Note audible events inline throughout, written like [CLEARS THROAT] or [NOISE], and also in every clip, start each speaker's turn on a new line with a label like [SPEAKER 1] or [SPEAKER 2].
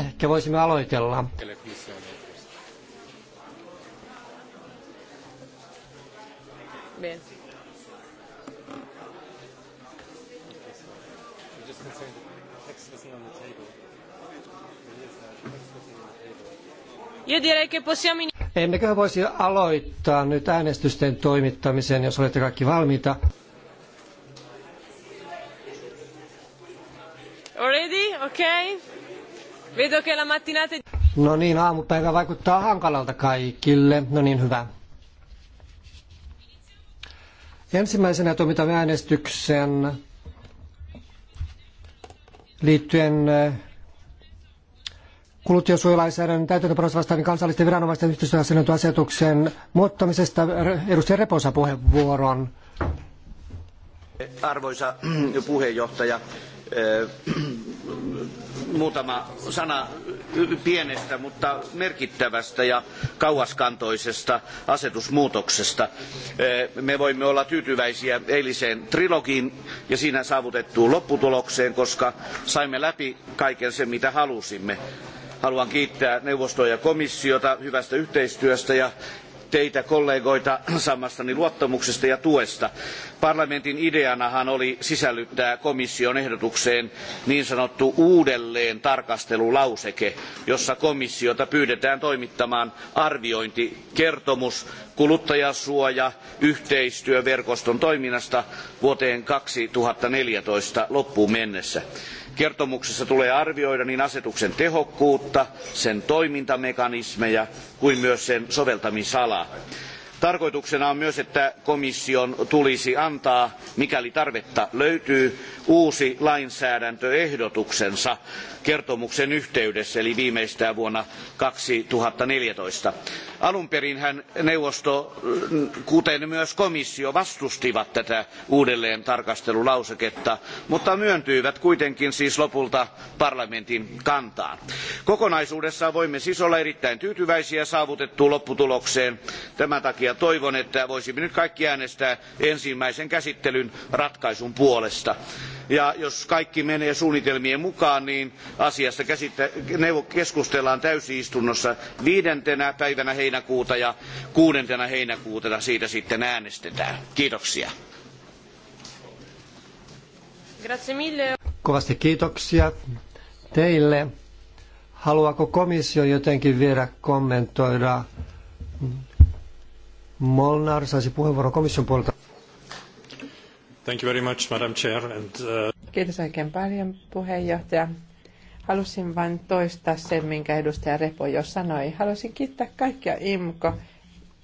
[SPEAKER 1] Ehkä voisimme aloitella.
[SPEAKER 2] Io direi che possiamo
[SPEAKER 1] Emmeköhän voisi aloittaa nyt äänestysten toimittamisen, jos olette kaikki valmiita. Vedo che la No niin, aamupäivä vaikuttaa hankalalta kaikille. No niin, hyvä. Ensimmäisenä toimitamme äänestyksen liittyen eh, kuluttajansuojelainsäädännön täytäntöpanossa vastaan kansallisten viranomaisten yhteistyössä asetuksen muuttamisesta. Edustaja Reposa puheenvuoron.
[SPEAKER 3] Arvoisa [CLEARS THROAT] puheenjohtaja, [CLEARS THROAT] muutama sana pienestä, mutta merkittävästä ja kauaskantoisesta asetusmuutoksesta. Me voimme olla tyytyväisiä eiliseen trilogiin ja siinä saavutettuun lopputulokseen, koska saimme läpi kaiken sen, mitä halusimme haluan kiittää neuvostoa ja komissiota hyvästä yhteistyöstä ja teitä kollegoita [CLEARS THROAT] saamastani luottamuksesta ja tuesta. Parlamentin ideanahan oli sisällyttää komission ehdotukseen niin sanottu uudelleen tarkastelulauseke, jossa komissiota pyydetään toimittamaan arviointikertomus kuluttajasuoja yhteistyöverkoston toiminnasta vuoteen 2014 loppuun mennessä. Kertomuksessa tulee arvioida niin asetuksen tehokkuutta, sen toimintamekanismeja kuin myös sen soveltamisalaa. Tarkoituksena on myös, että komission tulisi antaa, mikäli tarvetta löytyy, uusi lainsäädäntöehdotuksensa kertomuksen yhteydessä, eli viimeistään vuonna 2014 alun perinhän neuvosto kuten myös komissio vastusti tätä uudelleentarkastelulauseketta mutta myöntyivät kuitenkin siis lopulta parlamentin kantaan. kokonaisuudessaan voimme siis olla erittäin tyytyväisiä saavutettuun lopputulokseen. tämän takia toivon että voisimme nyt kaikki äänestää ensimmäisen käsittelyn ratkaisun puolesta ja jos kaikki menee suunnitelmien mukaan niin asiasta keskustellaan täysistunnossa viidentenä päivänä heinäkuuta ja kuudentena heinäkuuta siitä sitten äänestetään. kiitoksia.
[SPEAKER 1] Kovasti kiitoksia teille. Haluaako komissio jotenkin vielä kommentoida? Molnar saisi puheenvuoron komission puolelta. Thank you very much, Madam Chair. And, uh...
[SPEAKER 4] Kiitos oikein paljon, puheenjohtaja. Halusin vain toistaa sen, minkä edustaja Repo jo sanoi. Haluaisin kiittää kaikkia IMKO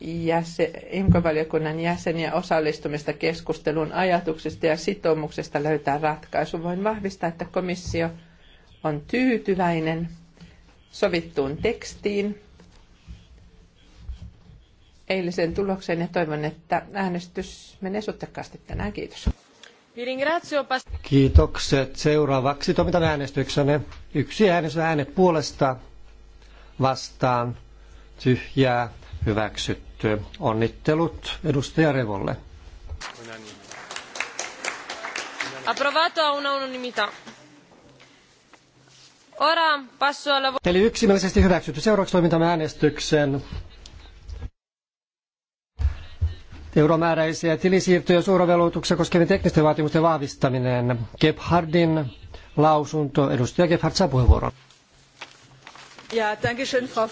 [SPEAKER 4] jäsen, IMKO-valiokunnan jäseniä osallistumista keskustelun ajatuksista ja sitoumuksesta löytää ratkaisu. Voin vahvistaa, että komissio on tyytyväinen sovittuun tekstiin eilisen tulokseen ja toivon, että äänestys menee sotjakkaasti tänään. Kiitos.
[SPEAKER 1] Kiitokset. Seuraavaksi toimitan äänestyksenne. Yksi äänestys äänet puolesta vastaan tyhjää hyväksytty. Onnittelut edustaja Revolle.
[SPEAKER 2] Approvato a una unanimità. Ora passo alla... Eli yksimielisesti
[SPEAKER 1] hyväksytty. Seuraavaksi toimintamme äänestyksen euromääräisiä tilisiirtoja suoraveloituksia koskevien teknisten vaatimusten vahvistaminen. Gebhardin lausunto. Edustaja Gebhard saa puheenvuoron.
[SPEAKER 2] Ja, danke schön, Frau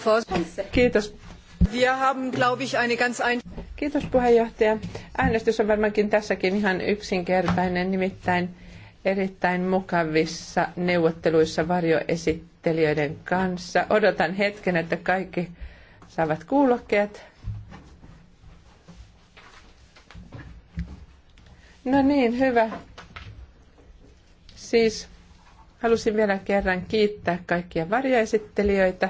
[SPEAKER 4] Kiitos. Wir haben, ich, eine ganz ein... Kiitos puheenjohtaja. Äänestys on varmaankin tässäkin ihan yksinkertainen, nimittäin erittäin mukavissa neuvotteluissa varjoesittelijöiden kanssa. Odotan hetken, että kaikki saavat kuulokkeet No niin, hyvä. Siis halusin vielä kerran kiittää kaikkia varjoesittelijöitä.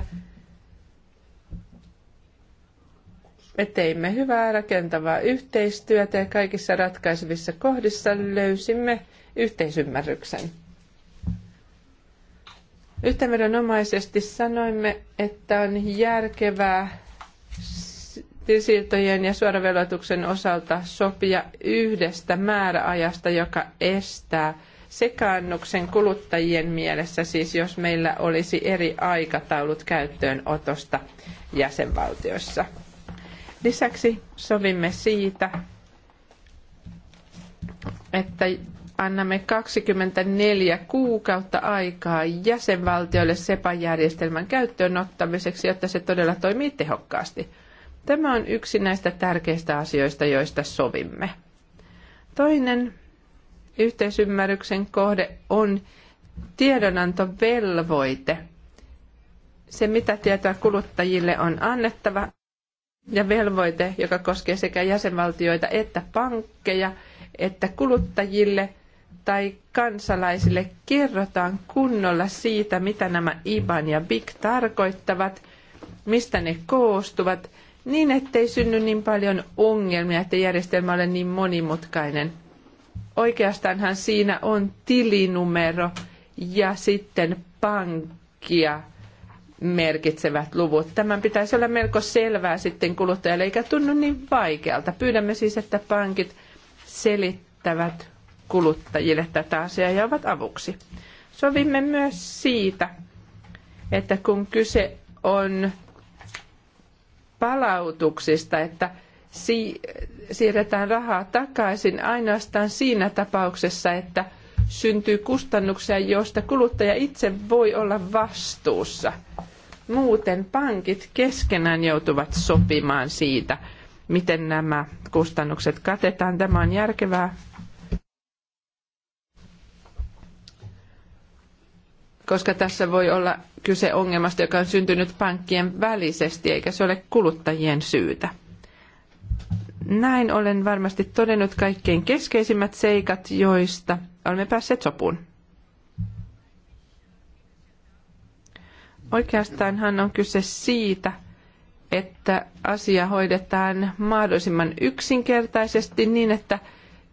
[SPEAKER 4] Me teimme hyvää rakentavaa yhteistyötä ja kaikissa ratkaisevissa kohdissa löysimme yhteisymmärryksen. Yhteenvedonomaisesti sanoimme, että on järkevää Tilisiirtojen ja suoravelotuksen osalta sopia yhdestä määräajasta, joka estää sekaannuksen kuluttajien mielessä, siis jos meillä olisi eri aikataulut käyttöönotosta jäsenvaltioissa. Lisäksi sovimme siitä, että annamme 24 kuukautta aikaa jäsenvaltioille SEPA-järjestelmän käyttöönottamiseksi, jotta se todella toimii tehokkaasti. Tämä on yksi näistä tärkeistä asioista, joista sovimme. Toinen yhteisymmärryksen kohde on tiedonantovelvoite. Se, mitä tietoa kuluttajille on annettava, ja velvoite, joka koskee sekä jäsenvaltioita että pankkeja, että kuluttajille tai kansalaisille kerrotaan kunnolla siitä, mitä nämä IBAN ja BIC tarkoittavat, mistä ne koostuvat – niin, ettei synny niin paljon ongelmia, että järjestelmä ole niin monimutkainen. Oikeastaanhan siinä on tilinumero ja sitten pankkia merkitsevät luvut. Tämän pitäisi olla melko selvää sitten kuluttajalle, eikä tunnu niin vaikealta. Pyydämme siis, että pankit selittävät kuluttajille tätä asiaa ja ovat avuksi. Sovimme myös siitä, että kun kyse on palautuksista, että si- siirretään rahaa takaisin ainoastaan siinä tapauksessa, että syntyy kustannuksia, joista kuluttaja itse voi olla vastuussa. Muuten pankit keskenään joutuvat sopimaan siitä, miten nämä kustannukset katetaan. Tämä on järkevää koska tässä voi olla kyse ongelmasta, joka on syntynyt pankkien välisesti, eikä se ole kuluttajien syytä. Näin olen varmasti todennut kaikkein keskeisimmät seikat, joista olemme päässeet sopuun. Oikeastaanhan on kyse siitä, että asia hoidetaan mahdollisimman yksinkertaisesti niin, että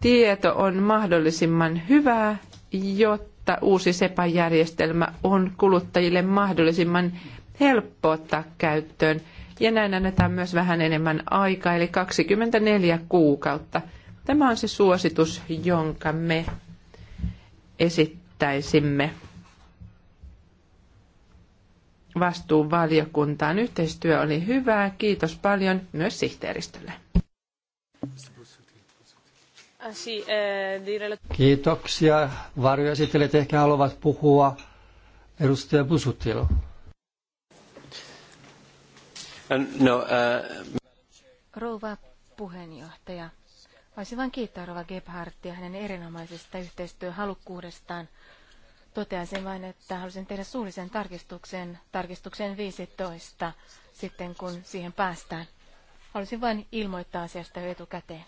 [SPEAKER 4] tieto on mahdollisimman hyvää, jotta jotta uusi SEPA-järjestelmä on kuluttajille mahdollisimman helppo ottaa käyttöön. Ja näin annetaan myös vähän enemmän aikaa, eli 24 kuukautta. Tämä on se suositus, jonka me esittäisimme vastuuvaliokuntaan. Yhteistyö
[SPEAKER 1] oli hyvää. Kiitos paljon myös sihteeristölle.
[SPEAKER 2] Ah, eh,
[SPEAKER 1] Kiitoksia. Varjoesittelijät ehkä haluavat puhua. Edustaja Busutilo. Uh, no, uh...
[SPEAKER 2] Rouva puheenjohtaja, voisin vain kiittää Rova Gebhardtia hänen erinomaisesta yhteistyöhalukkuudestaan. Toteaisin vain, että halusin tehdä suullisen tarkistuksen, tarkistuksen 15, sitten kun siihen päästään. Halusin vain ilmoittaa asiasta jo etukäteen.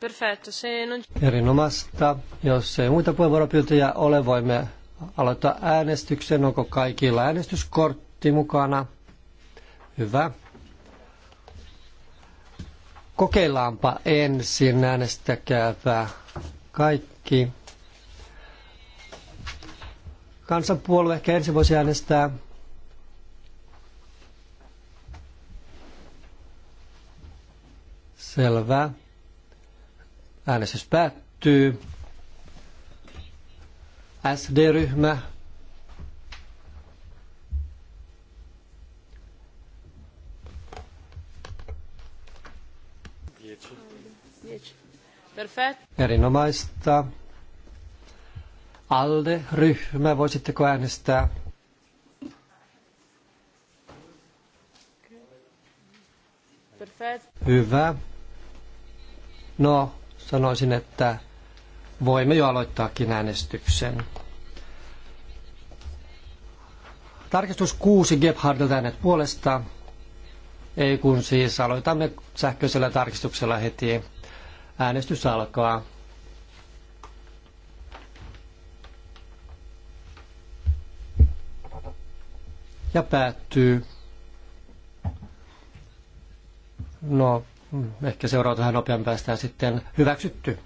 [SPEAKER 2] Perfetto, se non...
[SPEAKER 1] Erinomaista. Jos ei muita puheenvuoropyyntöjä ole, voimme aloittaa äänestyksen. Onko kaikilla äänestyskortti mukana? Hyvä. Kokeillaanpa ensin, äänestäkääpä kaikki. Kansanpuolue ehkä ensin voisi äänestää. Selvä. Äänestys päättyy. SD-ryhmä Perfect. Erinomaista. ALDE-ryhmä, voisitteko äänestää? Perfect. Hyvä. No, sanoisin, että voimme jo aloittaakin äänestyksen. Tarkistus 6 Gebhardilta äänet puolesta. Ei kun siis aloitamme sähköisellä tarkistuksella heti. Äänestys alkaa. Ja päättyy. No, Mm, ehkä seuraavat vähän nopean päästään sitten hyväksytty.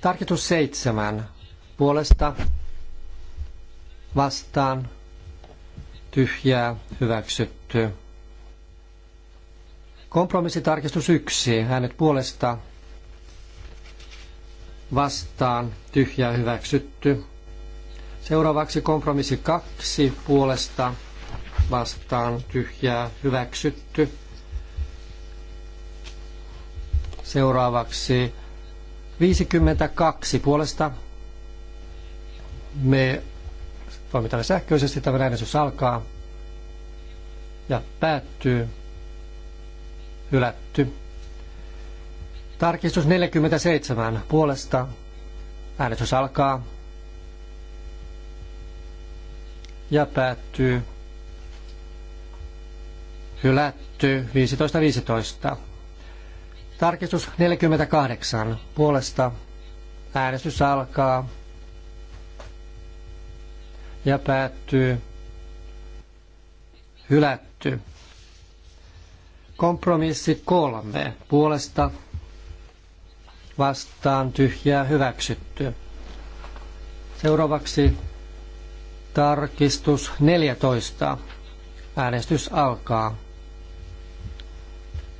[SPEAKER 1] Tarkitus seitsemän. Puolesta vastaan tyhjää hyväksytty. Kompromissitarkistus yksi. Äänet puolesta vastaan tyhjää hyväksytty. Seuraavaksi kompromissi kaksi puolesta vastaan tyhjää hyväksytty. Seuraavaksi 52 puolesta. Me toimitaan sähköisesti, tämä äänestys alkaa ja päättyy. Hylätty. Tarkistus 47 puolesta. Äänestys alkaa ja päättyy. Hylätty 15.15. 15. Tarkistus 48 puolesta. Äänestys alkaa ja päättyy. Hylätty. Kompromissi kolme puolesta vastaan tyhjää hyväksytty. Seuraavaksi tarkistus 14. Äänestys alkaa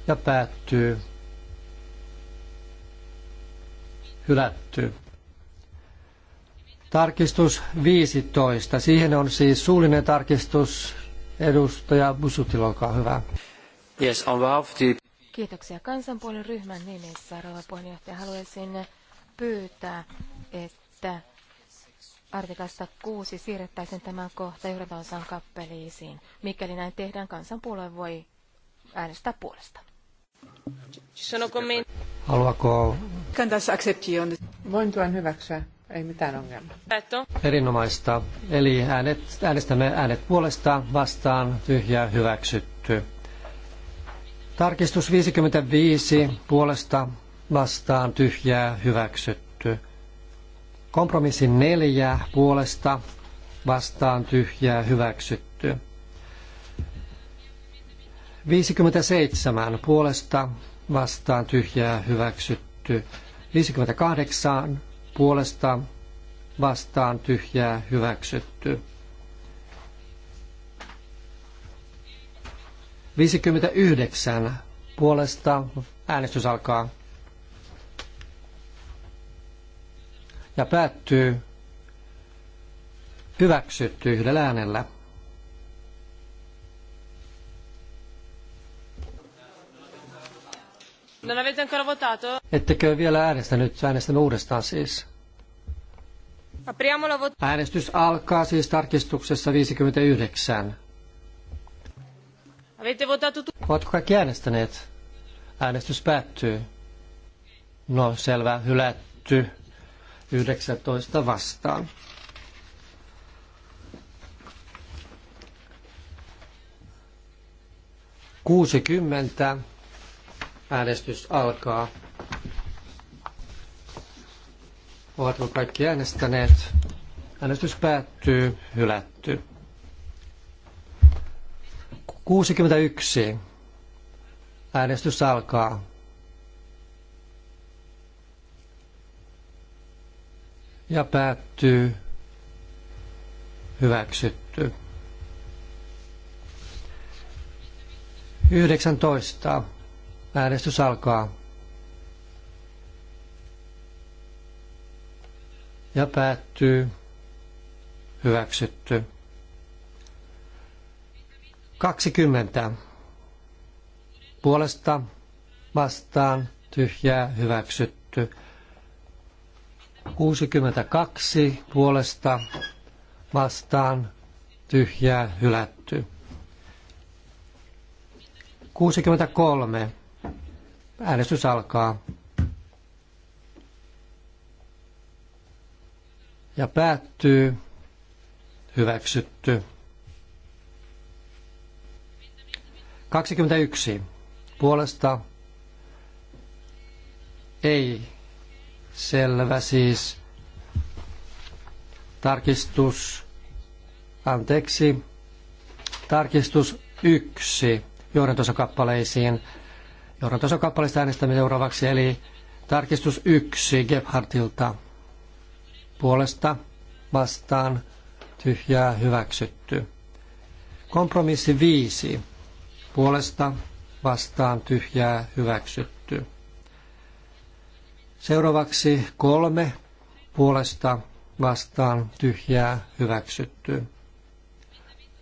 [SPEAKER 1] ja päättyy. hylätty. Tarkistus 15. Siihen on siis suullinen tarkistus. Edustaja Busutil, olkaa hyvä. Yes, on the... Kiitoksia
[SPEAKER 2] kansanpuolen ryhmän nimissä, rouva puheenjohtaja. Haluaisin pyytää, että artiklasta 6 siirrettäisiin tämän kohta yhdeltä osan kappeliisiin. Mikäli näin tehdään, kansanpuolue voi äänestää puolesta.
[SPEAKER 1] Haluaako...
[SPEAKER 4] Kantas acception. Voin tuon hyväksyä. Ei mitään ongelmaa.
[SPEAKER 1] Erinomaista. Eli äänet, äänestämme äänet puolesta vastaan tyhjä hyväksytty. Tarkistus 55 puolesta vastaan tyhjää hyväksytty. Kompromissi 4 puolesta vastaan tyhjää hyväksytty. 57 puolesta vastaan tyhjää hyväksytty. 58 puolesta vastaan tyhjää hyväksytty. 59 puolesta äänestys alkaa ja päättyy hyväksytty yhdellä äänellä.
[SPEAKER 2] Non avete ancora votato?
[SPEAKER 1] Ettekö vielä äänestänyt? Äänestämme uudestaan siis. Apriamo la Äänestys alkaa siis tarkistuksessa 59.
[SPEAKER 2] Avete votato tu-
[SPEAKER 1] kaikki äänestäneet? Äänestys päättyy. No selvä, hylätty. 19 vastaan. Kuusikymmentä Äänestys alkaa. Ovatko kaikki äänestäneet? Äänestys päättyy. Hylätty. 61. Äänestys alkaa. Ja päättyy. Hyväksytty. 19. Äänestys alkaa. Ja päättyy. Hyväksytty. 20. Puolesta vastaan tyhjää hyväksytty. 62 puolesta vastaan tyhjää hylätty. 63 Äänestys alkaa. Ja päättyy. Hyväksytty. 21. Puolesta ei selvä siis tarkistus, anteeksi, tarkistus yksi johdantosa kappaleisiin Euron tasokappaleista äänestämme seuraavaksi, eli tarkistus 1 Gebhardilta puolesta vastaan tyhjää hyväksytty. Kompromissi 5 puolesta vastaan tyhjää hyväksytty. Seuraavaksi kolme puolesta vastaan tyhjää hyväksytty.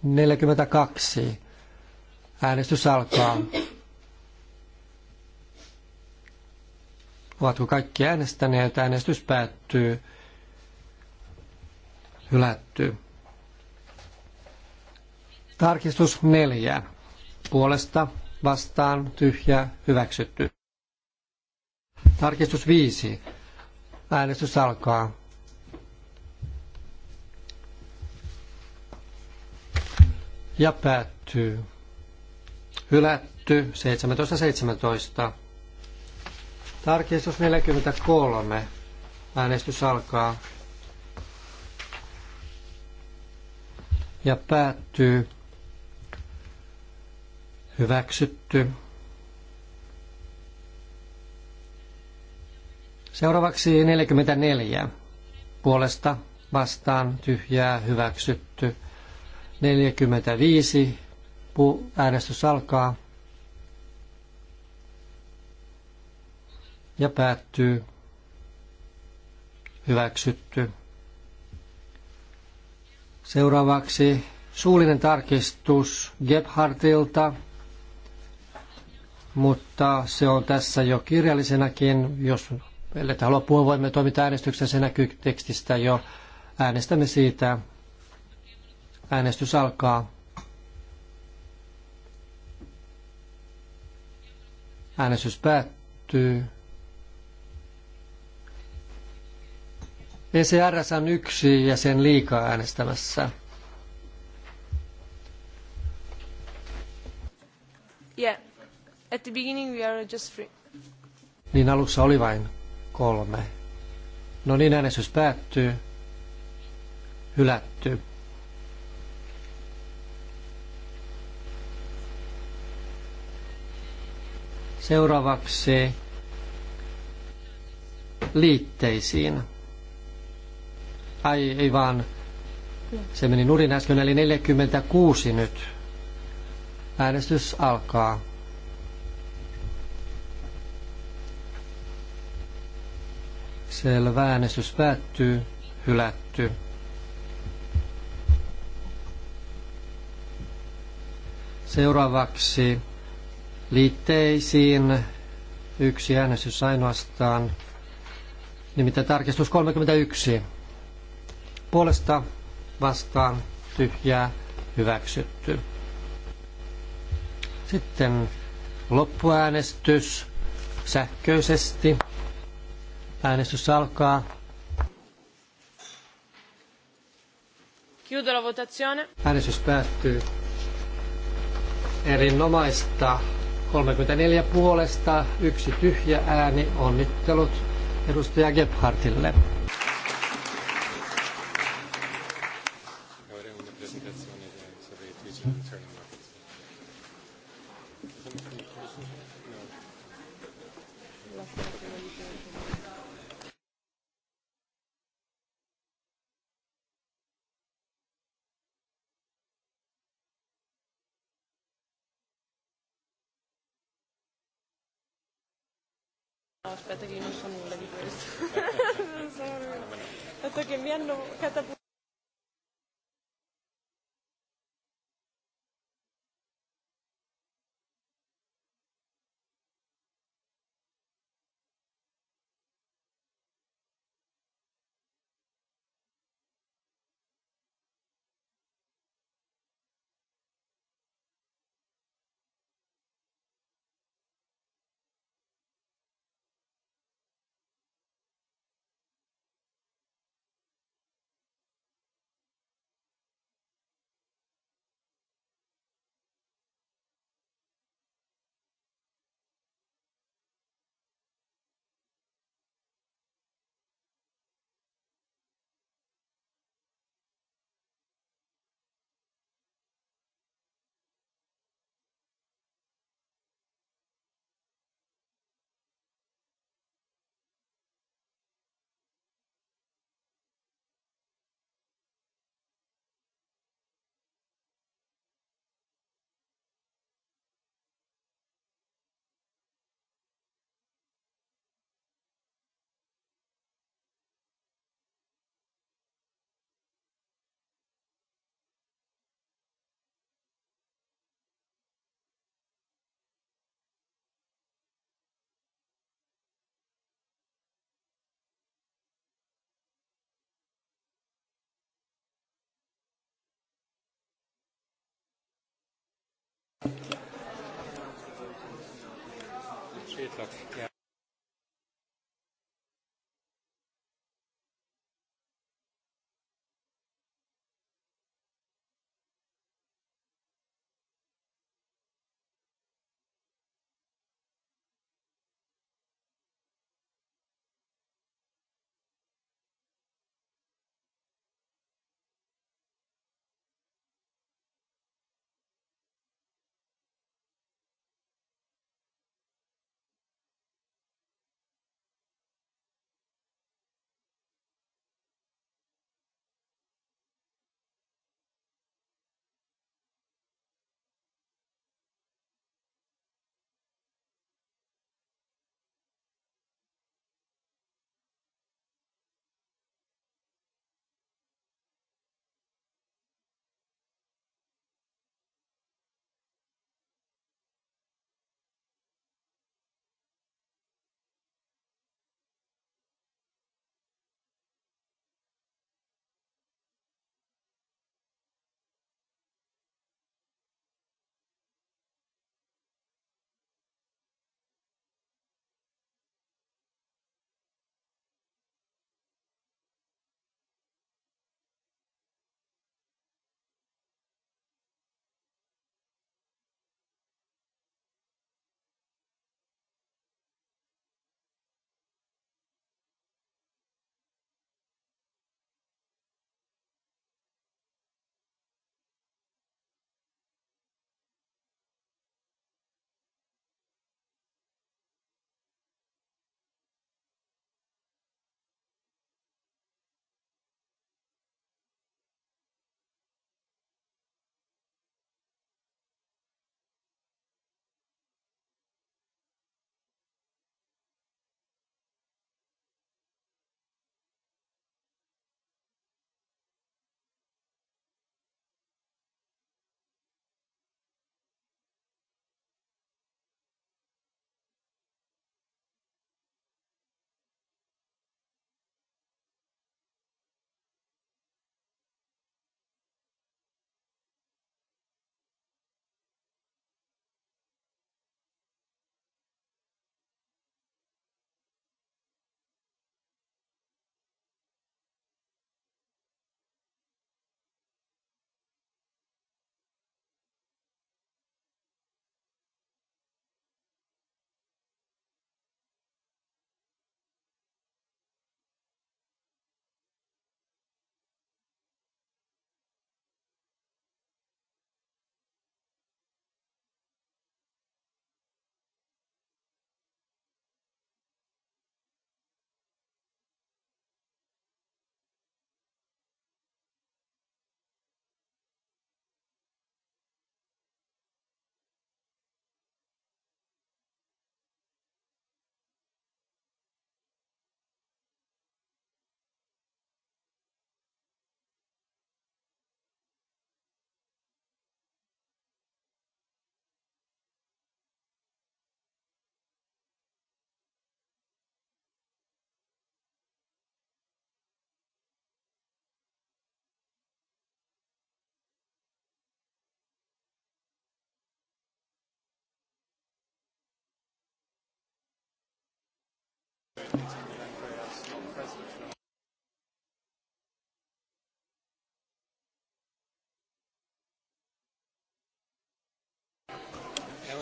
[SPEAKER 1] 42. Äänestys alkaa. Ovatko kaikki äänestäneet? Äänestys päättyy. Hylätty. Tarkistus neljä. Puolesta, vastaan, tyhjä, hyväksytty. Tarkistus viisi. Äänestys alkaa. Ja päättyy. Hylätty 17.17. 17. Tarkistus 43. Äänestys alkaa. Ja päättyy. Hyväksytty. Seuraavaksi 44. Puolesta vastaan tyhjää hyväksytty. 45. Äänestys alkaa. ja päättyy hyväksytty. Seuraavaksi suullinen tarkistus Gebhardilta, mutta se on tässä jo kirjallisenakin. Jos ellei halua puhua, voimme toimita äänestyksen, se näkyy tekstistä jo. Äänestämme siitä. Äänestys alkaa. Äänestys päättyy. Niin ECRS on yksi ja sen liikaa äänestämässä.
[SPEAKER 4] Yeah. At the beginning we are just three.
[SPEAKER 1] Niin alussa oli vain kolme. No niin, äänestys päättyy. Hylätty. Seuraavaksi liitteisiin. Ai ei vaan, se meni nurin äsken, eli 46 nyt. Äänestys alkaa. Selvä, äänestys päättyy, hylätty. Seuraavaksi liitteisiin yksi äänestys ainoastaan, nimittäin tarkistus 31 puolesta vastaan tyhjää hyväksytty. Sitten loppuäänestys sähköisesti. Äänestys alkaa.
[SPEAKER 2] Chiudo la votazione.
[SPEAKER 1] Äänestys päättyy. Erinomaista. 34 puolesta, yksi tyhjä ääni. Onnittelut edustaja Gebhardille.
[SPEAKER 3] Aspetta no, che io non so nulla di [LAUGHS] questo. non so nulla. Tanto
[SPEAKER 1] che mi hanno catapultato.
[SPEAKER 3] Kiitoksia.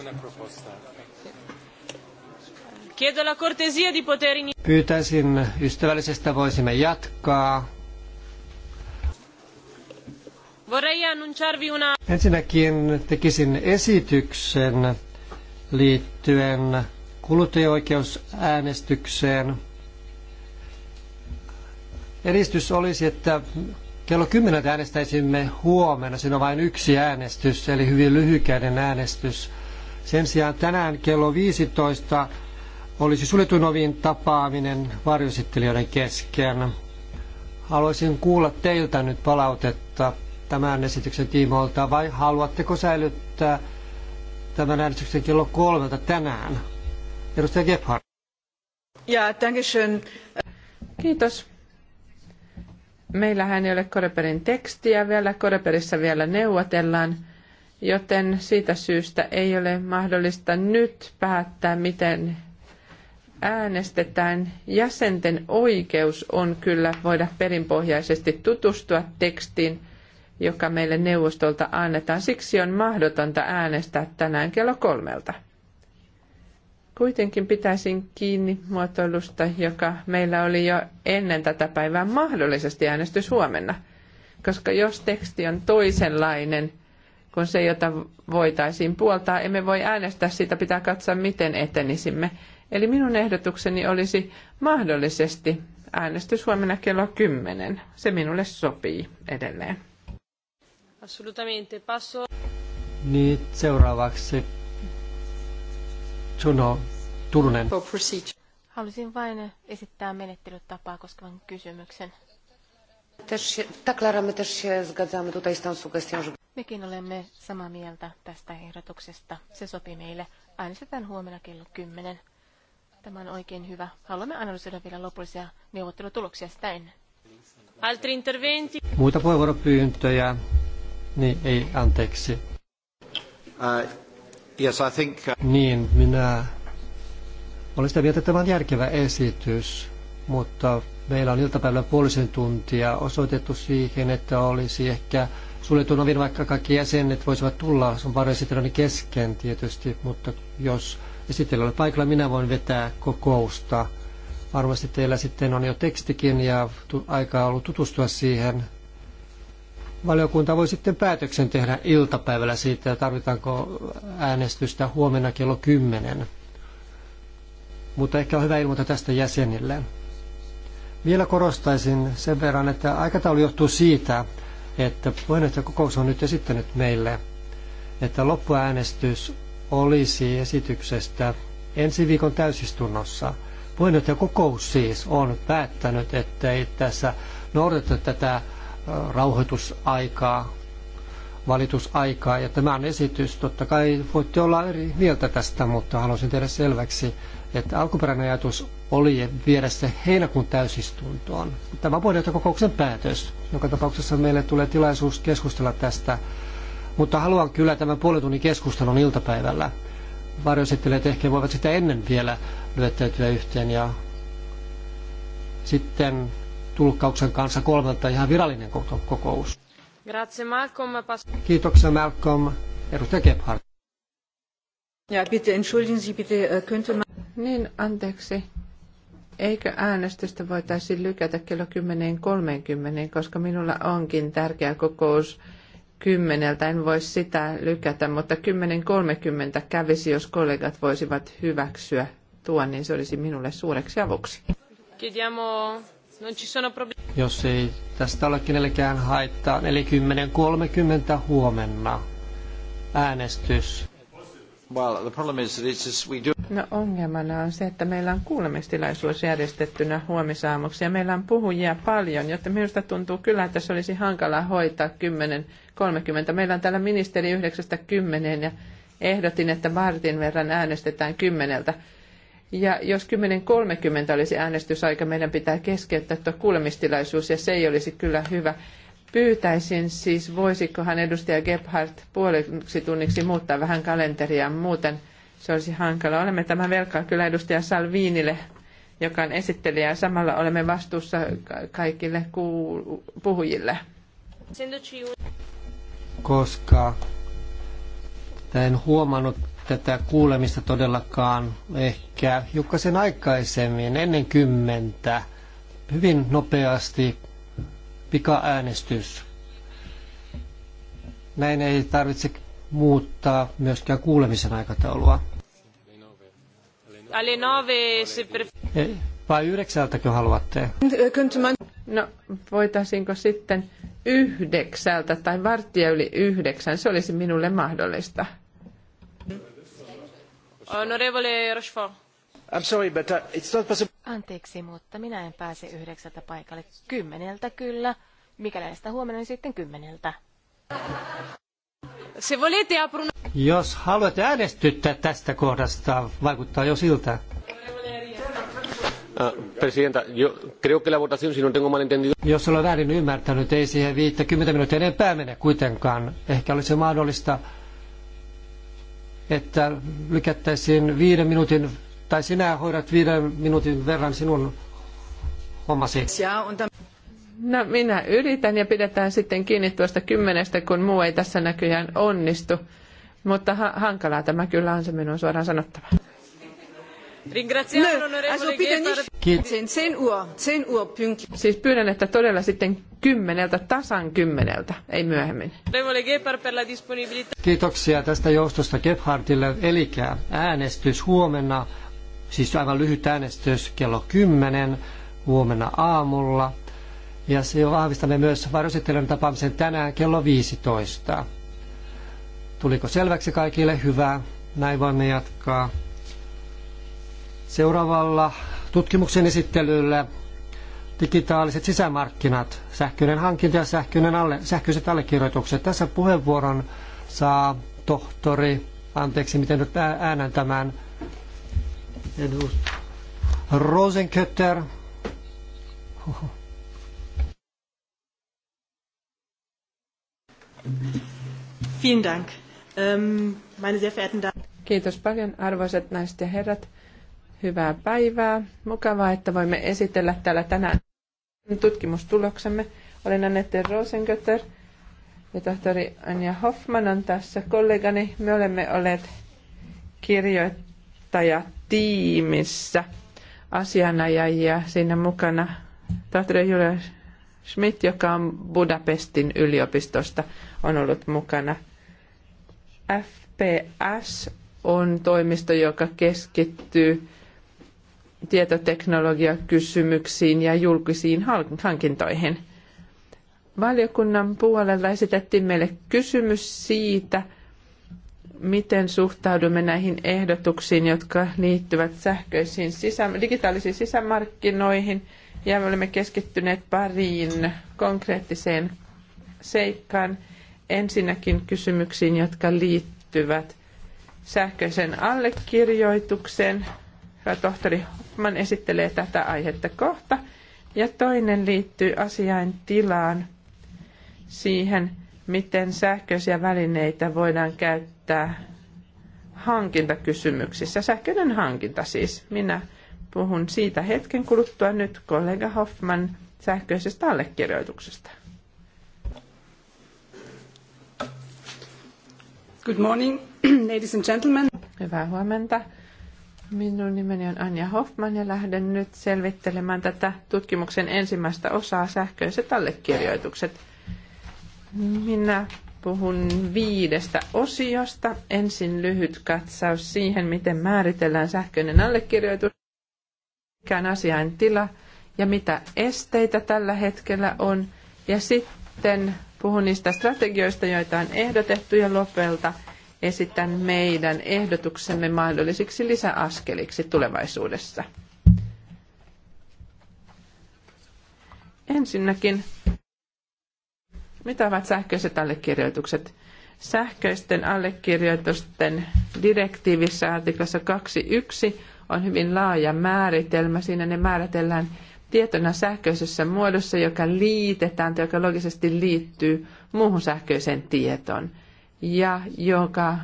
[SPEAKER 3] una proposta. että
[SPEAKER 1] Pyytäisin ystävällisestä voisimme jatkaa. Ensinnäkin tekisin esityksen liittyen kuluttajaoikeusäänestykseen. Edistys olisi, että kello 10 äänestäisimme huomenna. Siinä on vain yksi äänestys, eli hyvin lyhykäinen äänestys. Sen sijaan tänään kello 15 olisi suljetun ovin tapaaminen varjosittelijoiden kesken. Haluaisin kuulla teiltä nyt palautetta tämän esityksen tiimoilta, vai haluatteko säilyttää tämän äänestyksen kello kolmelta tänään? Edustaja Gebhardt.
[SPEAKER 4] Ja, Kiitos. Meillähän ei ole Koreperin tekstiä vielä. Koreperissä vielä neuvotellaan joten siitä syystä ei ole mahdollista nyt päättää, miten äänestetään. Jäsenten oikeus on kyllä voida perinpohjaisesti tutustua tekstiin, joka meille neuvostolta annetaan. Siksi on mahdotonta äänestää tänään kello kolmelta. Kuitenkin pitäisin kiinni muotoilusta, joka meillä oli jo ennen tätä päivää mahdollisesti äänestys huomenna. Koska jos teksti on toisenlainen – kun se, jota voitaisiin puoltaa. Emme voi äänestää siitä, pitää katsoa, miten etenisimme. Eli minun ehdotukseni olisi mahdollisesti äänestys huomenna kello 10.
[SPEAKER 1] Se minulle sopii edelleen.
[SPEAKER 2] Assolutamente. Passo.
[SPEAKER 1] Niin, seuraavaksi Juno Turunen.
[SPEAKER 2] Halusin vain esittää menettelytapaa koskevan kysymyksen.
[SPEAKER 3] Też się, tak, Lara, my też się zgadzamy tutaj z tą sugestią, że...
[SPEAKER 2] Mekin olemme samaa mieltä tästä ehdotuksesta. Se sopii meille. Äänestetään huomenna kello 10. Tämä on oikein hyvä. Haluamme analysoida vielä lopullisia neuvottelutuloksia sitä ennen. Altri interventi.
[SPEAKER 1] Muita puheenvuoropyyntöjä? Niin, ei, anteeksi. Uh, yes, I think... Uh, niin, minä olen sitä mieltä, että tämä on järkevä esitys, mutta meillä on iltapäivällä puolisen tuntia osoitettu siihen, että olisi ehkä suljetun ovin, vaikka kaikki jäsenet voisivat tulla, se on varjoesitelöni kesken tietysti, mutta jos esittelijä on paikalla, minä voin vetää kokousta. Varmasti teillä sitten on jo tekstikin ja aikaa ollut tutustua siihen. Valiokunta voi sitten päätöksen tehdä iltapäivällä siitä, tarvitaanko äänestystä huomenna kello 10. Mutta ehkä on hyvä ilmoittaa tästä jäsenille. Vielä korostaisin sen verran, että aikataulu johtuu siitä, että puheenjohtajakokous on nyt esittänyt meille, että loppuäänestys olisi esityksestä ensi viikon täysistunnossa. Puheenjohtajakokous siis on päättänyt, että ei tässä noudateta tätä rauhoitusaikaa, valitusaikaa. Ja tämä on esitys. Totta kai voitte olla eri mieltä tästä, mutta haluaisin tehdä selväksi, että alkuperäinen ajatus oli viedä se heinäkuun täysistuntoon. Tämä on puheenjohtajakokouksen päätös. Joka tapauksessa meille tulee tilaisuus keskustella tästä. Mutta haluan kyllä tämän puolen tunnin keskustelun iltapäivällä. Varjoesittelijät ehkä voivat sitä ennen vielä lyöttäytyä yhteen ja sitten tulkkauksen kanssa kolmelta ihan virallinen kokous.
[SPEAKER 2] Grazie Malcolm.
[SPEAKER 1] Kiitoksia Malcolm. Edustaja Gebhardt.
[SPEAKER 2] Ja, bitte entschuldigen Sie, bitte äh, könnte niin,
[SPEAKER 4] anteeksi. Eikö äänestystä voitaisi lykätä kello 10.30, koska minulla onkin tärkeä kokous kymmeneltä. En voi sitä lykätä, mutta 10.30 kävisi, jos kollegat voisivat hyväksyä tuon, niin
[SPEAKER 1] se olisi minulle suureksi avuksi. Jos ei tästä ole kenellekään haittaa, eli 10.30 huomenna äänestys.
[SPEAKER 3] Well, the problem is that it's just we do...
[SPEAKER 1] No ongelmana on se, että
[SPEAKER 4] meillä on kuulemistilaisuus järjestettynä huomisaamuksi ja meillä on puhujia paljon, jotta minusta tuntuu kyllä, että se olisi hankala hoitaa 10.30. Meillä on täällä ministeri 9.10 ja ehdotin, että vartin verran äänestetään kymmeneltä. Ja jos 10.30 olisi äänestysaika, meidän pitää keskeyttää tuo kuulemistilaisuus ja se ei olisi kyllä hyvä. Pyytäisin siis, hän edustaja Gebhardt puoleksi tunniksi muuttaa vähän kalenteria, muuten se olisi hankala. Olemme tämän velkaa kyllä edustaja Salviinille, joka on esittelijä, ja samalla olemme vastuussa kaikille puhujille.
[SPEAKER 1] Koska en huomannut tätä kuulemista todellakaan ehkä hiukkasen aikaisemmin, ennen kymmentä, hyvin nopeasti pikaäänestys. Näin ei tarvitse muuttaa myöskään kuulemisen aikataulua. E, vai yhdeksältäkö haluatte?
[SPEAKER 4] No, voitaisiinko sitten yhdeksältä tai varttia yli yhdeksän? Se olisi minulle
[SPEAKER 2] mahdollista. Honorevole Rochefort. I'm sorry,
[SPEAKER 3] but uh, it's not possible.
[SPEAKER 2] Anteeksi, mutta minä en pääse yhdeksältä paikalle. Kymmeneltä kyllä. Mikäli sitä huomenna, niin sitten kymmeneltä. Se
[SPEAKER 1] Jos haluat äänestyttää tästä kohdasta, vaikuttaa jo siltä.
[SPEAKER 3] Ah, presidenta, creo que la votación, si no tengo
[SPEAKER 1] Jos olen väärin ymmärtänyt, ei siihen 50 minuuttia enempää mene kuitenkaan. Ehkä olisi mahdollista, että lykättäisiin viiden minuutin tai sinä hoidat viiden minuutin verran sinun hommasi. No
[SPEAKER 4] minä yritän ja pidetään sitten kiinni tuosta kymmenestä, kun muu ei tässä näköjään onnistu. Mutta ha- hankalaa tämä kyllä on se minun suoraan sanottava. Siis pyydän, että todella sitten
[SPEAKER 1] kymmeneltä, tasan kymmeneltä, ei myöhemmin. Kiitoksia tästä joustosta Gebhardille. Eli äänestys huomenna siis aivan lyhyt äänestys kello 10 huomenna aamulla. Ja se vahvistamme myös varusittelijan tapaamisen tänään kello 15. Tuliko selväksi kaikille? Hyvä. Näin voimme jatkaa. Seuraavalla tutkimuksen esittelyllä digitaaliset sisämarkkinat, sähköinen hankinta ja sähköinen alle, sähköiset allekirjoitukset. Tässä puheenvuoron saa tohtori, anteeksi miten nyt äänän tämän, Rosenkötter. Vielen Dank.
[SPEAKER 4] Ähm, meine sehr verehrten Damen. Kiitos paljon arvoisat naiset ja herrat. Hyvää päivää. Mukavaa, että voimme esitellä täällä tänään tutkimustuloksemme. Olen Annette Rosengötter ja tohtori Anja Hoffman on tässä kollegani. Me olemme olleet kirjoittaneet johtajatiimissä asianajajia siinä mukana. Tahtori Julia Schmidt, joka on Budapestin yliopistosta, on ollut mukana. FPS on toimisto, joka keskittyy tietoteknologiakysymyksiin ja julkisiin hankintoihin. Valiokunnan puolella esitettiin meille kysymys siitä, miten suhtaudumme näihin ehdotuksiin, jotka liittyvät sähköisiin sisä, digitaalisiin sisämarkkinoihin. Ja me olemme keskittyneet pariin konkreettiseen seikkaan. Ensinnäkin kysymyksiin, jotka liittyvät sähköisen allekirjoituksen. Hyvä tohtori Hoffman esittelee tätä aihetta kohta. Ja toinen liittyy asiain tilaan siihen, miten sähköisiä välineitä voidaan käyttää hankintakysymyksissä. Sähköinen hankinta siis. Minä puhun siitä hetken kuluttua nyt kollega Hoffman sähköisestä allekirjoituksesta. Good morning, [CLEARS THROAT] ladies and gentlemen. Hyvää huomenta. Minun nimeni on Anja Hoffman ja lähden nyt selvittelemään tätä tutkimuksen ensimmäistä osaa sähköiset allekirjoitukset – minä puhun viidestä osiosta. Ensin lyhyt katsaus siihen, miten määritellään sähköinen allekirjoitus, mikä on asiain tila ja mitä esteitä tällä hetkellä on. Ja sitten puhun niistä strategioista, joita on ehdotettu ja lopelta esitän meidän ehdotuksemme mahdollisiksi lisäaskeliksi tulevaisuudessa. Ensinnäkin mitä ovat sähköiset allekirjoitukset? Sähköisten allekirjoitusten direktiivissä artiklassa 2.1 on hyvin laaja määritelmä. Siinä ne määritellään tietona sähköisessä muodossa, joka liitetään tai joka logisesti liittyy muuhun sähköiseen tietoon ja joka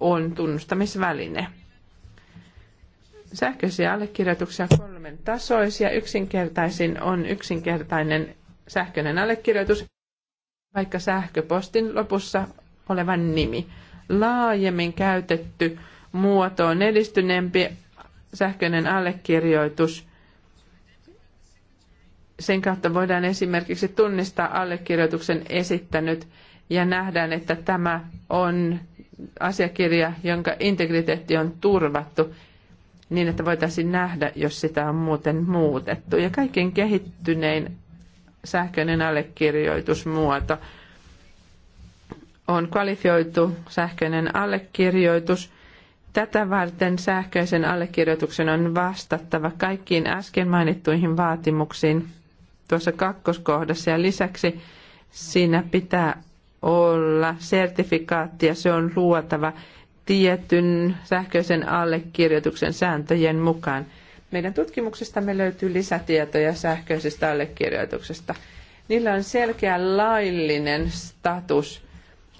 [SPEAKER 4] on tunnustamisväline. Sähköisiä allekirjoituksia kolmen tasoisia. Yksinkertaisin on yksinkertainen sähköinen allekirjoitus vaikka sähköpostin lopussa olevan nimi. Laajemmin käytetty muoto on edistyneempi sähköinen allekirjoitus. Sen kautta voidaan esimerkiksi tunnistaa allekirjoituksen esittänyt ja nähdään, että tämä on asiakirja, jonka integriteetti on turvattu niin, että voitaisiin nähdä, jos sitä on muuten muutettu. Ja kaikkein kehittynein sähköinen allekirjoitusmuoto. On kvalifioitu sähköinen allekirjoitus. Tätä varten sähköisen allekirjoituksen on vastattava kaikkiin äsken mainittuihin vaatimuksiin tuossa kakkoskohdassa ja lisäksi siinä pitää olla sertifikaatti ja se on luotava tietyn sähköisen allekirjoituksen sääntöjen mukaan. Meidän tutkimuksestamme löytyy lisätietoja sähköisestä allekirjoituksesta. Niillä on selkeä laillinen status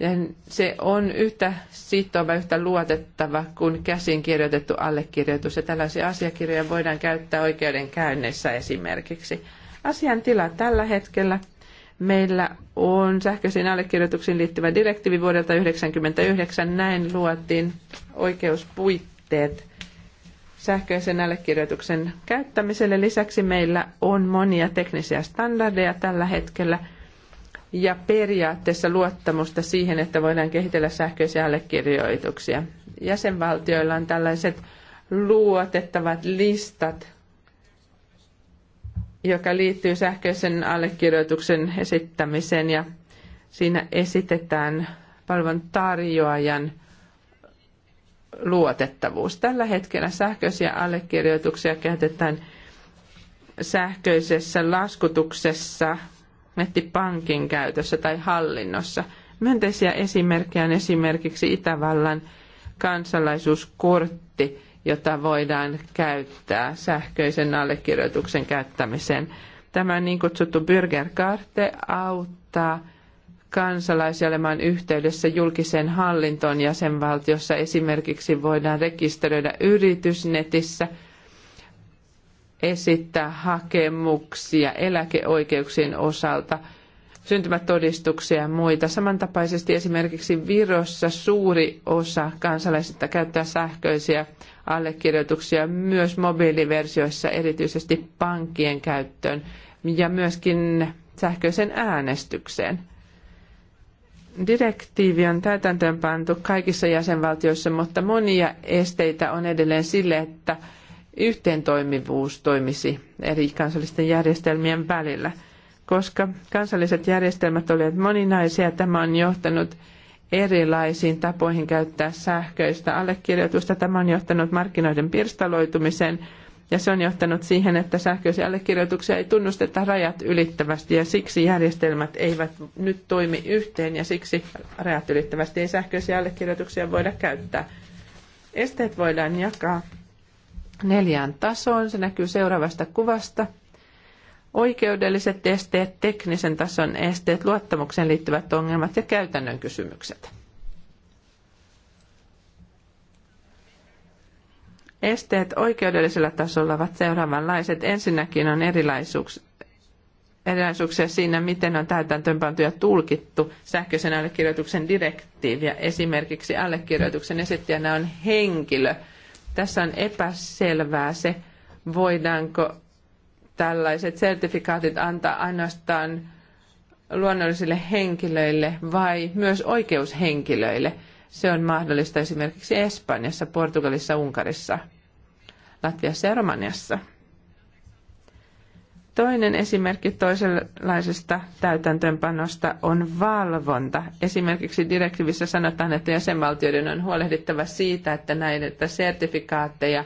[SPEAKER 4] ja se on yhtä sitova, yhtä luotettava kuin käsin kirjoitettu allekirjoitus. Ja tällaisia asiakirjoja voidaan käyttää oikeudenkäynneissä esimerkiksi. Asian tila tällä hetkellä. Meillä on sähköisiin allekirjoituksiin liittyvä direktiivi vuodelta 1999. Näin luotiin oikeuspuitteet – sähköisen allekirjoituksen käyttämiselle. Lisäksi meillä on monia teknisiä standardeja tällä hetkellä ja periaatteessa luottamusta siihen, että voidaan kehitellä sähköisiä allekirjoituksia. Jäsenvaltioilla on tällaiset luotettavat listat, joka liittyy sähköisen allekirjoituksen esittämiseen ja siinä esitetään palvelun tarjoajan luotettavuus. Tällä hetkellä sähköisiä allekirjoituksia käytetään sähköisessä laskutuksessa, nettipankin käytössä tai hallinnossa. Myönteisiä esimerkkejä on esimerkiksi Itävallan kansalaisuuskortti, jota voidaan käyttää sähköisen allekirjoituksen käyttämiseen. Tämä niin kutsuttu Bürgerkarte auttaa kansalaisia olemaan yhteydessä julkiseen hallintoon jäsenvaltiossa. Esimerkiksi voidaan rekisteröidä yritys netissä, esittää hakemuksia eläkeoikeuksien osalta, syntymätodistuksia ja muita. Samantapaisesti esimerkiksi Virossa suuri osa kansalaisista käyttää sähköisiä allekirjoituksia myös mobiiliversioissa, erityisesti pankkien käyttöön ja myöskin sähköisen äänestykseen. Direktiivi on täytäntöönpantu kaikissa jäsenvaltioissa, mutta monia esteitä on edelleen sille, että yhteentoimivuus toimisi eri kansallisten järjestelmien välillä. Koska kansalliset järjestelmät olivat moninaisia, tämä on johtanut erilaisiin tapoihin käyttää sähköistä allekirjoitusta. Tämä on johtanut markkinoiden pirstaloitumiseen ja se on johtanut siihen, että sähköisiä allekirjoituksia ei tunnusteta rajat ylittävästi ja siksi järjestelmät eivät nyt toimi yhteen ja siksi rajat ylittävästi ei sähköisiä allekirjoituksia voida käyttää. Esteet voidaan jakaa neljään tasoon. Se näkyy seuraavasta kuvasta. Oikeudelliset esteet, teknisen tason esteet, luottamukseen liittyvät ongelmat ja käytännön kysymykset. Esteet oikeudellisella tasolla ovat seuraavanlaiset. Ensinnäkin on erilaisuuksia erilaisuuksia siinä, miten on täytäntöönpantu ja tulkittu sähköisen allekirjoituksen direktiiviä. Esimerkiksi allekirjoituksen esittäjänä on henkilö. Tässä on epäselvää se, voidaanko tällaiset sertifikaatit antaa ainoastaan luonnollisille henkilöille vai myös oikeushenkilöille. Se on mahdollista esimerkiksi Espanjassa, Portugalissa, Unkarissa – Latviassa ja Romaniassa. Toinen esimerkki toisenlaisesta täytäntöönpanosta on valvonta. Esimerkiksi direktiivissä sanotaan, että jäsenvaltioiden on huolehdittava siitä, että näitä sertifikaatteja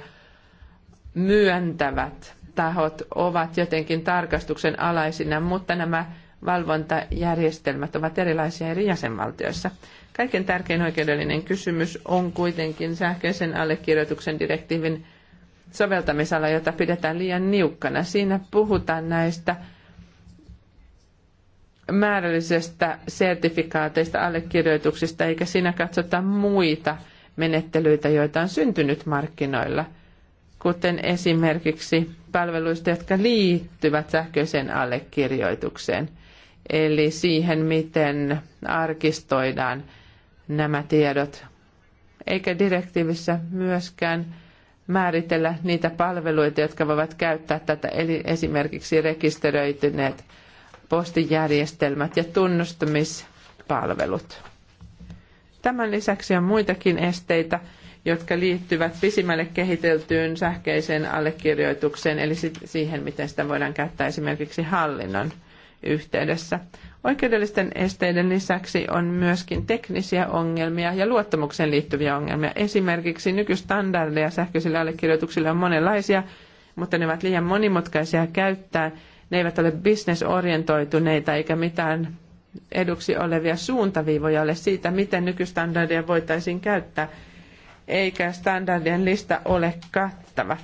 [SPEAKER 4] myöntävät tahot ovat jotenkin tarkastuksen alaisina, mutta nämä valvontajärjestelmät ovat erilaisia eri jäsenvaltioissa. Kaiken tärkein oikeudellinen kysymys on kuitenkin sähköisen allekirjoituksen direktiivin soveltamisala, jota pidetään liian niukkana. Siinä puhutaan näistä määrällisestä sertifikaateista, allekirjoituksista, eikä siinä katsota muita menettelyitä, joita on syntynyt markkinoilla, kuten esimerkiksi palveluista, jotka liittyvät sähköiseen allekirjoitukseen, eli siihen, miten arkistoidaan nämä tiedot. Eikä direktiivissä myöskään määritellä niitä palveluita, jotka voivat käyttää tätä, eli esimerkiksi rekisteröityneet postijärjestelmät ja tunnustamispalvelut. Tämän lisäksi on muitakin esteitä, jotka liittyvät pisimmälle kehiteltyyn sähköiseen allekirjoitukseen, eli siihen, miten sitä voidaan käyttää esimerkiksi hallinnon yhteydessä. Oikeudellisten esteiden lisäksi on myöskin teknisiä ongelmia ja luottamukseen liittyviä ongelmia. Esimerkiksi nykystandardeja sähköisillä allekirjoituksilla on monenlaisia, mutta ne ovat liian monimutkaisia käyttää. Ne eivät ole bisnesorientoituneita eikä mitään eduksi olevia suuntaviivoja ole siitä, miten nykystandardeja voitaisiin käyttää, eikä standardien lista ole kattava.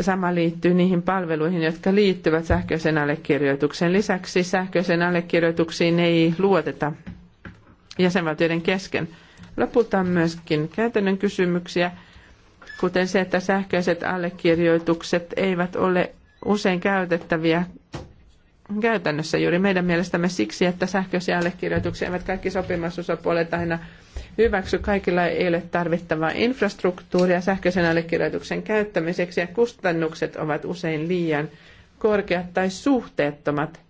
[SPEAKER 4] Sama liittyy niihin palveluihin, jotka liittyvät sähköisen allekirjoituksen. Lisäksi sähköisen allekirjoituksiin ei luoteta jäsenvaltioiden kesken. Lopulta on myöskin käytännön kysymyksiä, kuten se, että sähköiset allekirjoitukset eivät ole usein käytettäviä käytännössä juuri meidän mielestämme siksi, että sähköisiä allekirjoituksia eivät kaikki sopimusosapuolet aina hyväksy. Kaikilla ei ole tarvittavaa infrastruktuuria sähköisen allekirjoituksen käyttämiseksi ja kustannukset ovat usein liian korkeat tai suhteettomat,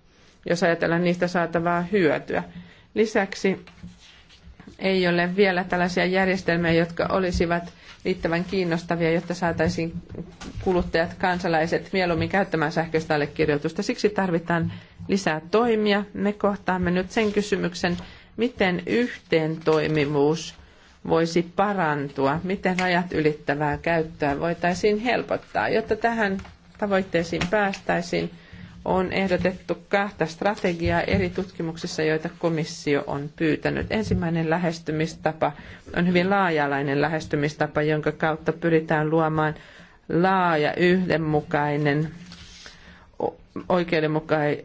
[SPEAKER 4] jos ajatellaan niistä saatavaa hyötyä. Lisäksi ei ole vielä tällaisia järjestelmiä, jotka olisivat riittävän kiinnostavia, jotta saataisiin kuluttajat, kansalaiset mieluummin käyttämään sähköistä allekirjoitusta. Siksi tarvitaan lisää toimia. Me kohtaamme nyt sen kysymyksen, Miten yhteen toimivuus voisi parantua? Miten rajat ylittävää käyttöä voitaisiin helpottaa, jotta tähän tavoitteisiin päästäisiin? on ehdotettu kahta strategiaa eri tutkimuksissa, joita komissio on pyytänyt. Ensimmäinen lähestymistapa on hyvin laajalainen lähestymistapa, jonka kautta pyritään luomaan laaja, yhdenmukainen oikeudenmukai,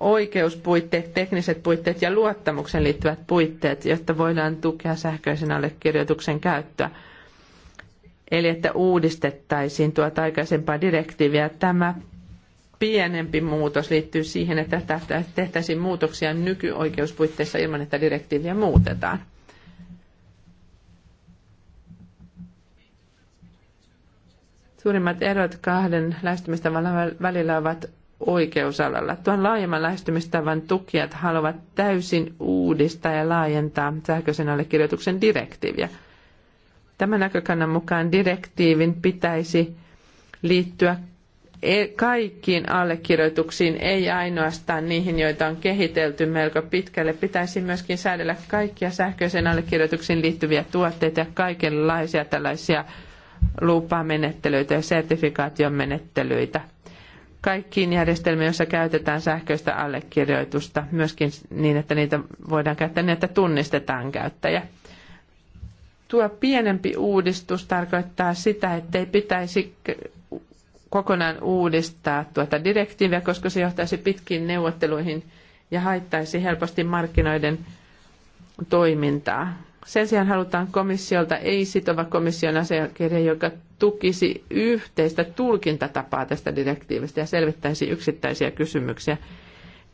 [SPEAKER 4] oikeuspuitteet, tekniset puitteet ja luottamuksen liittyvät puitteet, jotta voidaan tukea sähköisen allekirjoituksen käyttöä. Eli että uudistettaisiin tuota aikaisempaa direktiiviä. Tämä pienempi muutos liittyy siihen, että tehtäisiin muutoksia nykyoikeuspuitteissa ilman, että direktiiviä muutetaan. Suurimmat erot kahden lähestymistavan välillä ovat oikeusalalla. Tuon laajemman lähestymistavan tukijat haluavat täysin uudistaa ja laajentaa sähköisen allekirjoituksen direktiiviä. Tämän näkökannan mukaan direktiivin pitäisi liittyä e- kaikkiin allekirjoituksiin, ei ainoastaan niihin, joita on kehitelty melko pitkälle. Pitäisi myöskin säädellä kaikkia sähköisen allekirjoituksiin liittyviä tuotteita ja kaikenlaisia tällaisia lupamenettelyitä ja sertifikaation menettelyitä – kaikkiin järjestelmiin, joissa käytetään sähköistä allekirjoitusta, myöskin niin, että niitä voidaan käyttää niin, että tunnistetaan käyttäjä. Tuo pienempi uudistus tarkoittaa sitä, ettei pitäisi kokonaan uudistaa tuota direktiiviä, koska se johtaisi pitkiin neuvotteluihin ja haittaisi helposti markkinoiden toimintaa. Sen sijaan halutaan komissiolta ei-sitova komission asiakirja, joka tukisi yhteistä tulkintatapaa tästä direktiivistä ja selvittäisi yksittäisiä kysymyksiä.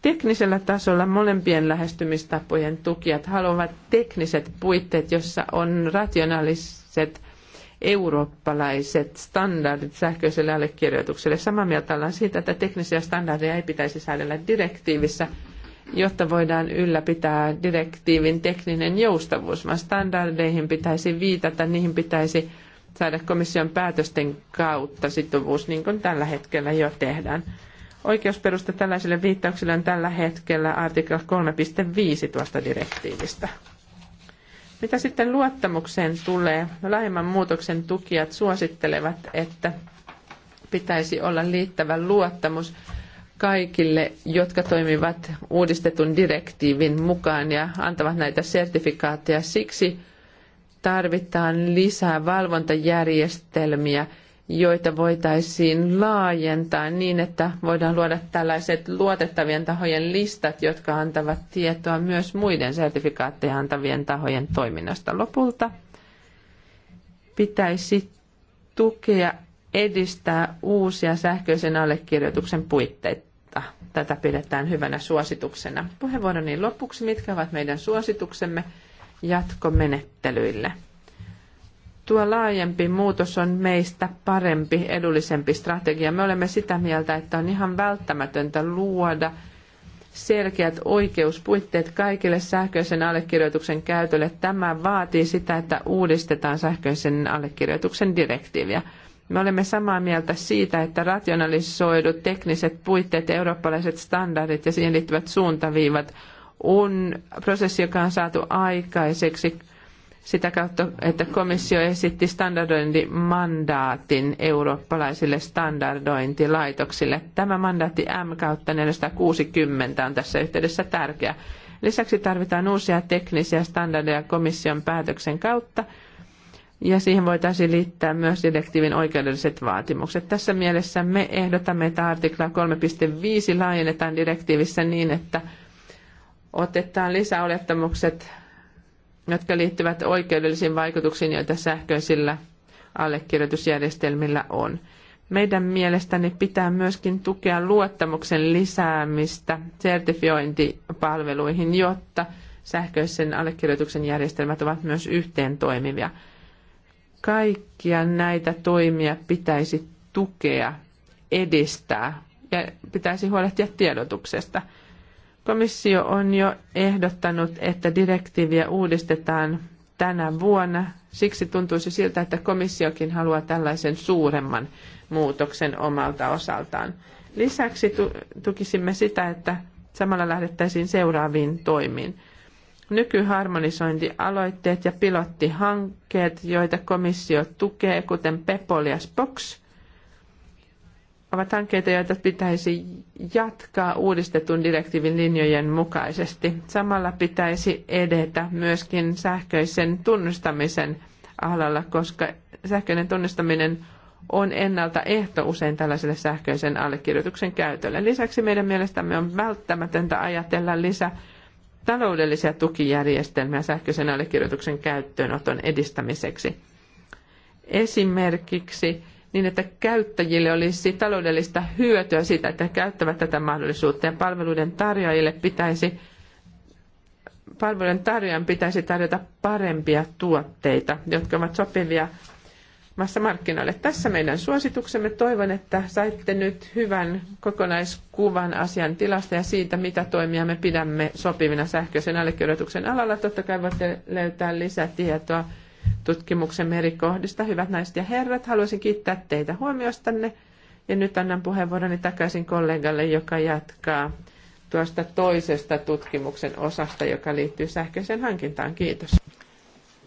[SPEAKER 4] Teknisellä tasolla molempien lähestymistapojen tukijat haluavat tekniset puitteet, jossa on rationaaliset eurooppalaiset standardit sähköiselle allekirjoitukselle. Samaa mieltä ollaan siitä, että teknisiä standardeja ei pitäisi säädellä direktiivissä – jotta voidaan ylläpitää direktiivin tekninen joustavuus, vaan standardeihin pitäisi viitata, niihin pitäisi saada komission päätösten kautta sitovuus, niin kuin tällä hetkellä jo tehdään. Oikeusperusta tällaisille viittaukselle on tällä hetkellä artikla 3.5 tuosta direktiivistä. Mitä sitten luottamukseen tulee, no, Lähemmän muutoksen tukijat suosittelevat, että pitäisi olla liittävä luottamus kaikille, jotka toimivat uudistetun direktiivin mukaan ja antavat näitä sertifikaatteja. Siksi tarvitaan lisää valvontajärjestelmiä, joita voitaisiin laajentaa niin, että voidaan luoda tällaiset luotettavien tahojen listat, jotka antavat tietoa myös muiden sertifikaatteja antavien tahojen toiminnasta. Lopulta pitäisi tukea edistää uusia sähköisen allekirjoituksen puitteita tätä pidetään hyvänä suosituksena. Puheenvuoroni lopuksi, mitkä ovat meidän suosituksemme jatkomenettelyille? Tuo laajempi muutos on meistä parempi, edullisempi strategia. Me olemme sitä mieltä, että on ihan välttämätöntä luoda selkeät oikeuspuitteet kaikille sähköisen allekirjoituksen käytölle. Tämä vaatii sitä, että uudistetaan sähköisen allekirjoituksen direktiiviä. Me olemme samaa mieltä siitä, että rationalisoidut tekniset puitteet, eurooppalaiset standardit ja siihen liittyvät suuntaviivat on prosessi, joka on saatu aikaiseksi sitä kautta, että komissio esitti standardointimandaatin eurooppalaisille standardointilaitoksille. Tämä mandaatti M kautta 460 on tässä yhteydessä tärkeä. Lisäksi tarvitaan uusia teknisiä standardeja komission päätöksen kautta – ja siihen voitaisiin liittää myös direktiivin oikeudelliset vaatimukset. Tässä mielessä me ehdotamme, että artikla 3.5 laajennetaan direktiivissä niin, että otetaan lisäolettamukset, jotka liittyvät oikeudellisiin vaikutuksiin, joita sähköisillä allekirjoitusjärjestelmillä on. Meidän mielestäni pitää myöskin tukea luottamuksen lisäämistä sertifiointipalveluihin, jotta sähköisen allekirjoituksen järjestelmät ovat myös yhteen toimivia. Kaikkia näitä toimia pitäisi tukea, edistää ja pitäisi huolehtia tiedotuksesta. Komissio on jo ehdottanut, että direktiiviä uudistetaan tänä vuonna. Siksi tuntuisi siltä, että komissiokin haluaa tällaisen suuremman muutoksen omalta osaltaan. Lisäksi tukisimme sitä, että samalla lähdettäisiin seuraaviin toimiin nykyharmonisointialoitteet ja pilottihankkeet, joita komissio tukee, kuten PEPOL ja SPOX, ovat hankkeita, joita pitäisi jatkaa uudistetun direktiivin linjojen mukaisesti. Samalla pitäisi edetä myöskin sähköisen tunnustamisen alalla, koska sähköinen tunnistaminen on ennalta ehto usein tällaiselle sähköisen allekirjoituksen käytölle. Lisäksi meidän mielestämme on välttämätöntä ajatella lisää taloudellisia tukijärjestelmiä sähköisen allekirjoituksen käyttöönoton edistämiseksi. Esimerkiksi niin, että käyttäjille olisi taloudellista hyötyä siitä, että käyttävät tätä mahdollisuutta ja palveluiden tarjoajille pitäisi palvelujen tarjoajan pitäisi tarjota parempia tuotteita, jotka ovat sopivia massamarkkinoille. Tässä meidän suosituksemme. Toivon, että saitte nyt hyvän kokonaiskuvan asian tilasta ja siitä, mitä toimia me pidämme sopivina sähköisen allekirjoituksen alalla. Totta kai voitte löytää lisätietoa tutkimuksen eri kohdista. Hyvät naiset ja herrat, haluaisin kiittää teitä huomiostanne. Ja nyt annan puheenvuoroni takaisin kollegalle, joka jatkaa tuosta toisesta tutkimuksen osasta, joka liittyy sähköiseen hankintaan. Kiitos.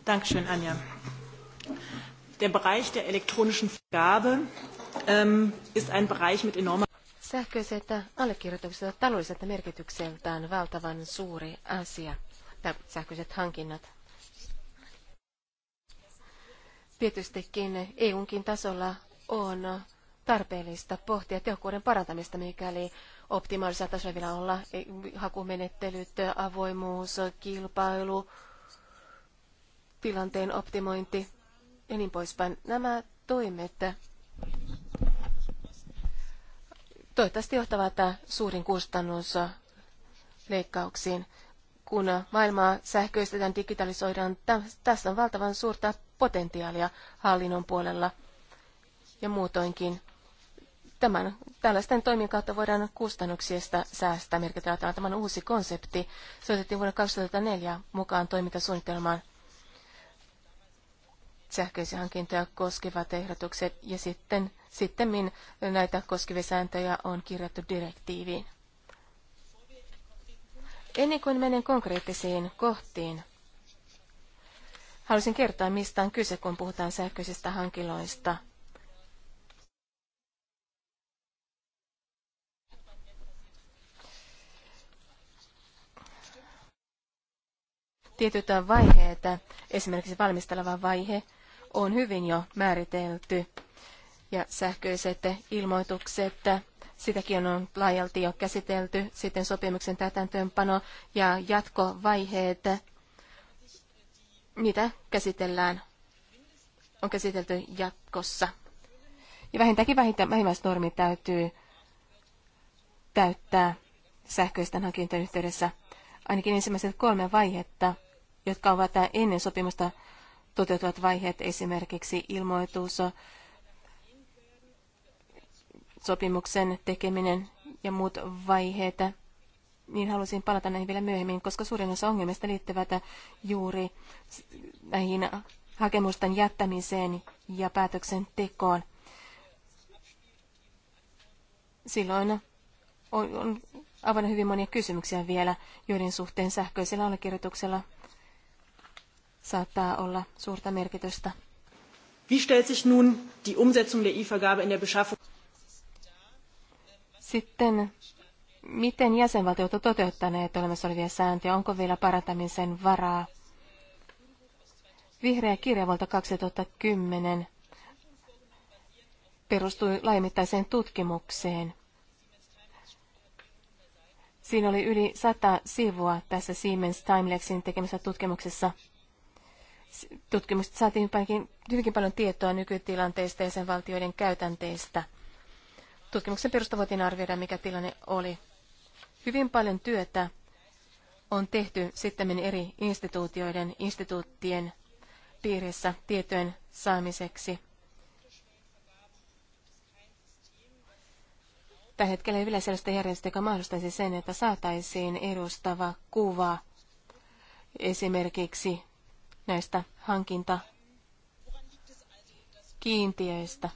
[SPEAKER 2] Dankeschön, Anja. Der Bereich der elektronischen Vergabe ähm, ist ein Bereich mit enormer Sähköiset allekirjoitukset ovat taloudelliselta merkitykseltään valtavan suuri asia, tai sähköiset hankinnat. Tietystikin EUnkin tasolla on tarpeellista pohtia tehokkuuden parantamista, mikäli optimaalisella tasolla vielä olla e, hakumenettelyt, avoimuus, kilpailu, tilanteen optimointi ja niin poispäin. Nämä toimet toivottavasti johtavat suurin kustannus leikkauksiin. Kun maailmaa sähköistetään, digitalisoidaan, tässä on valtavan suurta potentiaalia hallinnon puolella ja muutoinkin. Tämän, tällaisten toimien kautta voidaan kustannuksista säästää merkittävällä tavalla. Tämä on uusi konsepti. Se otettiin vuonna 2004 mukaan toimintasuunnitelmaan sähköisiä hankintoja koskevat ehdotukset ja sitten sittemmin näitä koskevia sääntöjä on kirjattu direktiiviin. Ennen kuin menen konkreettisiin kohtiin, haluaisin kertoa, mistä on kyse, kun puhutaan sähköisistä hankiloista. Tietyt vaiheet, esimerkiksi valmisteleva vaihe, on hyvin jo määritelty. Ja sähköiset ilmoitukset, sitäkin on laajalti jo käsitelty, sitten sopimuksen täytäntöönpano ja jatkovaiheet, niitä käsitellään, on käsitelty jatkossa. Ja vähintäänkin vähimmäisnormi täytyy täyttää sähköisten hankintojen yhteydessä ainakin ensimmäiset kolme vaihetta, jotka ovat ennen sopimusta toteutuvat vaiheet, esimerkiksi ilmoitus, sopimuksen tekeminen ja muut vaiheet, niin halusin palata näihin vielä myöhemmin, koska suurin osa ongelmista liittyvät juuri näihin hakemusten jättämiseen ja päätöksentekoon. Silloin on, on aivan hyvin monia kysymyksiä vielä, joiden suhteen sähköisellä allekirjoituksella saattaa olla suurta merkitystä.
[SPEAKER 1] Wie stellt sich nun die Umsetzung der IFA-Gabe in der Beschaffung?
[SPEAKER 2] Sitten, miten jäsenvaltiot ovat toteuttaneet olemassa olevia sääntöjä? Onko vielä parantamisen varaa? Vihreä kirja vuolta 2010 perustui laajamittaiseen tutkimukseen. Siinä oli yli sata sivua tässä Siemens Timelexin tekemässä tutkimuksessa tutkimusta saatiin hyvinkin paljon tietoa nykytilanteista ja sen valtioiden käytänteistä. Tutkimuksen perusta voitiin arvioida, mikä tilanne oli. Hyvin paljon työtä on tehty sitten eri instituutioiden, instituuttien piirissä tietojen saamiseksi. Tällä hetkellä ei vielä sellaista järjestöä, joka mahdollistaisi sen, että saataisiin edustava kuva esimerkiksi näistä hankintakiintiöistä.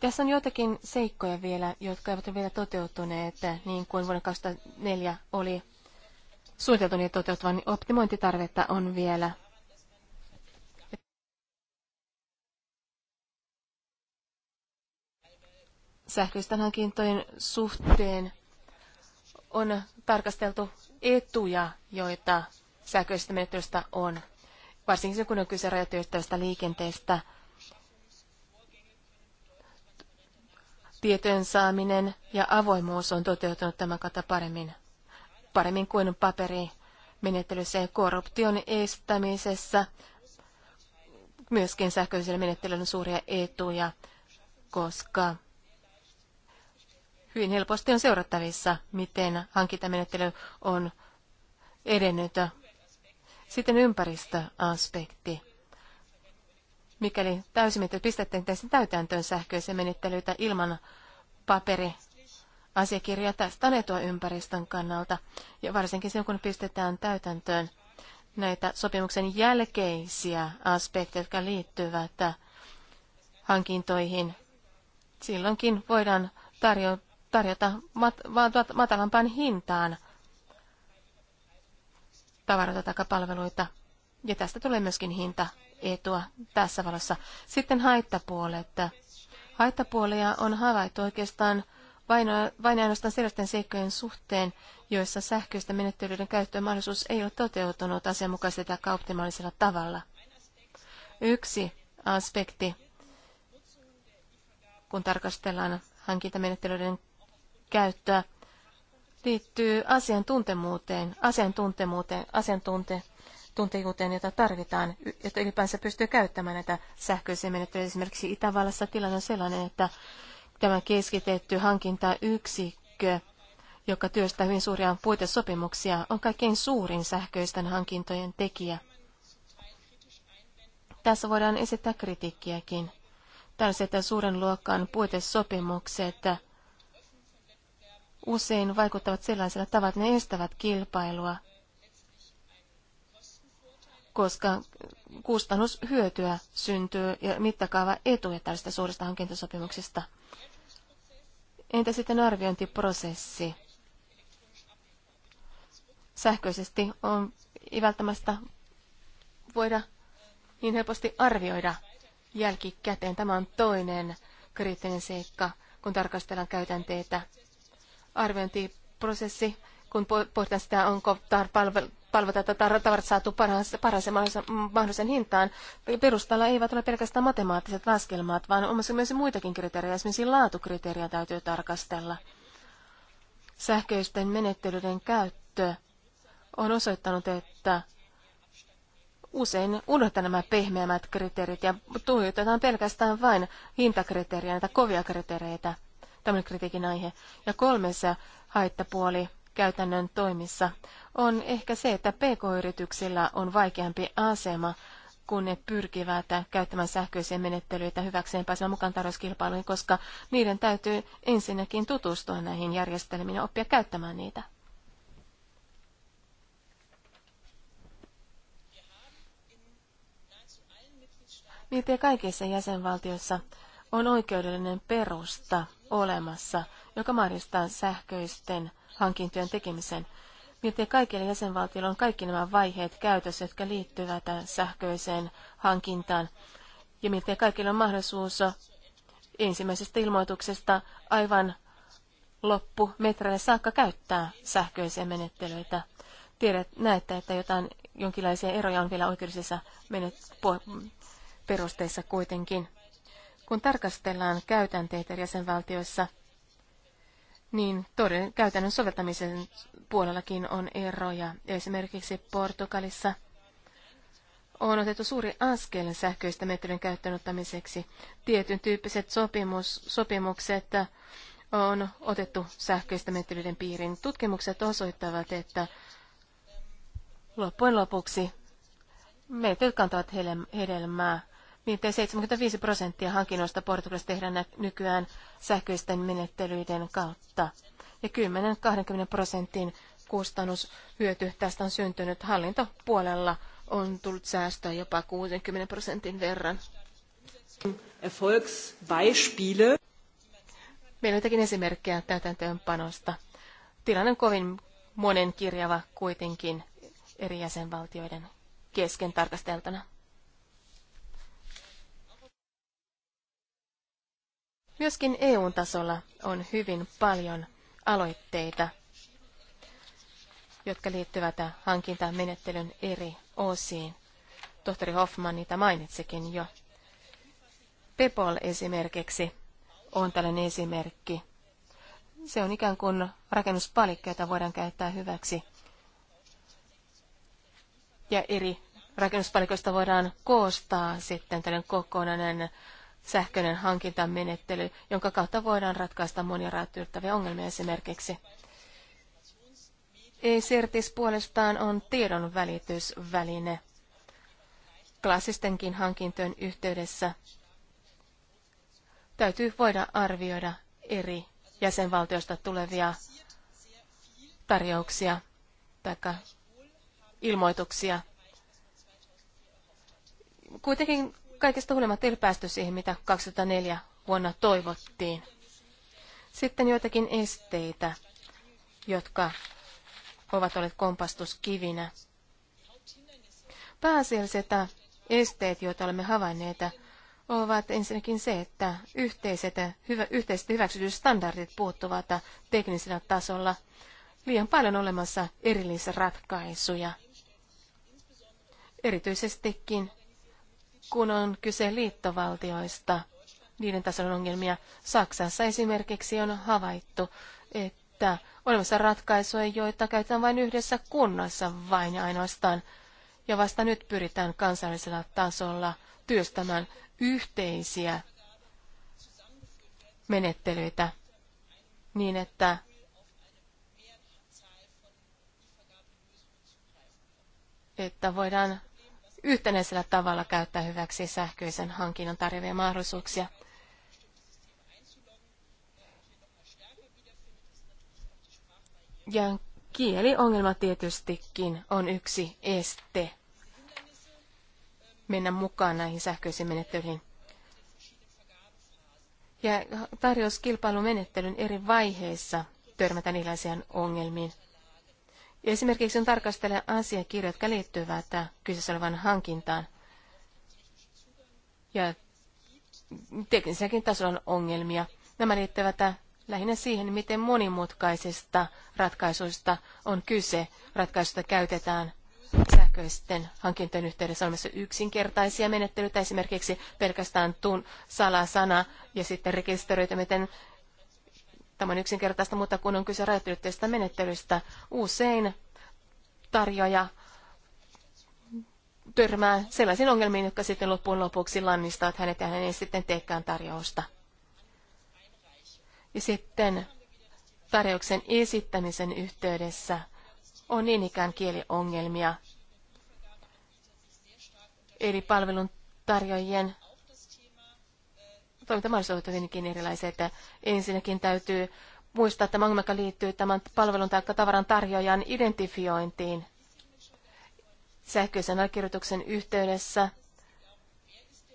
[SPEAKER 2] Tässä on joitakin seikkoja vielä, jotka eivät ole vielä toteutuneet, niin kuin vuonna 2004 oli suunniteltu niitä toteutuvan, niin optimointitarvetta on vielä. Sähköisten hankintojen suhteen on tarkasteltu etuja, joita sähköisestä menettelystä on varsinkin kun on kyse rajatyöstävästä liikenteestä. Tietojen saaminen ja avoimuus on toteutunut tämän kautta paremmin, paremmin kuin paperimenettelyssä ja korruption estämisessä. Myöskin sähköisellä menettelyllä on suuria etuja, koska hyvin helposti on seurattavissa, miten hankintamenettely on edennyt sitten ympäristöaspekti. Mikäli täysimetrit pistätte täysin niin täytäntöön sähköisiä menettelyitä ilman paperi asiakirja tästä on etua ympäristön kannalta, ja varsinkin silloin kun pistetään täytäntöön näitä sopimuksen jälkeisiä aspekteja, jotka liittyvät hankintoihin. Silloinkin voidaan tarjo- tarjota mat- matalampaan hintaan tavaroita tai palveluita. Ja tästä tulee myöskin hinta etua tässä valossa. Sitten haittapuolet. Haittapuolia on havaittu oikeastaan vain, vain ainoastaan sellaisten seikkojen suhteen, joissa sähköistä menettelyiden käyttöön mahdollisuus ei ole toteutunut asianmukaisesti tai optimaalisella tavalla. Yksi aspekti, kun tarkastellaan hankintamenettelyiden käyttöä, liittyy asiantuntemuuteen, asiantuntemuuteen, asiantuntijuuteen, jota tarvitaan, jotta ylipäänsä pystyy käyttämään näitä sähköisiä menettelyjä. Esimerkiksi Itävallassa tilanne on sellainen, että tämä keskitetty hankintayksikkö, joka työstää hyvin suuria puitesopimuksia, on kaikkein suurin sähköisten hankintojen tekijä. Tässä voidaan esittää kritiikkiäkin. Tällaiset suuren luokan puitesopimukset, että usein vaikuttavat sellaisella tavalla, että ne estävät kilpailua, koska kustannushyötyä syntyy ja mittakaava etuja tällaista suurista hankintasopimuksista. Entä sitten arviointiprosessi? Sähköisesti on ei välttämättä voida niin helposti arvioida jälkikäteen. Tämä on toinen kriittinen seikka, kun tarkastellaan käytänteitä arviointiprosessi, kun pohditaan sitä, onko palveluita tai tavarat saatu parhaaseen mahdollisen hintaan. Perustalla eivät ole pelkästään matemaattiset laskelmat, vaan on myös muitakin kriteerejä, esimerkiksi laatukriteeriä täytyy tarkastella. Sähköisten menettelyiden käyttö on osoittanut, että usein unohtaa nämä pehmeämmät kriteerit ja tuijotetaan pelkästään vain hintakriteeriä, näitä kovia kriteereitä tämmöinen kritiikin aihe. Ja kolmessa haittapuoli käytännön toimissa on ehkä se, että pk-yrityksillä on vaikeampi asema, kun ne pyrkivät käyttämään sähköisiä menettelyitä hyväkseen pääsemään mukaan tarjouskilpailuihin, koska niiden täytyy ensinnäkin tutustua näihin järjestelmiin ja oppia käyttämään niitä. Miltei kaikissa jäsenvaltioissa on oikeudellinen perusta olemassa, joka mahdollistaa sähköisten hankintojen tekemisen. Miltei kaikille jäsenvaltioilla on kaikki nämä vaiheet käytössä, jotka liittyvät sähköiseen hankintaan. Ja miltei kaikilla on mahdollisuus ensimmäisestä ilmoituksesta aivan loppumetreille saakka käyttää sähköisiä menettelyitä. Tiedät, näette, että jotain, jonkinlaisia eroja on vielä oikeudellisissa menet- perusteissa kuitenkin. Kun tarkastellaan käytänteitä jäsenvaltioissa, niin toden, käytännön soveltamisen puolellakin on eroja. Esimerkiksi Portugalissa on otettu suuri askel sähköistä menettelyn käyttöön ottamiseksi. Tietyn tyyppiset sopimus, sopimukset on otettu sähköistä menettelyiden piiriin. Tutkimukset osoittavat, että loppujen lopuksi menettelyt kantavat hedelmää Miltei 75 prosenttia hankinnoista Portugalissa tehdään nykyään sähköisten menettelyiden kautta. Ja 10-20 prosentin kustannushyöty tästä on syntynyt hallintopuolella. On tullut säästöä jopa 60 prosentin verran.
[SPEAKER 1] Erfolgsbeispiele.
[SPEAKER 2] Meillä on jotakin esimerkkejä täytäntöönpanosta. Tilanne on kovin kirjava kuitenkin eri jäsenvaltioiden kesken tarkasteltuna. Myöskin EU-tasolla on hyvin paljon aloitteita, jotka liittyvät hankintamenettelyn eri osiin. Tohtori Hoffman niitä mainitsikin jo. Pepol esimerkiksi on tällainen esimerkki. Se on ikään kuin rakennuspalikka, jota voidaan käyttää hyväksi. Ja eri rakennuspalikoista voidaan koostaa sitten tällainen kokonainen sähköinen hankintamenettely, jonka kautta voidaan ratkaista monia rajoittavia ongelmia esimerkiksi. e sirtis puolestaan on tiedon välitysväline. Klassistenkin hankintojen yhteydessä täytyy voida arvioida eri jäsenvaltioista tulevia tarjouksia tai ilmoituksia. Kuitenkin Kaikesta huolimatta ei päästy siihen, mitä 2004 vuonna toivottiin. Sitten joitakin esteitä, jotka ovat olleet kompastuskivinä. Pääasialliset esteet, joita olemme havainneet, ovat ensinnäkin se, että yhteiset, hyvä, yhteiset hyväksytysstandardit puuttuvat teknisellä tasolla. Liian paljon olemassa erillisratkaisuja. Erityisestikin kun on kyse liittovaltioista, niiden tason ongelmia. Saksassa esimerkiksi on havaittu, että olemassa ratkaisuja, joita käytetään vain yhdessä kunnassa vain ainoastaan. Ja vasta nyt pyritään kansallisella tasolla työstämään yhteisiä menettelyitä niin, että että voidaan yhtenäisellä tavalla käyttää hyväksi sähköisen hankinnan tarjoavia mahdollisuuksia. Ja kieliongelma tietystikin on yksi este mennä mukaan näihin sähköisiin menettelyihin. Ja tarjouskilpailumenettelyn eri vaiheissa törmätään erilaisiin ongelmiin. Esimerkiksi on tarkastella asiakirjoja, jotka liittyvät kyseessä olevan hankintaan. Ja tekniselläkin tasolla on ongelmia. Nämä liittyvät lähinnä siihen, miten monimutkaisista ratkaisuista on kyse. Ratkaisusta käytetään sähköisten hankintojen yhteydessä olemassa yksinkertaisia menettelyitä, esimerkiksi pelkästään tun salasana ja sitten rekisteröity, miten Tämä on yksinkertaista, mutta kun on kyse rajoitteista menettelystä, usein tarjoaja törmää sellaisiin ongelmiin, jotka sitten loppujen lopuksi lannistavat hänet ja hän ei sitten teekään tarjousta. Ja sitten tarjouksen esittämisen yhteydessä on niin ikään kieliongelmia. Eli palvelun tarjoajien toimintamahdollisuudet ovat hyvinkin että Ensinnäkin täytyy muistaa, että tämä liittyy tämän palvelun tai tavaran tarjoajan identifiointiin sähköisen allekirjoituksen yhteydessä.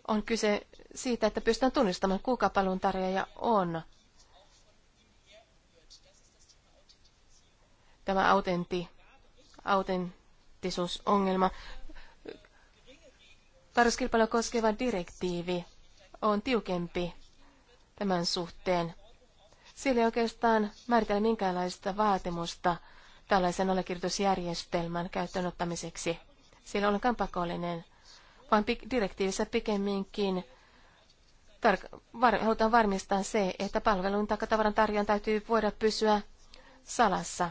[SPEAKER 2] On kyse siitä, että pystytään tunnistamaan, kuka palvelun tarjoaja on. Tämä autenti, autentisuusongelma. Tarjouskilpailua koskeva direktiivi on tiukempi tämän suhteen. Siellä ei oikeastaan määritellä minkäänlaista vaatimusta tällaisen allekirjoitusjärjestelmän ottamiseksi. Sillä on pakollinen, vaan direktiivissä pikemminkin tar- var- halutaan varmistaa se, että palvelun tai tavaran tarjoajan täytyy voida pysyä salassa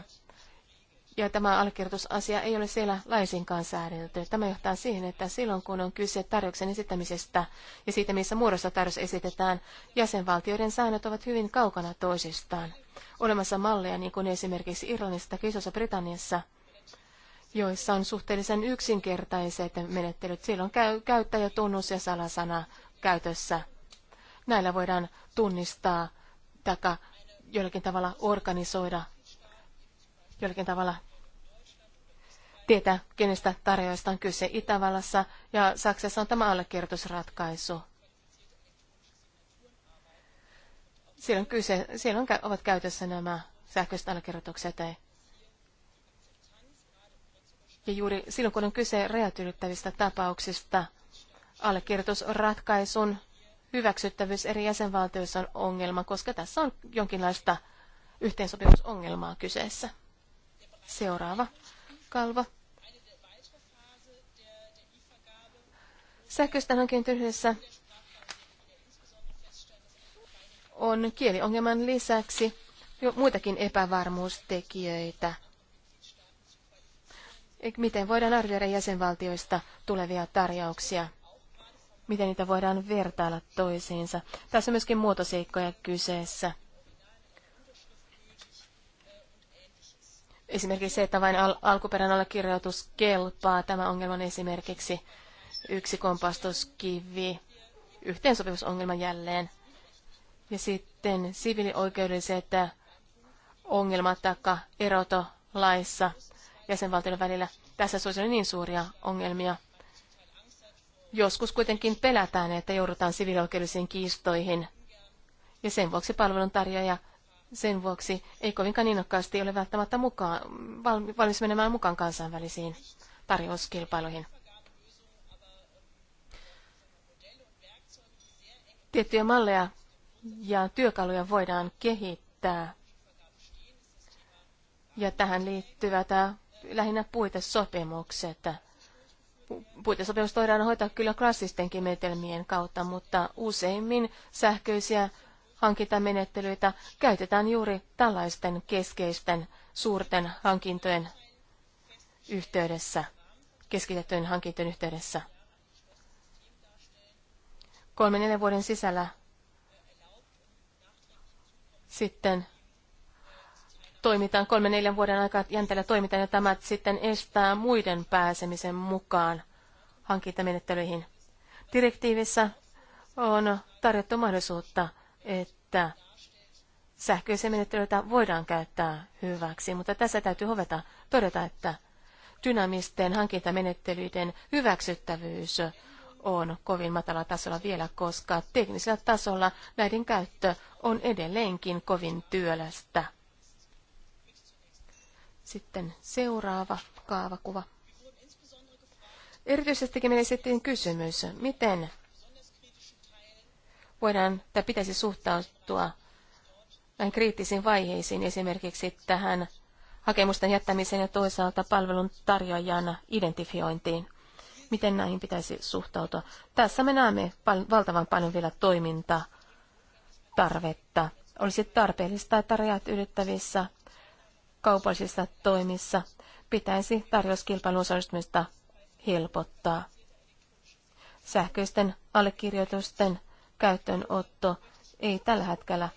[SPEAKER 2] ja tämä allekirjoitusasia ei ole siellä laisinkaan säädelty. Tämä johtaa siihen, että silloin kun on kyse tarjouksen esittämisestä ja siitä, missä muodossa tarjous esitetään, jäsenvaltioiden säännöt ovat hyvin kaukana toisistaan. Olemassa malleja, niin kuin esimerkiksi Irlannista tai Isossa Britanniassa, joissa on suhteellisen yksinkertaiset menettelyt. Silloin käy, käyttäjätunnus ja salasana käytössä. Näillä voidaan tunnistaa tai jollakin tavalla organisoida jollakin tavalla tietää, kenestä tarjoajasta on kyse. Itävallassa ja Saksassa on tämä allekirjoitusratkaisu. Siellä, on kyse, siellä on, ovat käytössä nämä sähköiset allekirjoitukset. Ja juuri silloin, kun on kyse rajat ylittävistä tapauksista, allekirjoitusratkaisun hyväksyttävyys eri jäsenvaltioissa on ongelma, koska tässä on jonkinlaista yhteensopimusongelmaa kyseessä. Seuraava kalvo. Sähköistä hankintojen yhdessä on kieliongelman lisäksi jo muitakin epävarmuustekijöitä. Miten voidaan arvioida jäsenvaltioista tulevia tarjouksia? Miten niitä voidaan vertailla toisiinsa? Tässä on myöskin muotoseikkoja kyseessä. Esimerkiksi se, että vain al- alkuperäinen allekirjoitus kelpaa. Tämä ongelman esimerkiksi yksi kompastuskivi, yhteensopivuusongelma jälleen. Ja sitten siviilioikeudelliset ongelmat taikka eroto laissa jäsenvaltioiden välillä. Tässä suosi niin suuria ongelmia. Joskus kuitenkin pelätään, että joudutaan siviilioikeudellisiin kiistoihin. Ja sen vuoksi palveluntarjoaja sen vuoksi ei kovinkaan innokkaasti ole välttämättä mukaan, valmis menemään mukaan kansainvälisiin tarjouskilpailuihin. Tiettyjä malleja ja työkaluja voidaan kehittää. Ja tähän liittyvät äh, lähinnä puitesopimukset. Puitesopimus voidaan hoitaa kyllä klassistenkin menetelmien kautta, mutta useimmin sähköisiä hankintamenettelyitä käytetään juuri tällaisten keskeisten suurten hankintojen yhteydessä, keskitettyjen hankintojen yhteydessä kolmen neljän vuoden sisällä sitten toimitaan, kolmen neljän vuoden aikaa jänteellä toimitaan, ja tämä sitten estää muiden pääsemisen mukaan hankintamenettelyihin. Direktiivissä on tarjottu mahdollisuutta, että sähköisiä menettelyitä voidaan käyttää hyväksi, mutta tässä täytyy hoveta todeta, että dynaamisten hankintamenettelyiden hyväksyttävyys on kovin matala tasolla vielä, koska teknisellä tasolla näiden käyttö on edelleenkin kovin työlästä. Sitten seuraava kaavakuva. Erityisestikin meille sitten kysymys, miten voidaan tai pitäisi suhtautua näin kriittisiin vaiheisiin, esimerkiksi tähän hakemusten jättämiseen ja toisaalta palvelun tarjoajan identifiointiin miten näihin pitäisi suhtautua. Tässä me näemme pal- valtavan paljon vielä toimintatarvetta. Olisi tarpeellista, että rajat ylittävissä kaupallisissa toimissa pitäisi tarjouskilpailun osallistumista helpottaa. Sähköisten allekirjoitusten käyttöönotto ei tällä hetkellä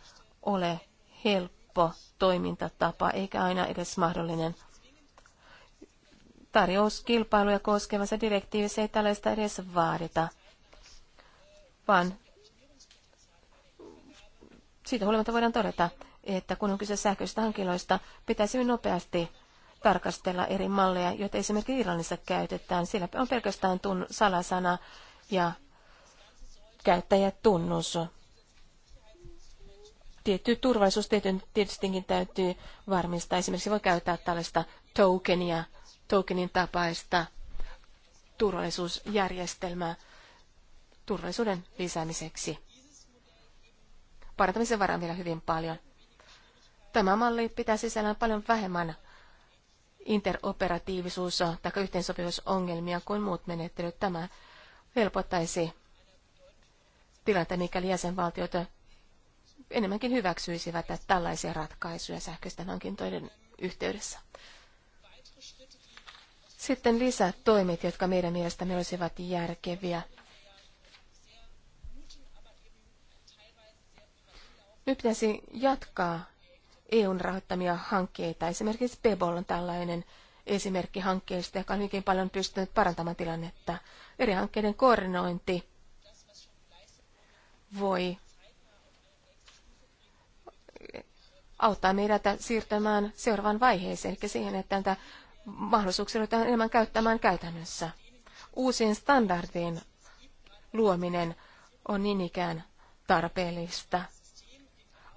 [SPEAKER 2] ole helppo toimintatapa eikä aina edes mahdollinen tarjouskilpailuja koskevassa direktiivissä ei tällaista edes vaadita, vaan siitä huolimatta voidaan todeta, että kun on kyse sähköisistä hankiloista, pitäisi nopeasti tarkastella eri malleja, joita esimerkiksi Irlannissa käytetään. Siellä on pelkästään tun salasana ja käyttäjätunnus. Tietty turvallisuus tietystikin täytyy varmistaa. Esimerkiksi voi käyttää tällaista tokenia Tolkienin tapaista turvallisuusjärjestelmää turvallisuuden lisäämiseksi. Parantamisen varaa vielä hyvin paljon. Tämä malli pitää sisällään paljon vähemmän interoperatiivisuus- tai yhteensopivuusongelmia kuin muut menettelyt. Tämä helpottaisi tilannetta, mikäli jäsenvaltiot enemmänkin hyväksyisivät tällaisia ratkaisuja sähköisten hankintojen yhteydessä. Sitten lisätoimet, jotka meidän mielestämme olisivat järkeviä. Nyt pitäisi jatkaa EUn rahoittamia hankkeita. Esimerkiksi Pebol on tällainen esimerkki hankkeesta, joka on hyvinkin paljon pystynyt parantamaan tilannetta. Eri hankkeiden koordinointi voi auttaa meidät siirtymään seuraavaan vaiheeseen, eli siihen, että mahdollisuuksia ruvetaan enemmän käyttämään käytännössä. Uusien standardien luominen on niin ikään tarpeellista.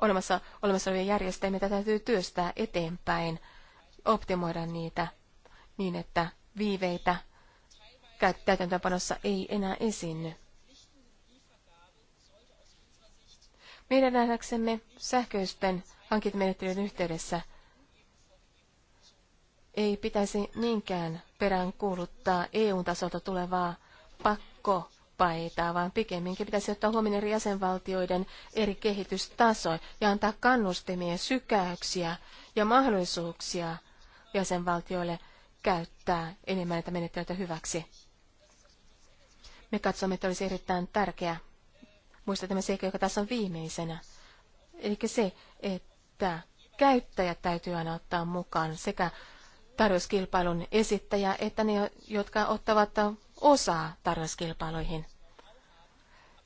[SPEAKER 2] Olemassa, olemassa olevia järjestelmiä täytyy työstää eteenpäin, optimoida niitä niin, että viiveitä täytäntöönpanossa ei enää esiinny. Meidän nähdäksemme sähköisten hankintamenettelyiden yhteydessä – ei pitäisi niinkään peräänkuuluttaa EU-tasolta tulevaa pakko vaan pikemminkin pitäisi ottaa huomioon eri jäsenvaltioiden eri kehitystaso ja antaa kannustimia, sykäyksiä ja mahdollisuuksia jäsenvaltioille käyttää enemmän näitä menettelyitä hyväksi. Me katsomme, että olisi erittäin tärkeää muistaa tämä seikka, joka tässä on viimeisenä. Eli se, että käyttäjät täytyy aina ottaa mukaan sekä tarjouskilpailun esittäjä että ne, jotka ottavat osaa tarjouskilpailuihin.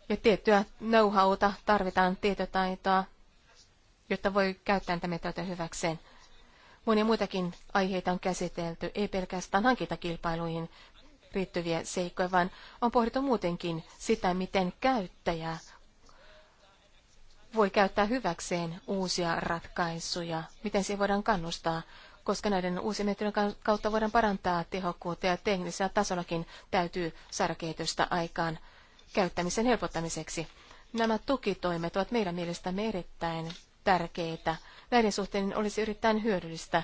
[SPEAKER 2] Ja tiettyä know-howta tarvitaan tietotaitoa, jotta voi käyttää tätä metodia hyväkseen. Monia muitakin aiheita on käsitelty, ei pelkästään hankintakilpailuihin riittyviä seikkoja, vaan on pohdittu muutenkin sitä, miten käyttäjä voi käyttää hyväkseen uusia ratkaisuja, miten siihen voidaan kannustaa koska näiden uusien kautta voidaan parantaa tehokkuutta ja teknisellä tasollakin täytyy saada kehitystä aikaan käyttämisen helpottamiseksi. Nämä tukitoimet ovat meidän mielestämme erittäin tärkeitä. Näiden suhteen olisi erittäin hyödyllistä,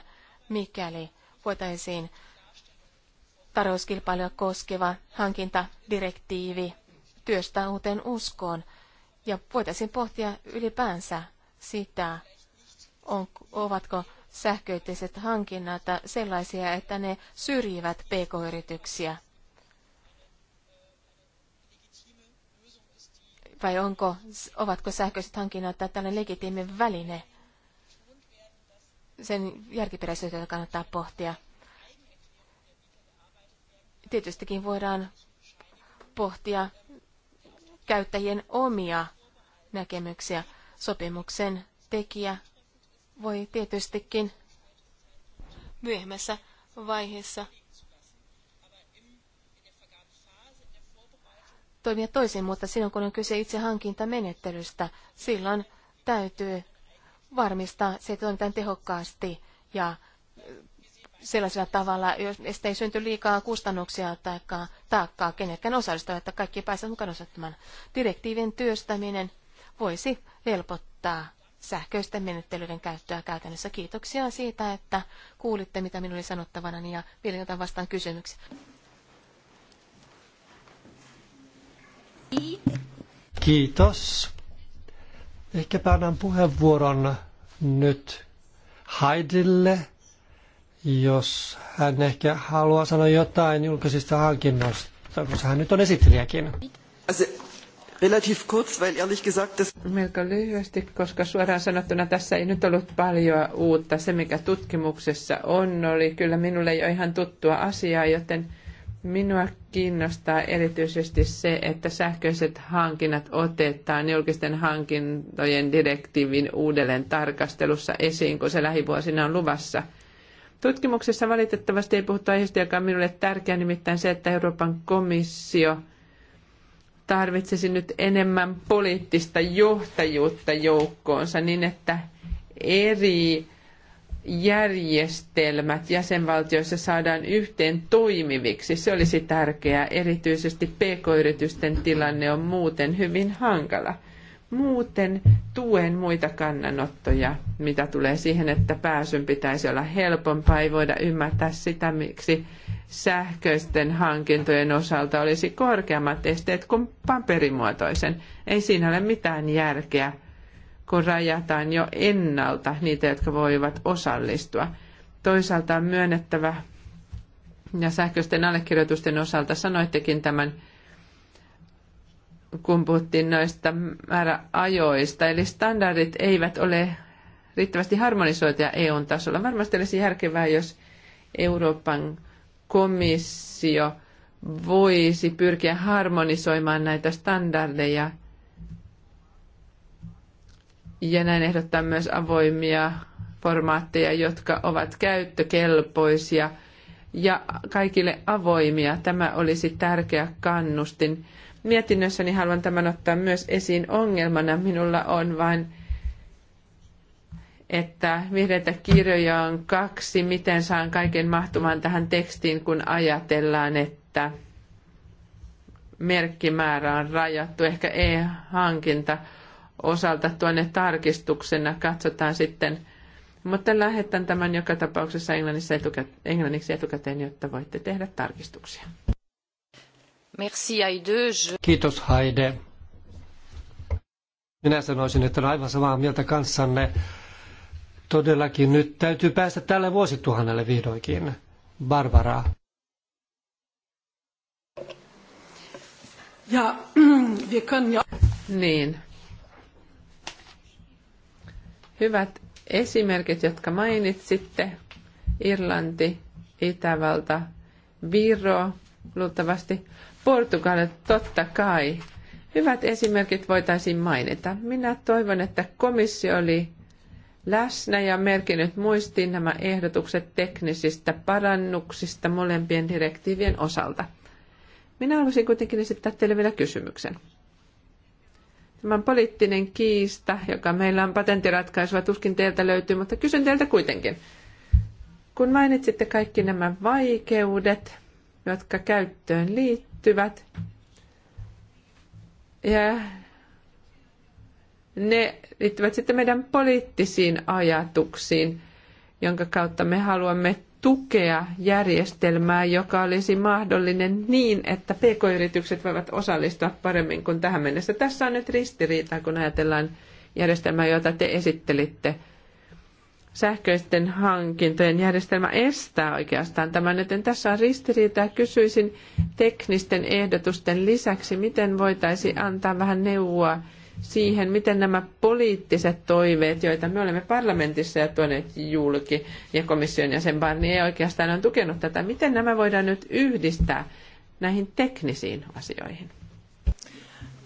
[SPEAKER 2] mikäli voitaisiin tarjouskilpailua koskeva hankintadirektiivi työstää uuteen uskoon. Ja voitaisiin pohtia ylipäänsä sitä, on, ovatko sähköiset hankinnat sellaisia, että ne syrjivät pk-yrityksiä? Vai onko, ovatko sähköiset hankinnat tällainen legitiimi väline? Sen järkiperäisyyttä kannattaa pohtia. Tietystikin voidaan pohtia käyttäjien omia näkemyksiä. Sopimuksen tekijä voi tietystikin myöhemmässä vaiheessa toimia toisin, mutta silloin kun on kyse itse hankintamenettelystä, silloin täytyy varmistaa se, että toimitaan tehokkaasti ja sellaisella tavalla, jos ei synty liikaa kustannuksia tai taakkaa kenellekään osallistua, että kaikki pääsevät mukaan osallistumaan. Direktiivin työstäminen voisi helpottaa sähköisten menettelyiden käyttöä käytännössä. Kiitoksia siitä, että kuulitte, mitä minulla oli sanottavana, ja vielä otan vastaan kysymyksiä.
[SPEAKER 1] Kiitos. Ehkäpä annan puheenvuoron nyt Haidille, jos hän ehkä haluaa sanoa jotain julkisista hankinnoista, koska hän nyt on esittelijäkin
[SPEAKER 4] relativ kurz, weil ehrlich gesagt das... Melko lyhyesti, koska suoraan sanottuna tässä ei nyt ollut paljon uutta. Se, mikä tutkimuksessa on, oli kyllä minulle jo ihan tuttua asiaa, joten minua kiinnostaa erityisesti se, että sähköiset hankinnat otetaan julkisten hankintojen direktiivin uudelleen tarkastelussa esiin, kun se lähivuosina on luvassa. Tutkimuksessa valitettavasti ei puhuttu aiheesta, joka on minulle tärkeä, nimittäin se, että Euroopan komissio – tarvitsisi nyt enemmän poliittista johtajuutta joukkoonsa niin, että eri järjestelmät jäsenvaltioissa saadaan yhteen toimiviksi. Se olisi tärkeää. Erityisesti pk-yritysten tilanne on muuten hyvin hankala. Muuten tuen muita kannanottoja, mitä tulee siihen, että pääsyn pitäisi olla helpompaa, ei voida ymmärtää sitä, miksi sähköisten hankintojen osalta olisi korkeammat esteet kuin paperimuotoisen. Ei siinä ole mitään järkeä, kun rajataan jo ennalta niitä, jotka voivat osallistua. Toisaalta on myönnettävä, ja sähköisten allekirjoitusten osalta sanoittekin tämän, kun puhuttiin noista määräajoista. Eli standardit eivät ole riittävästi harmonisoituja EUn tasolla. Varmasti olisi järkevää, jos Euroopan komissio voisi pyrkiä harmonisoimaan näitä standardeja ja näin ehdottaa myös avoimia formaatteja, jotka ovat käyttökelpoisia ja kaikille avoimia. Tämä olisi tärkeä kannustin mietinnössäni haluan tämän ottaa myös esiin. Ongelmana minulla on vain, että vihreitä kirjoja on kaksi. Miten saan kaiken mahtumaan tähän tekstiin, kun ajatellaan, että merkkimäärä on rajattu. Ehkä e-hankinta osalta tuonne tarkistuksena katsotaan sitten. Mutta lähetän tämän joka tapauksessa englanniksi etukäteen, jotta
[SPEAKER 1] voitte tehdä tarkistuksia. Merci, Kiitos, Haide. Minä sanoisin, että olen aivan samaa mieltä kanssanne. Todellakin nyt täytyy päästä tälle vuosituhannelle vihdoinkin. Barbara.
[SPEAKER 2] Ja, [CLEARS THROAT]
[SPEAKER 4] wir ja... Niin. Hyvät esimerkit, jotka mainitsitte. Irlanti, Itävalta, Viro, luultavasti Portugalin totta kai. Hyvät esimerkit voitaisiin mainita. Minä toivon, että komissio oli läsnä ja merkinnyt muistiin nämä ehdotukset teknisistä parannuksista molempien direktiivien osalta. Minä haluaisin kuitenkin esittää teille vielä kysymyksen. Tämä on poliittinen kiista, joka meillä on patenttiratkaisua, tuskin teiltä löytyy, mutta kysyn teiltä kuitenkin. Kun mainitsitte kaikki nämä vaikeudet, jotka käyttöön liittyvät, liittyvät. Ja ne liittyvät sitten meidän poliittisiin ajatuksiin, jonka kautta me haluamme tukea järjestelmää, joka olisi mahdollinen niin, että pk-yritykset voivat osallistua paremmin kuin tähän mennessä. Tässä on nyt ristiriita, kun ajatellaan järjestelmää, jota te esittelitte – sähköisten hankintojen järjestelmä estää oikeastaan tämän, joten tässä on ja Kysyisin teknisten ehdotusten lisäksi, miten voitaisiin antaa vähän neuvoa siihen, miten nämä poliittiset toiveet, joita me olemme parlamentissa ja tuoneet julki ja komission jäsen Barni ei oikeastaan on tukenut tätä, miten nämä voidaan nyt yhdistää näihin teknisiin asioihin?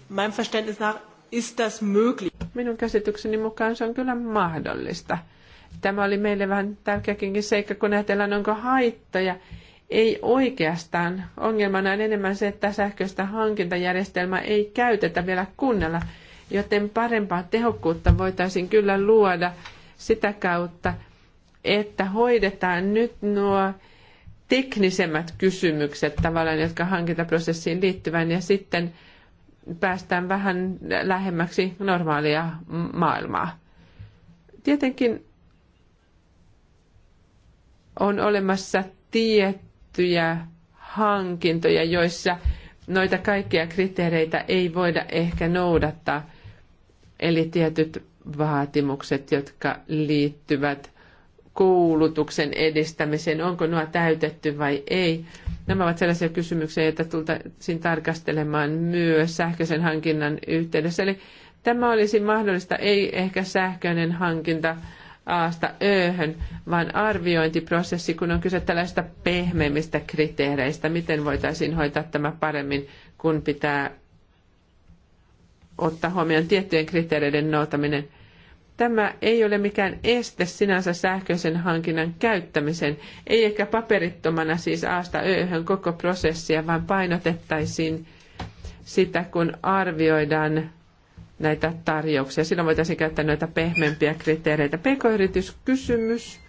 [SPEAKER 4] Mein Verständnis nach ist das möglich. Minun käsitykseni mukaan se on kyllä mahdollista. Tämä oli meille vähän tärkeäkin seikka, kun ajatellaan, onko haittoja. Ei oikeastaan. Ongelmana on enemmän se, että sähköistä hankintajärjestelmää ei käytetä vielä kunnolla, joten parempaa tehokkuutta voitaisiin kyllä luoda sitä kautta, että hoidetaan nyt nuo teknisemmät kysymykset tavallaan, jotka hankintaprosessiin liittyvän ja sitten päästään vähän lähemmäksi normaalia maailmaa. Tietenkin on olemassa tiettyjä hankintoja, joissa noita kaikkia kriteereitä ei voida ehkä noudattaa. Eli tietyt vaatimukset, jotka liittyvät koulutuksen edistämiseen, onko nuo täytetty vai ei. Nämä ovat sellaisia kysymyksiä, joita tultaisiin tarkastelemaan myös sähköisen hankinnan yhteydessä. Eli tämä olisi mahdollista, ei ehkä sähköinen hankinta Asta ööhön, vaan arviointiprosessi, kun on kyse tällaista pehmeimmistä kriteereistä, miten voitaisiin hoitaa tämä paremmin, kun pitää ottaa huomioon tiettyjen kriteereiden noutaminen. Tämä ei ole mikään este sinänsä sähköisen hankinnan käyttämisen, ei ehkä paperittomana siis aasta ööhön koko prosessia, vaan painotettaisiin sitä, kun arvioidaan näitä tarjouksia. Silloin voitaisiin käyttää näitä pehmeämpiä kriteereitä. PK-yrityskysymys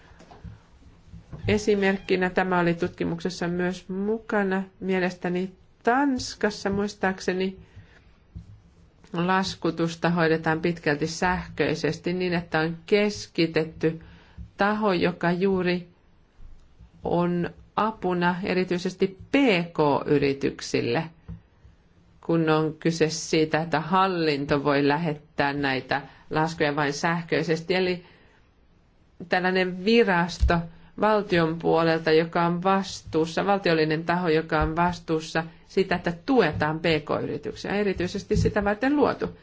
[SPEAKER 4] esimerkkinä. Tämä oli tutkimuksessa myös mukana. Mielestäni Tanskassa muistaakseni laskutusta hoidetaan pitkälti sähköisesti niin, että on keskitetty taho, joka juuri on apuna erityisesti PK-yrityksille – kun on kyse siitä, että hallinto voi lähettää näitä laskuja vain sähköisesti. Eli tällainen virasto valtion puolelta, joka on vastuussa, valtiollinen taho, joka on vastuussa siitä, että tuetaan pk-yrityksiä, erityisesti sitä varten luotu.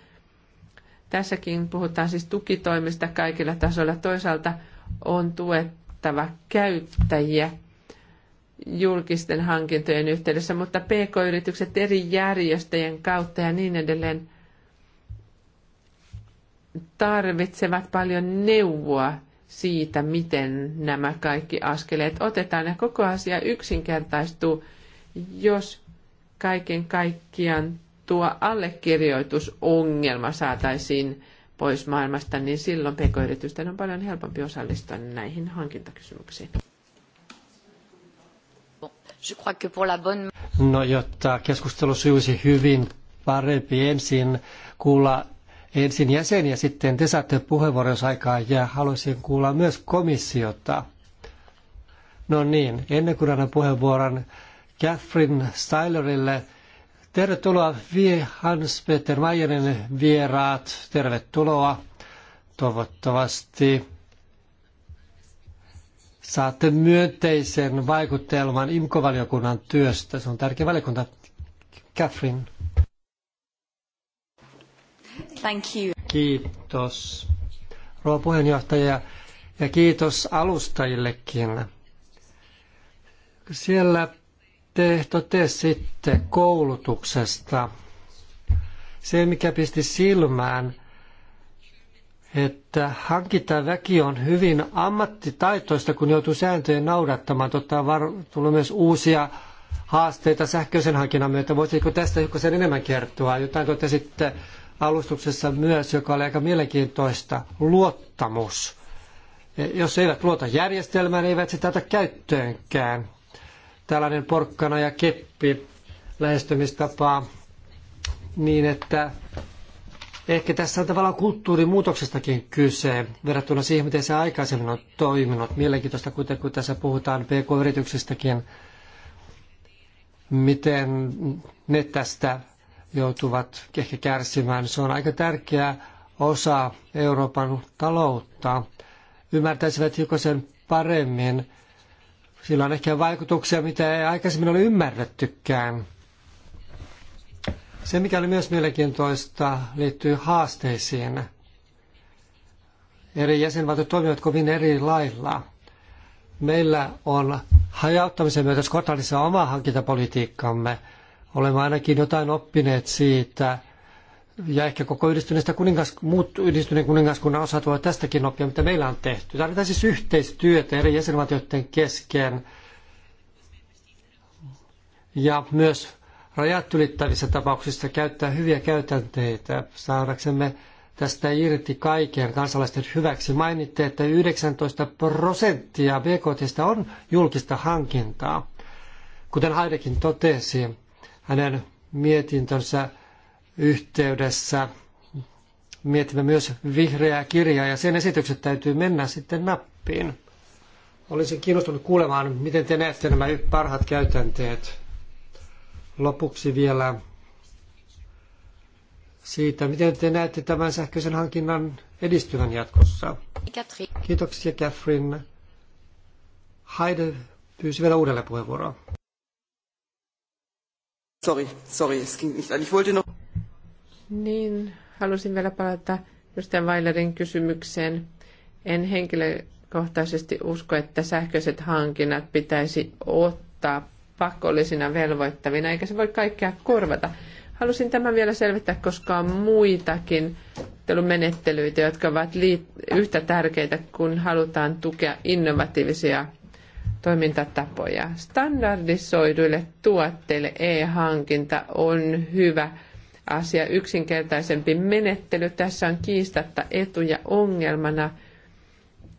[SPEAKER 4] Tässäkin puhutaan siis tukitoimista kaikilla tasoilla. Toisaalta on tuettava käyttäjiä julkisten hankintojen yhteydessä, mutta PK-yritykset eri järjestöjen kautta ja niin edelleen tarvitsevat paljon neuvoa siitä, miten nämä kaikki askeleet otetaan. Ja koko asia yksinkertaistuu, jos kaiken kaikkiaan tuo allekirjoitusongelma saataisiin pois maailmasta, niin silloin pk-yritysten on paljon helpompi osallistua näihin hankintakysymyksiin.
[SPEAKER 1] No jotta keskustelu sujuisi hyvin, parempi ensin kuulla ensin jäseniä, sitten te saatte puheenvuoron, jos aikaa jää. Haluaisin kuulla myös komissiota. No niin, ennen kuin annan puheenvuoron Catherine Stylerille, tervetuloa vie Hans-Peter Mayerin vieraat, tervetuloa. Toivottavasti saatte myönteisen vaikutelman IMKO-valiokunnan työstä. Se on tärkeä valiokunta. Catherine. Thank you. Kiitos rouva puheenjohtaja ja kiitos alustajillekin. Siellä te totesitte koulutuksesta. Se, mikä pisti silmään, että hankintaväki on hyvin ammattitaitoista, kun joutuu sääntöjen noudattamaan. Totta var- tullut myös uusia haasteita sähköisen hankinnan myötä. Voisitko tästä joku sen enemmän kertoa? Jotain totesitte alustuksessa myös, joka oli aika mielenkiintoista, luottamus. E, jos eivät luota järjestelmään, eivät sitä ota käyttöönkään. Tällainen porkkana ja keppi lähestymistapa niin, että Ehkä tässä on tavallaan kulttuurimuutoksestakin kyse verrattuna siihen, miten se aikaisemmin on toiminut. Mielenkiintoista kuitenkin, kun tässä puhutaan PK-yrityksistäkin, miten ne tästä joutuvat ehkä kärsimään. Se on aika tärkeä osa Euroopan taloutta. Ymmärtäisivät hiukan sen paremmin. Sillä on ehkä vaikutuksia, mitä ei aikaisemmin ole ymmärrettykään. Se, mikä oli myös mielenkiintoista, liittyy haasteisiin. Eri jäsenvaltiot toimivat kovin eri lailla. Meillä on hajauttamisen myötä Skotlannissa oma hankintapolitiikkamme. Olemme ainakin jotain oppineet siitä, ja ehkä koko yhdistyneestä kuningas, muut yhdistyneen kuningaskunnan osat voivat tästäkin oppia, mitä meillä on tehty. Tarvitaan siis yhteistyötä eri jäsenvaltioiden kesken ja myös rajat ylittävissä tapauksissa käyttää hyviä käytänteitä saadaksemme tästä irti kaiken kansalaisten hyväksi. Mainitte, että 19 prosenttia BKTstä on julkista hankintaa. Kuten Haidekin totesi hänen mietintönsä yhteydessä, mietimme myös vihreää kirjaa ja sen esitykset täytyy mennä sitten nappiin. Olisin kiinnostunut kuulemaan, miten te näette nämä parhaat käytänteet lopuksi vielä siitä, miten te näette tämän sähköisen hankinnan edistyvän jatkossa. Kiitoksia Catherine. Haide pyysi vielä uudelleen puheenvuoroa. Sorry, sorry, es ging nicht an. Ich wollte noch...
[SPEAKER 4] Niin, halusin vielä palata Justin Weilerin kysymykseen. En henkilökohtaisesti usko, että sähköiset hankinnat pitäisi ottaa pakollisina velvoittavina, eikä se voi kaikkea korvata. Halusin tämän vielä selvittää, koska on muitakin menettelyitä, jotka ovat yhtä tärkeitä, kun halutaan tukea innovatiivisia toimintatapoja. Standardisoiduille tuotteille e-hankinta on hyvä asia, yksinkertaisempi menettely. Tässä on kiistatta etuja ongelmana –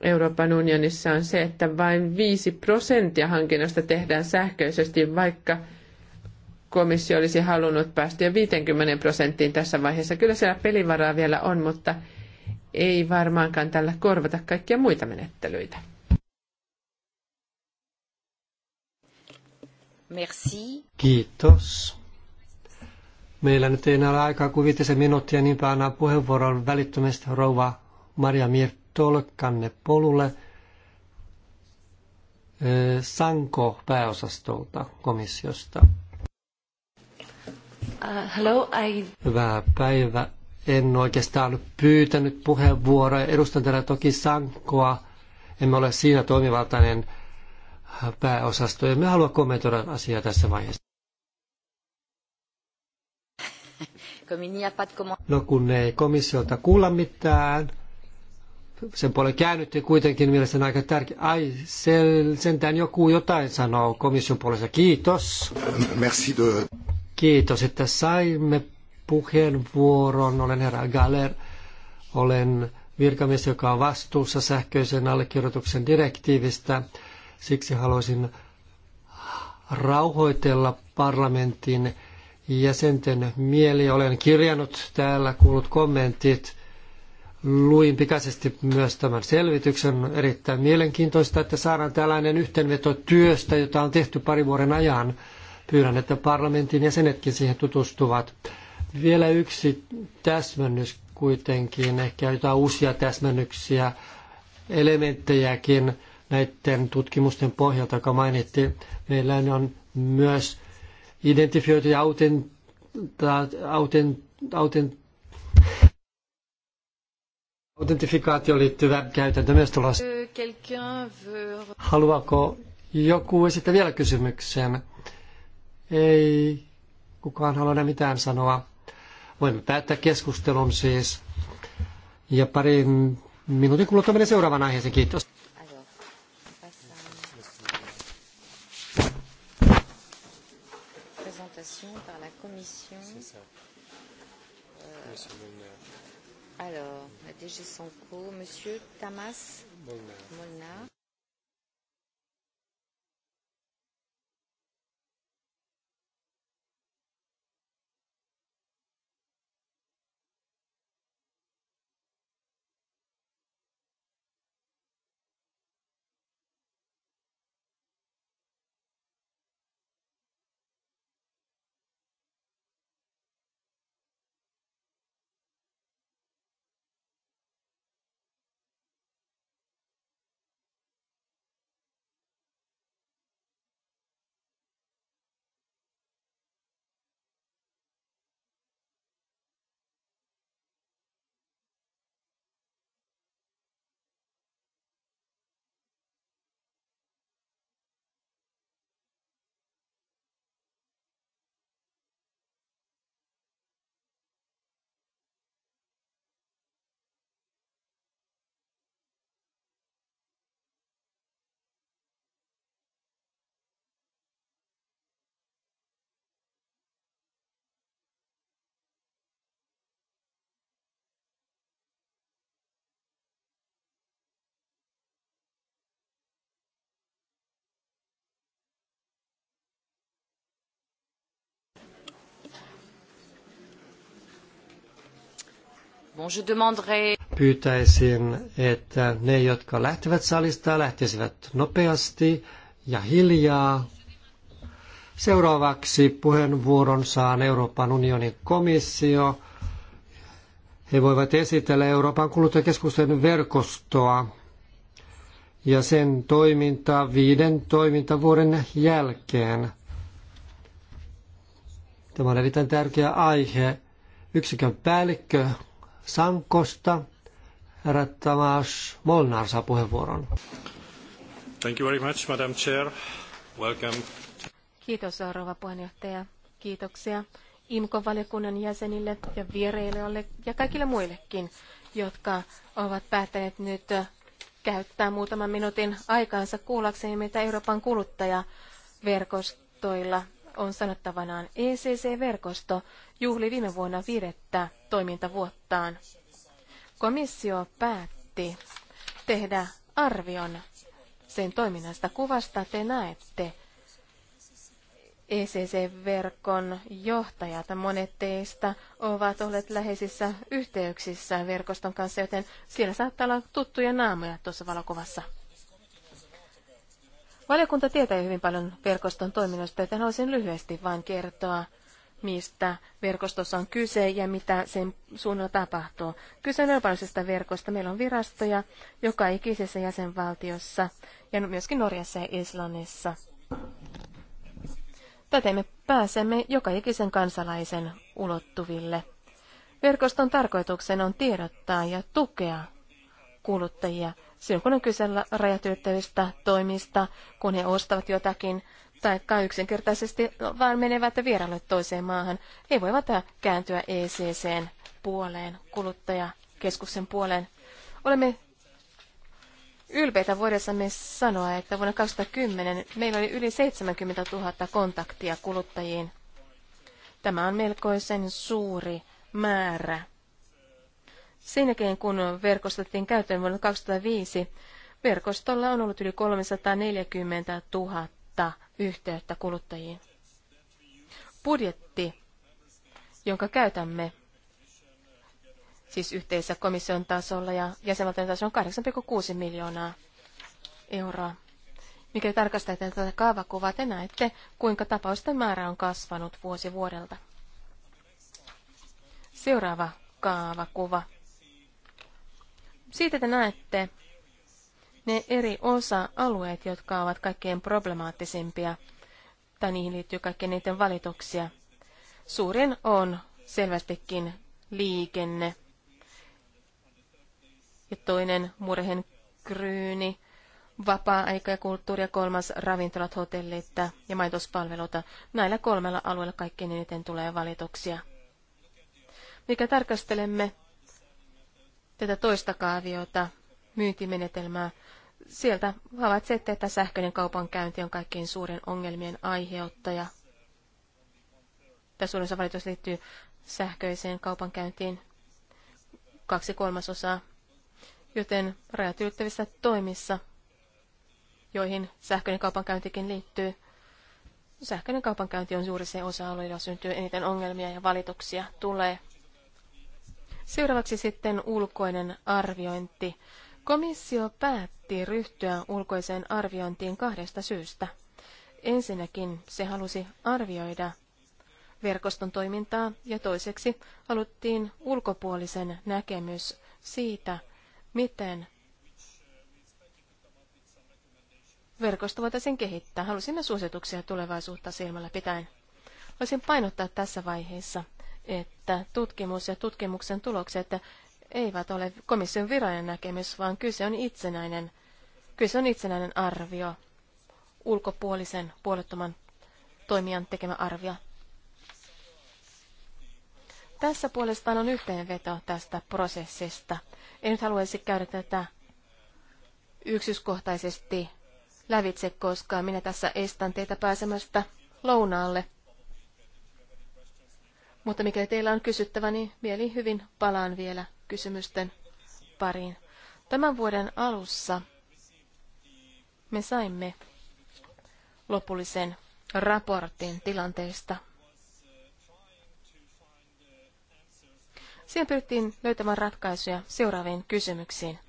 [SPEAKER 4] Euroopan unionissa on se, että vain viisi prosenttia hankinnoista tehdään sähköisesti, vaikka komissio olisi halunnut päästä jo 50 prosenttiin tässä vaiheessa. Kyllä siellä pelivaraa vielä on, mutta ei varmaankaan tällä korvata kaikkia muita
[SPEAKER 1] menettelyitä.
[SPEAKER 2] Merci.
[SPEAKER 1] Kiitos. Meillä nyt ei enää ole aikaa kuin viitisen minuuttia, niinpä annan puheenvuoron välittömästi rouva Maria Mirppi tolkkanne polulle Sanko pääosastolta komissiosta. Uh, hello, I... Hyvää päivää. En oikeastaan pyytänyt puheenvuoroa. Edustan täällä toki Sankoa. Emme ole siinä toimivaltainen pääosasto. Emme halua kommentoida asiaa tässä vaiheessa. [LAUGHS] No kun ei komissiolta kuulla mitään, sen puolen käännyttiin kuitenkin mielestäni aika tärkeä. Ai, sentään joku jotain sanoo komission puolesta. Kiitos.
[SPEAKER 3] Merci de...
[SPEAKER 1] Kiitos, että saimme puheenvuoron. Olen herra Galer. Olen virkamies, joka on vastuussa sähköisen allekirjoituksen direktiivistä. Siksi haluaisin rauhoitella parlamentin jäsenten mieli. Olen kirjannut täällä kuulut kommentit Luin pikaisesti myös tämän selvityksen. On erittäin mielenkiintoista, että saadaan tällainen yhteenveto työstä, jota on tehty pari vuoden ajan. Pyydän, että parlamentin jäsenetkin siihen tutustuvat. Vielä yksi täsmennys kuitenkin, ehkä jotain uusia täsmennyksiä, elementtejäkin näiden tutkimusten pohjalta, joka mainittiin. Meillä on myös ja autent, autent, autent, Autentifikaatio liittyvä käytäntö myös tulossa.
[SPEAKER 3] Euh,
[SPEAKER 1] Haluaako joku esittää vielä kysymyksen? Ei kukaan halua enää mitään sanoa. Voimme päättää keskustelun siis. Ja parin minuutin kuluttua menee seuraavaan aiheeseen. Kiitos.
[SPEAKER 3] par la commission.
[SPEAKER 1] Euh,
[SPEAKER 2] Alors, la DG Sanko, Monsieur Tamas Molnar.
[SPEAKER 3] Molnar.
[SPEAKER 1] Pyytäisin, että ne, jotka lähtevät salista, lähtisivät nopeasti ja hiljaa. Seuraavaksi puheenvuoron saa Euroopan unionin komissio. He voivat esitellä Euroopan kuluttajakeskusten verkostoa ja sen toimintaa viiden toimintavuoden jälkeen. Tämä on erittäin tärkeä aihe. Yksikön päällikkö Sankosta. Herra Molnar saa puheenvuoron. Thank you very much, Madam Chair. Welcome.
[SPEAKER 2] Kiitos, rouva puheenjohtaja. Kiitoksia IMKO-valiokunnan jäsenille ja vireilijöille ja kaikille muillekin, jotka ovat päättäneet nyt käyttää muutaman minuutin aikaansa kuullakseen, mitä Euroopan kuluttajaverkostoilla on sanottavanaan. ECC-verkosto juhli viime vuonna viidettä toimintavuottaan. Komissio päätti tehdä arvion sen toiminnasta. Kuvasta te näette ECC-verkon johtajat. Monet teistä ovat olleet läheisissä yhteyksissä verkoston kanssa, joten siellä saattaa olla tuttuja naamoja tuossa valokuvassa. Valiokunta tietää hyvin paljon verkoston toiminnasta, joten haluaisin lyhyesti vain kertoa mistä verkostossa on kyse ja mitä sen suunnalla tapahtuu. Kyse on eurooppalaisesta verkosta. Meillä on virastoja joka ikisessä jäsenvaltiossa ja myöskin Norjassa ja Islannissa. Täten me pääsemme joka ikisen kansalaisen ulottuville. Verkoston tarkoituksena on tiedottaa ja tukea kuluttajia silloin, kun on kyse rajatyöttävistä toimista, kun he ostavat jotakin tai yksinkertaisesti vain menevät vieraille toiseen maahan. He voivat kääntyä ECCn puoleen, kuluttajakeskuksen puoleen. Olemme ylpeitä voidessamme sanoa, että vuonna 2010 meillä oli yli 70 000 kontaktia kuluttajiin. Tämä on melkoisen suuri määrä. Sen jälkeen, kun verkostettiin käyttöön vuonna 2005, verkostolla on ollut yli 340 000 uutta yhteyttä kuluttajiin. Budjetti, jonka käytämme, siis yhteensä komission tasolla ja jäsenvaltion tasolla on 8,6 miljoonaa euroa. Mikäli tarkastatte tätä kaavakuvaa, te näette, kuinka tapausten määrä on kasvanut vuosi vuodelta. Seuraava kaavakuva. Siitä te näette, ne eri osa-alueet, jotka ovat kaikkein problemaattisimpia, tai niihin liittyy kaikkein niiden valituksia. Suurin on selvästikin liikenne. Ja toinen murhen kryyni, vapaa-aika ja kulttuuri ja kolmas ravintolat, hotellit ja maitospalveluita. Näillä kolmella alueella kaikkein eniten tulee valituksia. Mikä tarkastelemme tätä toista kaaviota, myyntimenetelmää, sieltä havaitsette, että sähköinen kaupankäynti on kaikkein suurin ongelmien aiheuttaja. Tässä suurin valitus liittyy sähköiseen kaupankäyntiin kaksi kolmasosaa, joten rajat ylittävissä toimissa, joihin sähköinen kaupankäyntikin liittyy, sähköinen kaupankäynti on juuri se osa-alue, jolla syntyy eniten ongelmia ja valituksia tulee. Seuraavaksi sitten ulkoinen arviointi Komissio päätti ryhtyä ulkoiseen arviointiin kahdesta syystä. Ensinnäkin se halusi arvioida verkoston toimintaa ja toiseksi haluttiin ulkopuolisen näkemys siitä, miten verkosto voitaisiin kehittää. Halusimme suosituksia tulevaisuutta silmällä pitäen. Voisin painottaa tässä vaiheessa, että tutkimus ja tutkimuksen tulokset eivät ole komission virallinen näkemys, vaan kyse on itsenäinen, kyse on itsenäinen arvio, ulkopuolisen puolettoman toimijan tekemä arvio. Tässä puolestaan on yhteenveto tästä prosessista. En nyt haluaisi käydä tätä yksityiskohtaisesti lävitse, koska minä tässä estän teitä pääsemästä lounaalle. Mutta mikäli teillä on kysyttävä, niin mieli hyvin palaan vielä kysymysten pariin. Tämän vuoden alussa me saimme lopullisen raportin tilanteesta. Siihen pyrittiin löytämään ratkaisuja seuraaviin kysymyksiin.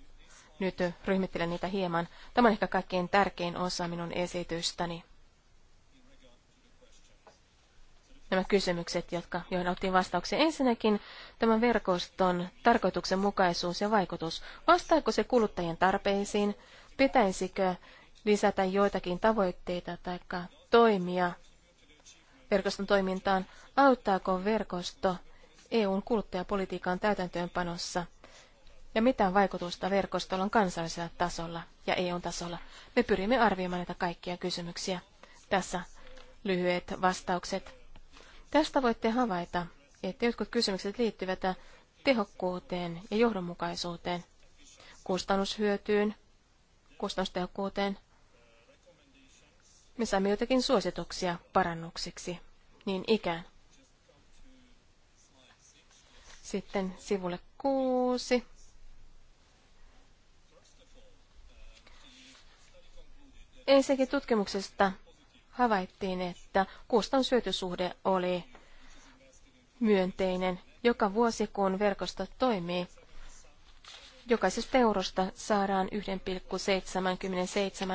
[SPEAKER 2] Nyt ryhmittelen niitä hieman. Tämä on ehkä kaikkein tärkein osa minun esitystäni. nämä kysymykset, jotka, joihin otin vastauksia. Ensinnäkin tämän verkoston tarkoituksenmukaisuus ja vaikutus. Vastaako se kuluttajien tarpeisiin? Pitäisikö lisätä joitakin tavoitteita tai toimia verkoston toimintaan? Auttaako verkosto EUn kuluttajapolitiikan täytäntöönpanossa? Ja mitä vaikutusta verkostolla on kansallisella tasolla ja EUn tasolla? Me pyrimme arvioimaan näitä kaikkia kysymyksiä. Tässä lyhyet vastaukset Tästä voitte havaita, että jotkut kysymykset liittyvät tehokkuuteen ja johdonmukaisuuteen, kustannushyötyyn, kustannustehokkuuteen. Me saamme jotakin suosituksia parannuksiksi, niin ikään. Sitten sivulle kuusi. Ensinnäkin tutkimuksesta havaittiin, että kustannushyötysuhde oli myönteinen. Joka vuosi, kun verkosto toimii, jokaisesta eurosta saadaan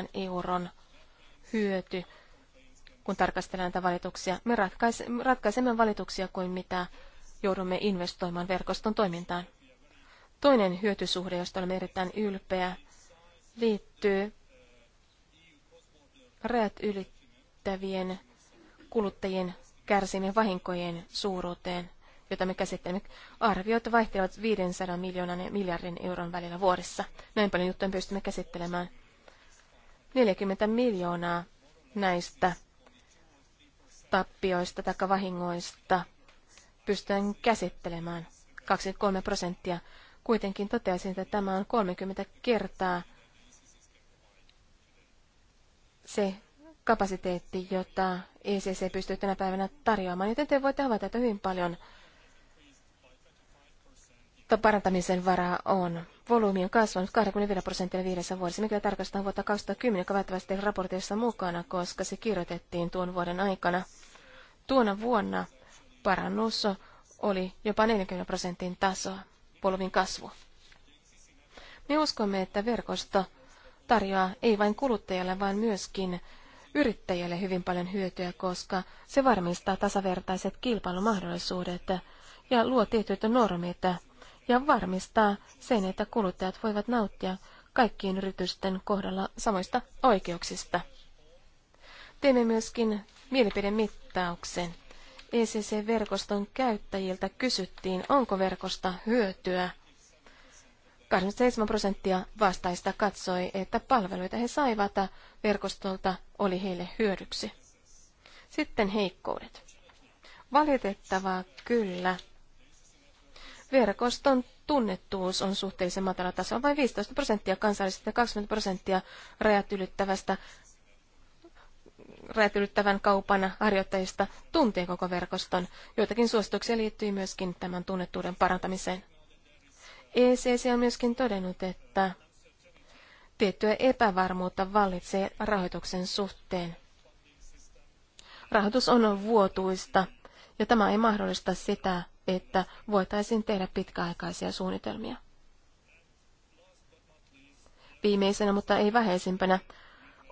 [SPEAKER 2] 1,77 euron hyöty, kun tarkastellaan näitä valituksia. Me ratkaisemme valituksia kuin mitä joudumme investoimaan verkoston toimintaan. Toinen hyötysuhde, josta olemme erittäin ylpeä, liittyy rajat ylittävään merkittävien kuluttajien kärsimien vahinkojen suuruuteen, jota me käsittelemme. Arviot vaihtelevat 500 miljoonan ja miljardin euron välillä vuodessa. Näin paljon juttuja pystymme käsittelemään. 40 miljoonaa näistä tappioista tai vahingoista pystytään käsittelemään. 23 prosenttia. Kuitenkin toteaisin, että tämä on 30 kertaa se kapasiteetti, jota ECC pystyy tänä päivänä tarjoamaan, joten te voitte havaita, että hyvin paljon parantamisen varaa on. Volyymi on kasvanut 25 prosenttia viidessä vuodessa, mikä tarkoittaa vuotta 2010, joka välttämättä raportissa mukana, koska se kirjoitettiin tuon vuoden aikana. Tuona vuonna parannus oli jopa 40 prosentin tasoa, polvin kasvu. Me uskomme, että verkosto tarjoaa ei vain kuluttajalle, vaan myöskin yrittäjille hyvin paljon hyötyä, koska se varmistaa tasavertaiset kilpailumahdollisuudet ja luo tietyt normit ja varmistaa sen, että kuluttajat voivat nauttia kaikkien yritysten kohdalla samoista oikeuksista. Teemme myöskin mielipidemittauksen. ECC-verkoston käyttäjiltä kysyttiin, onko verkosta hyötyä – 87 prosenttia vastaista katsoi, että palveluita he saivat verkostolta oli heille hyödyksi. Sitten heikkoudet. Valitettavaa kyllä. Verkoston tunnettuus on suhteellisen matala taso, vain 15 prosenttia kansallisesta ja 20 prosenttia rajat ylittävästä rajat ylittävän kaupan harjoittajista tuntee koko verkoston. Joitakin suosituksia liittyy myöskin tämän tunnettuuden parantamiseen. ECC on myöskin todennut, että tiettyä epävarmuutta vallitsee rahoituksen suhteen. Rahoitus on vuotuista ja tämä ei mahdollista sitä, että voitaisiin tehdä pitkäaikaisia suunnitelmia. Viimeisenä, mutta ei vähäisimpänä,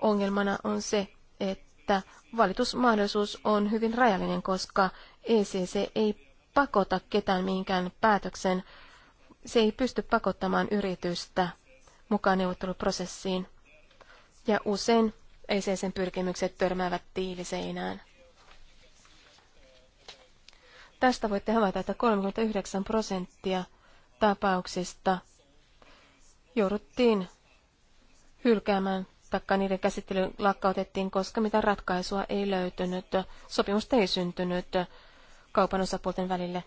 [SPEAKER 2] ongelmana on se, että valitusmahdollisuus on hyvin rajallinen, koska ECC ei pakota ketään mihinkään päätöksen se ei pysty pakottamaan yritystä mukaan neuvotteluprosessiin, ja usein ei sen pyrkimykset törmäävät tiiliseinään. Tästä voitte havaita, että 39 prosenttia tapauksista jouduttiin hylkäämään takka niiden käsittely lakkautettiin, koska mitä ratkaisua ei löytynyt, sopimusta ei syntynyt kaupan osapuolten välille.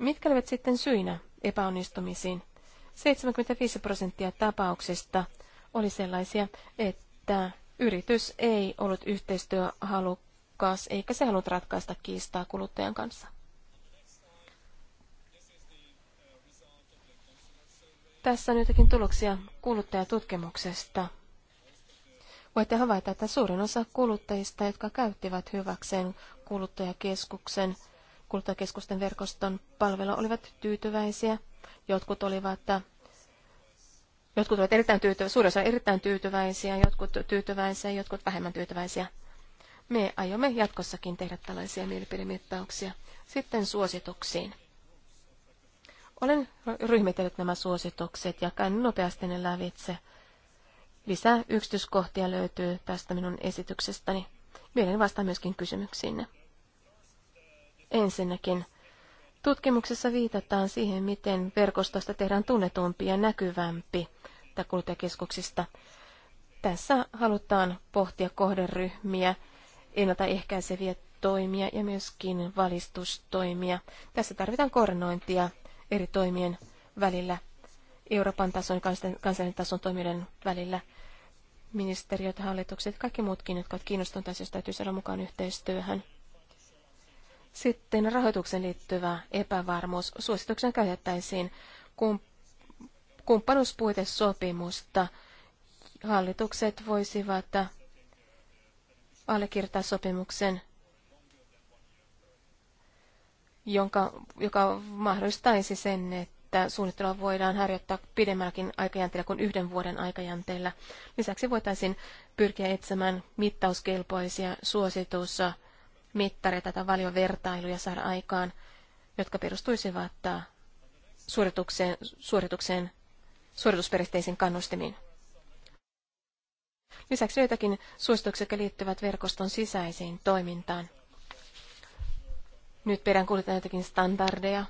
[SPEAKER 2] Mitkä olivat sitten syinä epäonnistumisiin. 75 prosenttia tapauksista oli sellaisia, että yritys ei ollut yhteistyöhalukkaas eikä se halunnut ratkaista kiistaa kuluttajan kanssa. Tässä on jotakin tuloksia kuluttajatutkimuksesta. Voitte havaita, että suurin osa kuluttajista, jotka käyttivät hyväkseen kuluttajakeskuksen kuluttajakeskusten verkoston palvelu olivat tyytyväisiä. Jotkut olivat, äh, jotkut olivat erittäin tyytyväisiä, suurin osa erittäin tyytyväisiä, jotkut tyytyväisiä, jotkut vähemmän tyytyväisiä. Me aiomme jatkossakin tehdä tällaisia mielipidemittauksia. Sitten suosituksiin. Olen ryhmitellyt nämä suositukset ja käyn nopeasti ne lävitse. Lisää yksityiskohtia löytyy tästä minun esityksestäni. Mielen vastaan myöskin kysymyksiinne. Ensinnäkin tutkimuksessa viitataan siihen, miten verkostosta tehdään tunnetumpi ja näkyvämpi tai kuluttajakeskuksista. Tässä halutaan pohtia kohderyhmiä, ennaltaehkäiseviä toimia ja myöskin valistustoimia. Tässä tarvitaan koordinointia eri toimien välillä, Euroopan tason ja kansallisen tason toimijoiden välillä. Ministeriöt, hallitukset, kaikki muutkin, jotka ovat kiinnostuneet asioista, täytyy saada mukaan yhteistyöhön. Sitten rahoituksen liittyvä epävarmuus. Suosituksen käytettäisiin kumppanuuspuitesopimusta. Hallitukset voisivat allekirjoittaa sopimuksen, jonka, joka mahdollistaisi sen, että suunnittelua voidaan harjoittaa pidemmälläkin aikajänteellä kuin yhden vuoden aikajänteellä. Lisäksi voitaisiin pyrkiä etsimään mittauskelpoisia suositus- mittareita tai paljon vertailuja saada aikaan, jotka perustuisivat äh, suoritukseen, suoritukseen, suoritusperisteisiin kannustimiin. Lisäksi joitakin suosituksia, jotka liittyvät verkoston sisäiseen toimintaan. Nyt kuulutaan jotakin standardeja.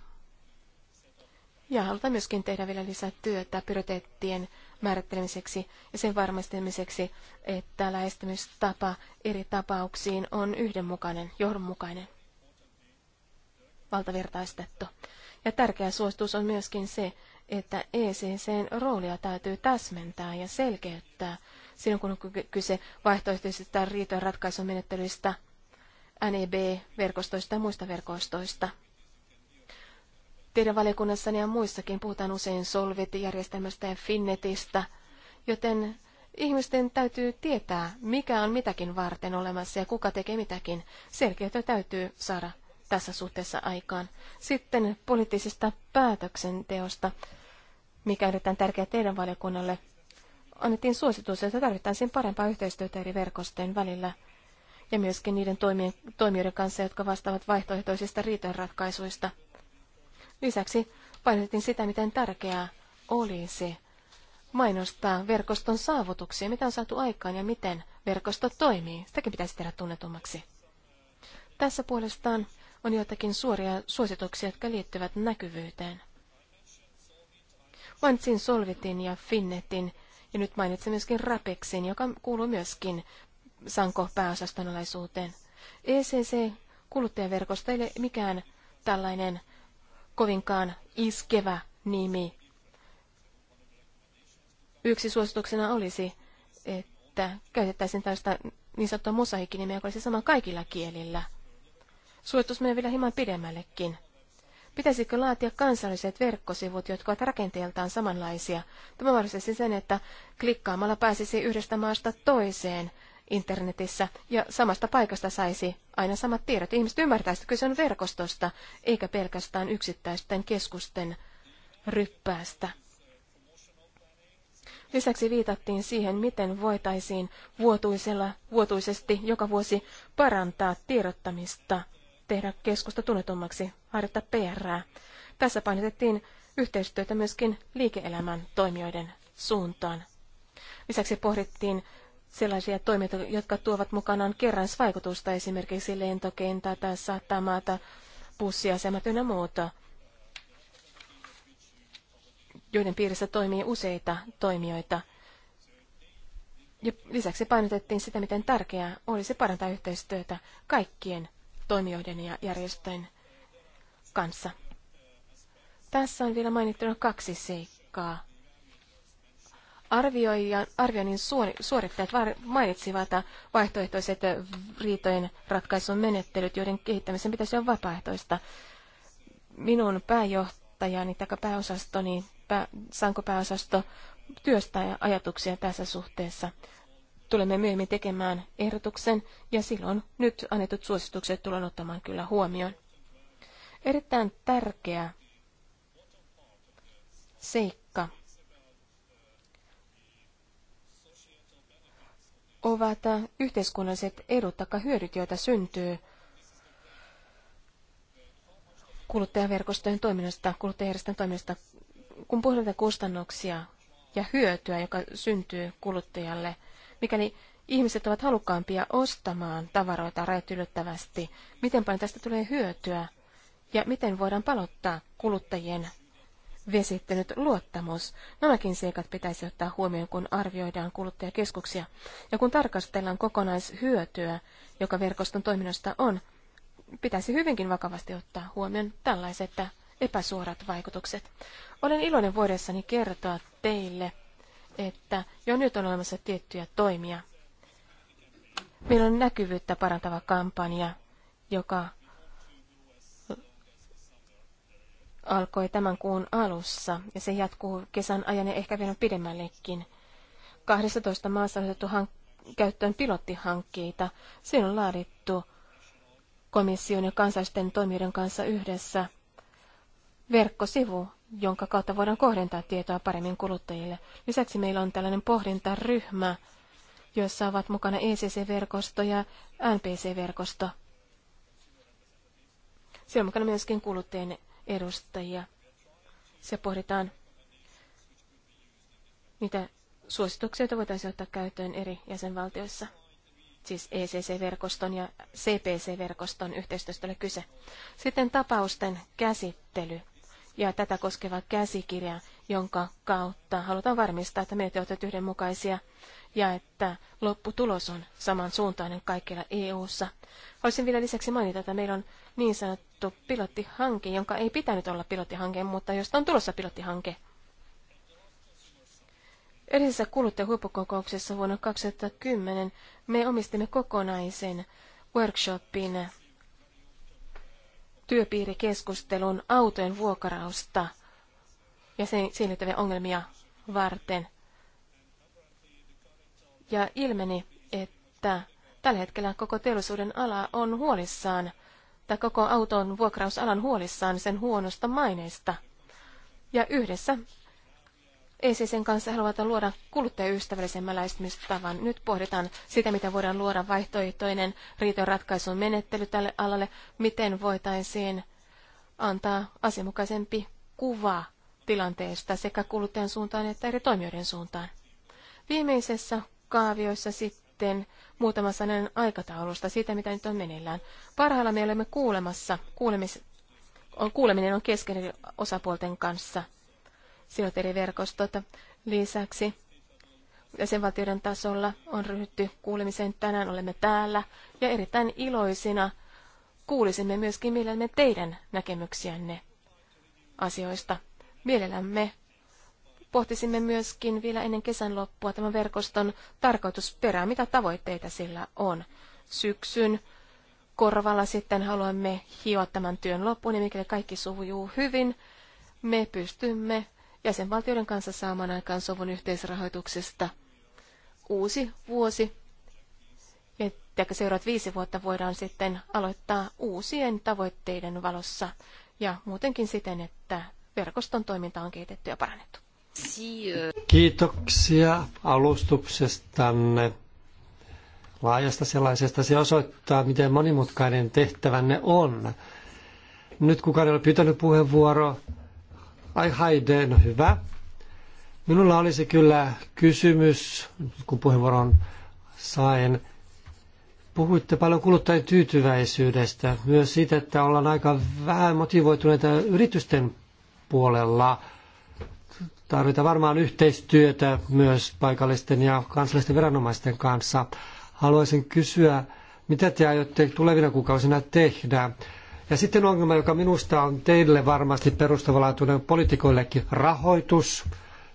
[SPEAKER 2] Ja halutaan myöskin tehdä vielä lisää työtä prioriteettien määrittelemiseksi ja sen varmistamiseksi, että lähestymistapa eri tapauksiin on yhdenmukainen, johdonmukainen, valtavirtaistettu. Ja tärkeä suositus on myöskin se, että ECCn roolia täytyy täsmentää ja selkeyttää silloin, kun on kyse vaihtoehtoisista riitojen ratkaisumenettelyistä, NEB-verkostoista ja muista verkostoista – Teidän valiokunnassani ja muissakin puhutaan usein Solvit-järjestelmästä ja Finnetistä, joten ihmisten täytyy tietää, mikä on mitäkin varten olemassa ja kuka tekee mitäkin. Selkeyttä täytyy saada tässä suhteessa aikaan. Sitten poliittisesta päätöksenteosta, mikä on erittäin tärkeä teidän valiokunnalle. Annettiin suositus, että siinä parempaa yhteistyötä eri verkostojen välillä ja myöskin niiden toimijoiden kanssa, jotka vastaavat vaihtoehtoisista riitojenratkaisuista. ratkaisuista Lisäksi painotettiin sitä, miten tärkeää olisi mainostaa verkoston saavutuksia, mitä on saatu aikaan ja miten verkosto toimii. Sitäkin pitäisi tehdä tunnetummaksi. Tässä puolestaan on joitakin suoria suosituksia, jotka liittyvät näkyvyyteen. Mainitsin Solvitin ja Finnetin, ja nyt mainitsin myöskin Rapexin, joka kuuluu myöskin Sanko pääosastonalaisuuteen. ECC kuluttajaverkosto ei ole mikään tällainen kovinkaan iskevä nimi. Yksi suosituksena olisi, että käytettäisiin tällaista niin sanottua mosaikkinimeä, joka olisi sama kaikilla kielillä. Suositus menee vielä hieman pidemmällekin. Pitäisikö laatia kansalliset verkkosivut, jotka ovat rakenteeltaan samanlaisia? Tämä mahdollistaisi sen, että klikkaamalla pääsisi yhdestä maasta toiseen internetissä ja samasta paikasta saisi aina samat tiedot. Ihmiset ymmärtäisivät, että kyse on verkostosta eikä pelkästään yksittäisten keskusten ryppäästä. Lisäksi viitattiin siihen, miten voitaisiin vuotuisella, vuotuisesti joka vuosi parantaa tiedottamista, tehdä keskusta tunnetummaksi, harjoittaa PR. -ää. Tässä painotettiin yhteistyötä myöskin liike-elämän toimijoiden suuntaan. Lisäksi pohdittiin sellaisia toimia, jotka tuovat mukanaan kerransvaikutusta, esimerkiksi lentokentät, satamat, bussiasemat ynnä muuta, joiden piirissä toimii useita toimijoita. Ja lisäksi painotettiin sitä, miten tärkeää olisi parantaa yhteistyötä kaikkien toimijoiden ja järjestöjen kanssa. Tässä on vielä mainittuna kaksi seikkaa arvioinnin suorittajat mainitsivat vaihtoehtoiset riitojen ratkaisun menettelyt, joiden kehittämisen pitäisi olla vapaaehtoista. Minun pääjohtajani tai pääosastoni, pää, Sanko pääosasto, työstää ajatuksia tässä suhteessa. Tulemme myöhemmin tekemään ehdotuksen ja silloin nyt annetut suositukset tullaan ottamaan kyllä huomioon. Erittäin tärkeä seikka ovat äh, yhteiskunnalliset edut tai hyödyt, joita syntyy kuluttajaverkostojen toiminnasta, kuluttajajärjestön toiminnasta, kun puhutaan kustannuksia ja hyötyä, joka syntyy kuluttajalle, mikäli ihmiset ovat halukkaampia ostamaan tavaroita rajat miten paljon tästä tulee hyötyä ja miten voidaan palottaa kuluttajien vesittynyt luottamus. Nämäkin seikat pitäisi ottaa huomioon, kun arvioidaan kuluttajakeskuksia. Ja kun tarkastellaan kokonaishyötyä, joka verkoston toiminnasta on, pitäisi hyvinkin vakavasti ottaa huomioon tällaiset epäsuorat vaikutukset. Olen iloinen vuodessani kertoa teille, että jo nyt on olemassa tiettyjä toimia. Meillä on näkyvyyttä parantava kampanja, joka alkoi tämän kuun alussa ja se jatkuu kesän ajan ja ehkä vielä pidemmällekin. 12 maassa on otettu hank- käyttöön pilottihankkeita. Siinä on laadittu komission ja kansallisten toimijoiden kanssa yhdessä verkkosivu, jonka kautta voidaan kohdentaa tietoa paremmin kuluttajille. Lisäksi meillä on tällainen pohdintaryhmä, jossa ovat mukana ECC-verkosto ja NPC-verkosto. Siellä on mukana myöskin kuluttajien edustajia. Se pohditaan, mitä suosituksia voitaisiin ottaa käyttöön eri jäsenvaltioissa. Siis ECC-verkoston ja CPC-verkoston yhteistyöstä oli kyse. Sitten tapausten käsittely ja tätä koskeva käsikirja, jonka kautta halutaan varmistaa, että meitä ovat yhdenmukaisia ja että lopputulos on samansuuntainen kaikilla EU-ssa. Haluaisin vielä lisäksi mainita, että meillä on niin sanottu sanottu pilottihanke, jonka ei pitänyt olla pilottihanke, mutta josta on tulossa pilottihanke. Edellisessä huippukokouksessa vuonna 2010 me omistimme kokonaisen workshopin työpiirikeskustelun autojen vuokrausta ja sen liittyviä ongelmia varten. Ja ilmeni, että tällä hetkellä koko teollisuuden ala on huolissaan että koko auton vuokrausalan huolissaan sen huonosta maineesta. Ja yhdessä ECCn kanssa haluavat luoda kuluttajaystävällisemmän lähestymistavan. Nyt pohditaan sitä, miten voidaan luoda vaihtoehtoinen riitoratkaisun menettely tälle alalle, miten voitaisiin antaa asianmukaisempi kuva tilanteesta sekä kuluttajan suuntaan että eri toimijoiden suuntaan. Viimeisessä kaavioissa sitten sitten muutama sanan aikataulusta siitä, mitä nyt on meneillään. Parhailla me olemme kuulemassa, kuulemis, on, kuuleminen on kesken osapuolten kanssa sijoiteriverkostot. Lisäksi jäsenvaltioiden tasolla on ryhdytty kuulemiseen. Tänään olemme täällä ja erittäin iloisina kuulisimme myöskin mielellämme teidän näkemyksiänne asioista. Mielellämme pohtisimme myöskin vielä ennen kesän loppua tämän verkoston tarkoitusperää, mitä tavoitteita sillä on. Syksyn korvalla sitten haluamme hioa tämän työn loppuun, ja mikäli kaikki sujuu hyvin, me pystymme jäsenvaltioiden kanssa saamaan aikaan sovun yhteisrahoituksesta. Uusi vuosi, ja seuraavat viisi vuotta voidaan sitten aloittaa uusien tavoitteiden valossa, ja muutenkin siten, että verkoston toiminta on kehitetty ja parannettu.
[SPEAKER 3] Euh.
[SPEAKER 1] Kiitoksia alustuksestanne, laajasta sellaisesta. Se osoittaa, miten monimutkainen tehtävänne on. Nyt kukaan ei ole pyytänyt puheenvuoro. Ai haide, no hyvä. Minulla olisi kyllä kysymys, kun puheenvuoron sain. Puhuitte paljon kuluttajien tyytyväisyydestä, myös siitä, että ollaan aika vähän motivoituneita yritysten puolella – Tarvitaan varmaan yhteistyötä myös paikallisten ja kansallisten viranomaisten kanssa. Haluaisin kysyä, mitä te aiotte tulevina kuukausina tehdä? Ja sitten ongelma, joka minusta on teille varmasti perustavanlaatuinen poliitikoillekin, rahoitus.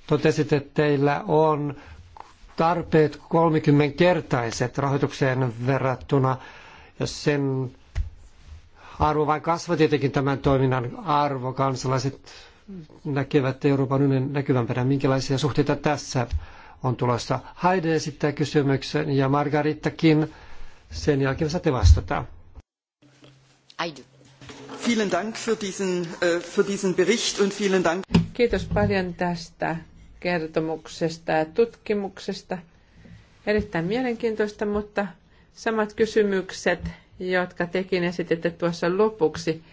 [SPEAKER 1] Totesit, että teillä on tarpeet 30-kertaiset rahoitukseen verrattuna, ja sen arvo vain kasvaa tietenkin tämän toiminnan arvo. Kansalaiset näkevät Euroopan unionin näkyvämpänä, minkälaisia suhteita tässä on tulossa. Haide esittää kysymyksen ja Margarittakin. Sen jälkeen saatte vastata. Vielen Dank für diesen, äh, für diesen Bericht und vielen Dank.
[SPEAKER 4] Kiitos paljon tästä kertomuksesta ja tutkimuksesta. Erittäin mielenkiintoista, mutta samat kysymykset, jotka tekin esititte tuossa lopuksi,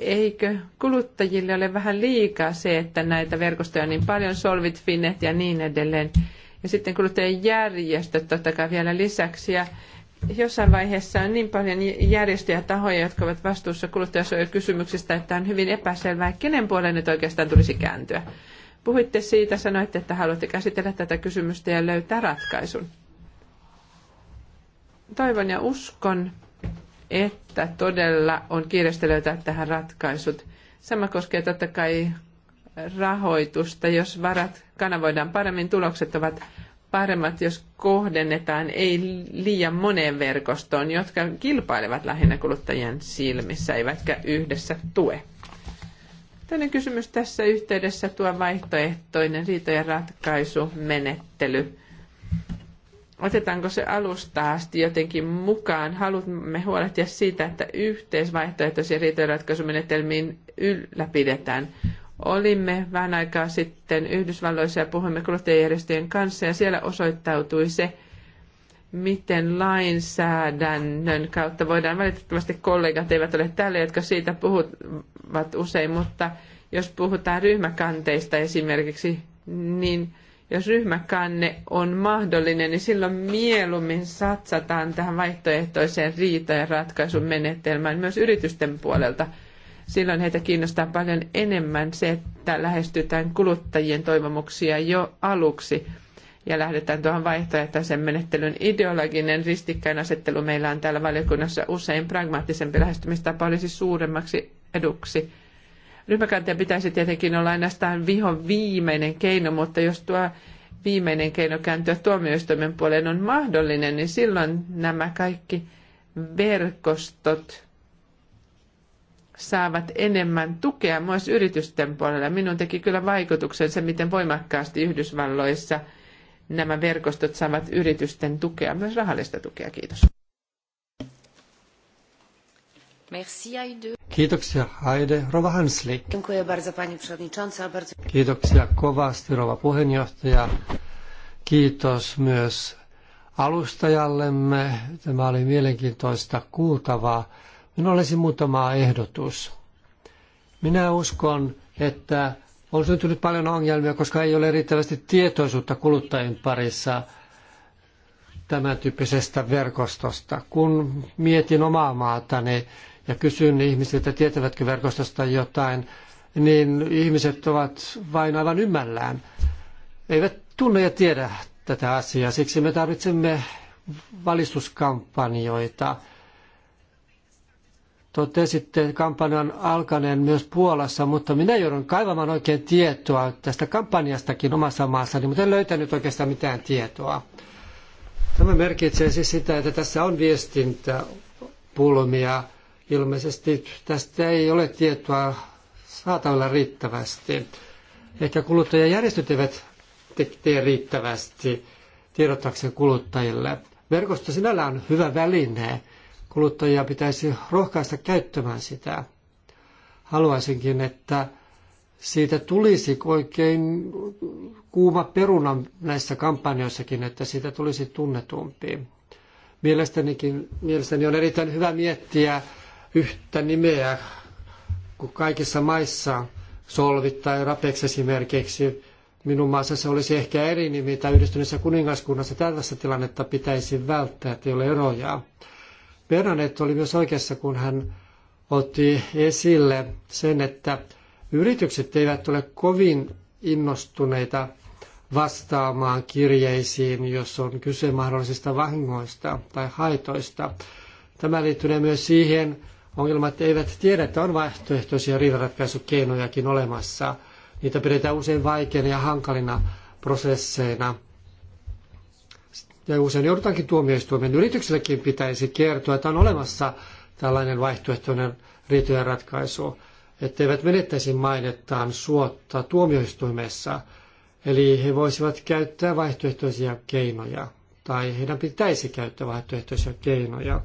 [SPEAKER 4] eikö kuluttajille ole vähän liikaa se, että näitä verkostoja on niin paljon, solvit, finnet ja niin edelleen. Ja sitten kuluttajien järjestöt totta kai vielä lisäksi. Ja jossain vaiheessa on niin paljon järjestöjä ja tahoja, jotka ovat vastuussa kuluttajasuojakysymyksistä, että on hyvin epäselvää, kenen puoleen nyt oikeastaan tulisi kääntyä. Puhuitte siitä, sanoitte, että haluatte käsitellä tätä kysymystä ja löytää ratkaisun. Toivon ja uskon, että todella on kiireistä löytää tähän ratkaisut. Sama koskee totta kai rahoitusta. Jos varat kanavoidaan paremmin, tulokset ovat paremmat, jos kohdennetaan ei liian moneen verkostoon, jotka kilpailevat lähinnä kuluttajien silmissä, eivätkä yhdessä tue. Toinen kysymys tässä yhteydessä tuo vaihtoehtoinen riitojen ratkaisumenettely. menettely otetaanko se alusta asti jotenkin mukaan. Haluamme huolehtia siitä, että yhteisvaihtoehtoisia riitojenratkaisumenetelmiin ylläpidetään. Olimme vähän aikaa sitten Yhdysvalloissa ja puhuimme kuluttajajärjestöjen kanssa ja siellä osoittautui se, miten lainsäädännön kautta voidaan, valitettavasti kollegat eivät ole täällä, jotka siitä puhuvat usein, mutta jos puhutaan ryhmäkanteista esimerkiksi, niin – jos ryhmäkanne on mahdollinen, niin silloin mieluummin satsataan tähän vaihtoehtoiseen riita- ja ratkaisumenetelmään myös yritysten puolelta. Silloin heitä kiinnostaa paljon enemmän se, että lähestytään kuluttajien toivomuksia jo aluksi ja lähdetään tuohon vaihtoehtoisen menettelyn ideologinen ristikkäinasettelu meillä on täällä valiokunnassa usein pragmaattisempi lähestymistapa olisi suuremmaksi eduksi Ryhmäkanteen pitäisi tietenkin olla ainoastaan vihon viimeinen keino, mutta jos tuo viimeinen keino kääntyä tuomioistuimen puoleen on mahdollinen, niin silloin nämä kaikki verkostot saavat enemmän tukea myös yritysten puolella. Minun teki kyllä vaikutuksen se, miten voimakkaasti Yhdysvalloissa nämä verkostot saavat yritysten tukea, myös rahallista tukea. Kiitos.
[SPEAKER 1] Merci, Aidu. Kiitoksia, Haide. Rova Hanslik. Dziękuję bardzo, pani przewodnicząca. Bardzo... Kiitoksia kovasti, rova puheenjohtaja. Kiitos myös alustajallemme. Tämä oli mielenkiintoista kuultavaa. Minulla olisi muutama ehdotus. Minä uskon, että on syntynyt paljon ongelmia, koska ei ole riittävästi tietoisuutta kuluttajien parissa tämän tyyppisestä verkostosta. Kun mietin omaa maatani, ja kysyn ihmisiltä, tietävätkö verkostosta jotain, niin ihmiset ovat vain aivan ymmällään. Eivät tunne ja tiedä tätä asiaa. Siksi me tarvitsemme valistuskampanjoita. Totesitte kampanjan alkaneen myös Puolassa, mutta minä joudun kaivamaan oikein tietoa tästä kampanjastakin omassa maassani, mutta en löytänyt oikeastaan mitään tietoa. Tämä merkitsee siis sitä, että tässä on viestintäpulmia Ilmeisesti tästä ei ole tietoa saatavilla riittävästi. Ehkä kuluttajajärjestöt eivät tee riittävästi tiedottaakseen kuluttajille. Verkosto sinällä on hyvä väline. Kuluttajia pitäisi rohkaista käyttämään sitä. Haluaisinkin, että siitä tulisi oikein kuuma peruna näissä kampanjoissakin, että siitä tulisi tunnetumpi. Mielestänikin, mielestäni on erittäin hyvä miettiä yhtä nimeä kuin kaikissa maissa, solvit tai rapex esimerkiksi. Minun maassa se olisi ehkä eri nimi tai yhdistyneessä kuningaskunnassa. Tällaista tilannetta pitäisi välttää, ettei ole eroja. Bernadette oli myös oikeassa, kun hän otti esille sen, että yritykset eivät ole kovin innostuneita vastaamaan kirjeisiin, jos on kyse mahdollisista vahingoista tai haitoista. Tämä liittyy myös siihen, Ongelmat eivät tiedä, että on vaihtoehtoisia riidanratkaisukeinojakin olemassa. Niitä pidetään usein vaikeina ja hankalina prosesseina. Ja usein joudutaankin tuomioistuimen yrityksellekin pitäisi kertoa, että on olemassa tällainen vaihtoehtoinen riitojen ratkaisu, etteivät menettäisi mainettaan suotta tuomioistuimessa. Eli he voisivat käyttää vaihtoehtoisia keinoja, tai heidän pitäisi käyttää vaihtoehtoisia keinoja.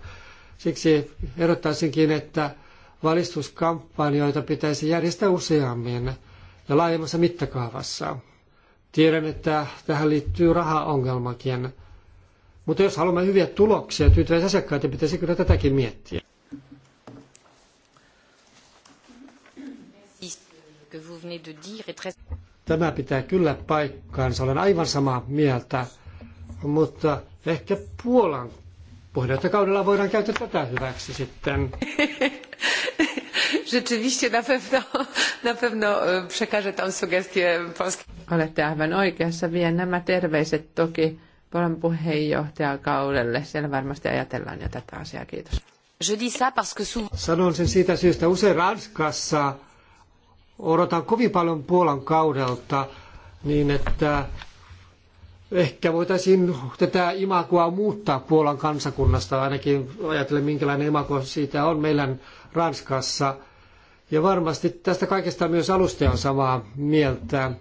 [SPEAKER 1] Siksi ehdottaisinkin, että valistuskampanjoita pitäisi järjestää useammin ja laajemmassa mittakaavassa. Tiedän, että tähän liittyy rahaongelmakin. Mutta jos haluamme hyviä tuloksia tyytyväisiä asiakkaita, pitäisi kyllä tätäkin miettiä. Tämä pitää kyllä paikkaansa, olen aivan samaa mieltä, mutta ehkä Puolan puheenjohtajakaudella voidaan käyttää tätä hyväksi sitten. [LAUGHS] Rzeczywiście na pewno, na pewno e,
[SPEAKER 4] przekażę tą sugestię Polski. Olette aivan oikeassa. Vien nämä terveiset toki Polan puheenjohtajakaudelle. Siellä varmasti ajatellaan jo tätä asiaa. Kiitos.
[SPEAKER 3] Je dis ça parce que souvent...
[SPEAKER 1] Sanon sen siitä syystä. Usein Ranskassa odotan kovin paljon Puolan kaudelta niin, että ehkä voitaisiin tätä imakoa muuttaa Puolan kansakunnasta, ainakin ajatellen minkälainen imako siitä on meillä Ranskassa. Ja varmasti tästä kaikesta myös alustaja on samaa mieltä.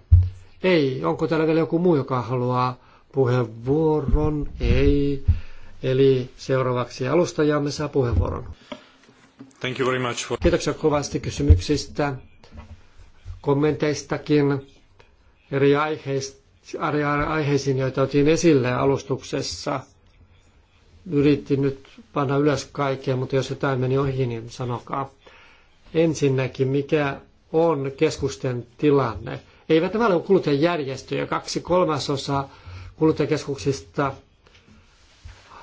[SPEAKER 1] Ei, onko täällä vielä joku muu, joka haluaa puheenvuoron? Ei. Eli seuraavaksi alustajamme saa puheenvuoron. Thank you very much for... Kiitoksia kovasti kysymyksistä, kommenteistakin, eri aiheista aiheisiin, joita otin esille alustuksessa. Yritin nyt panna ylös kaikkea, mutta jos jotain meni ohi, niin sanokaa. Ensinnäkin, mikä on keskusten tilanne? Eivät nämä ole kuluttajajärjestöjä. Kaksi kolmasosaa kuluttajakeskuksista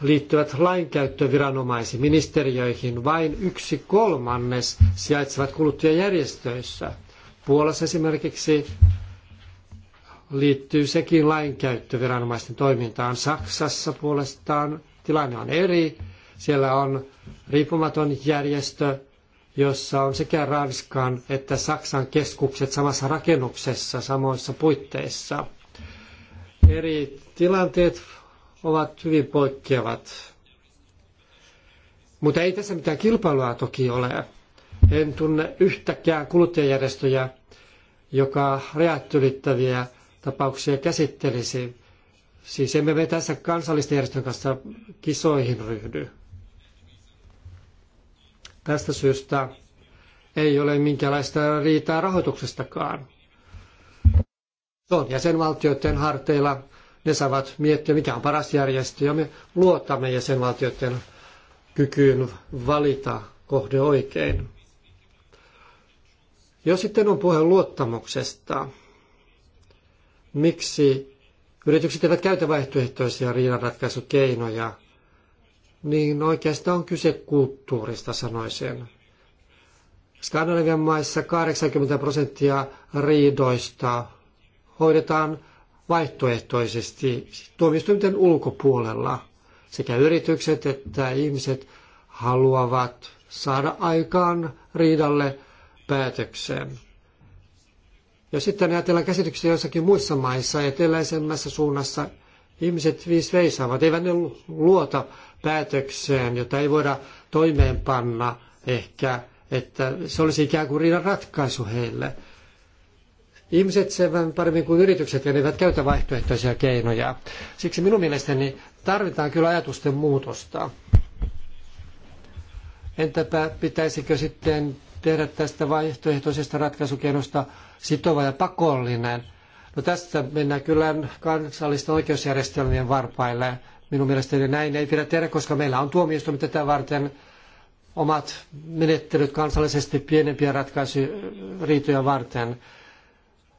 [SPEAKER 1] liittyvät lainkäyttöviranomaisiin, ministeriöihin. Vain yksi kolmannes sijaitsevat kuluttajajärjestöissä. Puolassa esimerkiksi liittyy sekin lainkäyttöviranomaisten toimintaan. Saksassa puolestaan tilanne on eri. Siellä on riippumaton järjestö, jossa on sekä Ranskan että Saksan keskukset samassa rakennuksessa, samoissa puitteissa. Eri tilanteet ovat hyvin poikkeavat. Mutta ei tässä mitään kilpailua toki ole. En tunne yhtäkään kuluttajajärjestöjä, joka rajat ylittäviä tapauksia käsittelisi. Siis emme me tässä kansallisten järjestön kanssa kisoihin ryhdy. Tästä syystä ei ole minkäänlaista riitaa rahoituksestakaan. Se on jäsenvaltioiden harteilla. Ne saavat miettiä, mikä on paras järjestö, ja me luotamme jäsenvaltioiden kykyyn valita kohde oikein. Jos sitten on puhe luottamuksesta, miksi yritykset eivät käytä vaihtoehtoisia riidanratkaisukeinoja, niin oikeastaan on kyse kulttuurista, sanoisin. Skandinavian maissa 80 prosenttia riidoista hoidetaan vaihtoehtoisesti tuomioistuinten ulkopuolella. Sekä yritykset että ihmiset haluavat saada aikaan riidalle päätökseen. Jos sitten ajatellaan käsityksiä joissakin muissa maissa, eteläisemmässä suunnassa, ihmiset viis veisaavat, eivät ne luota päätökseen, jota ei voida toimeenpanna ehkä, että se olisi ikään kuin riidan ratkaisu heille. Ihmiset sen paremmin kuin yritykset ja ne eivät käytä vaihtoehtoisia keinoja. Siksi minun mielestäni tarvitaan kyllä ajatusten muutosta. Entäpä pitäisikö sitten tehdä tästä vaihtoehtoisesta ratkaisukerrosta sitova ja pakollinen. No tässä mennään kyllä kansallisten oikeusjärjestelmien varpaille. Minun mielestäni näin ei pidä tehdä, koska meillä on tuomioistuimet tätä varten omat menettelyt kansallisesti pienempiä ratkaisuriitoja varten.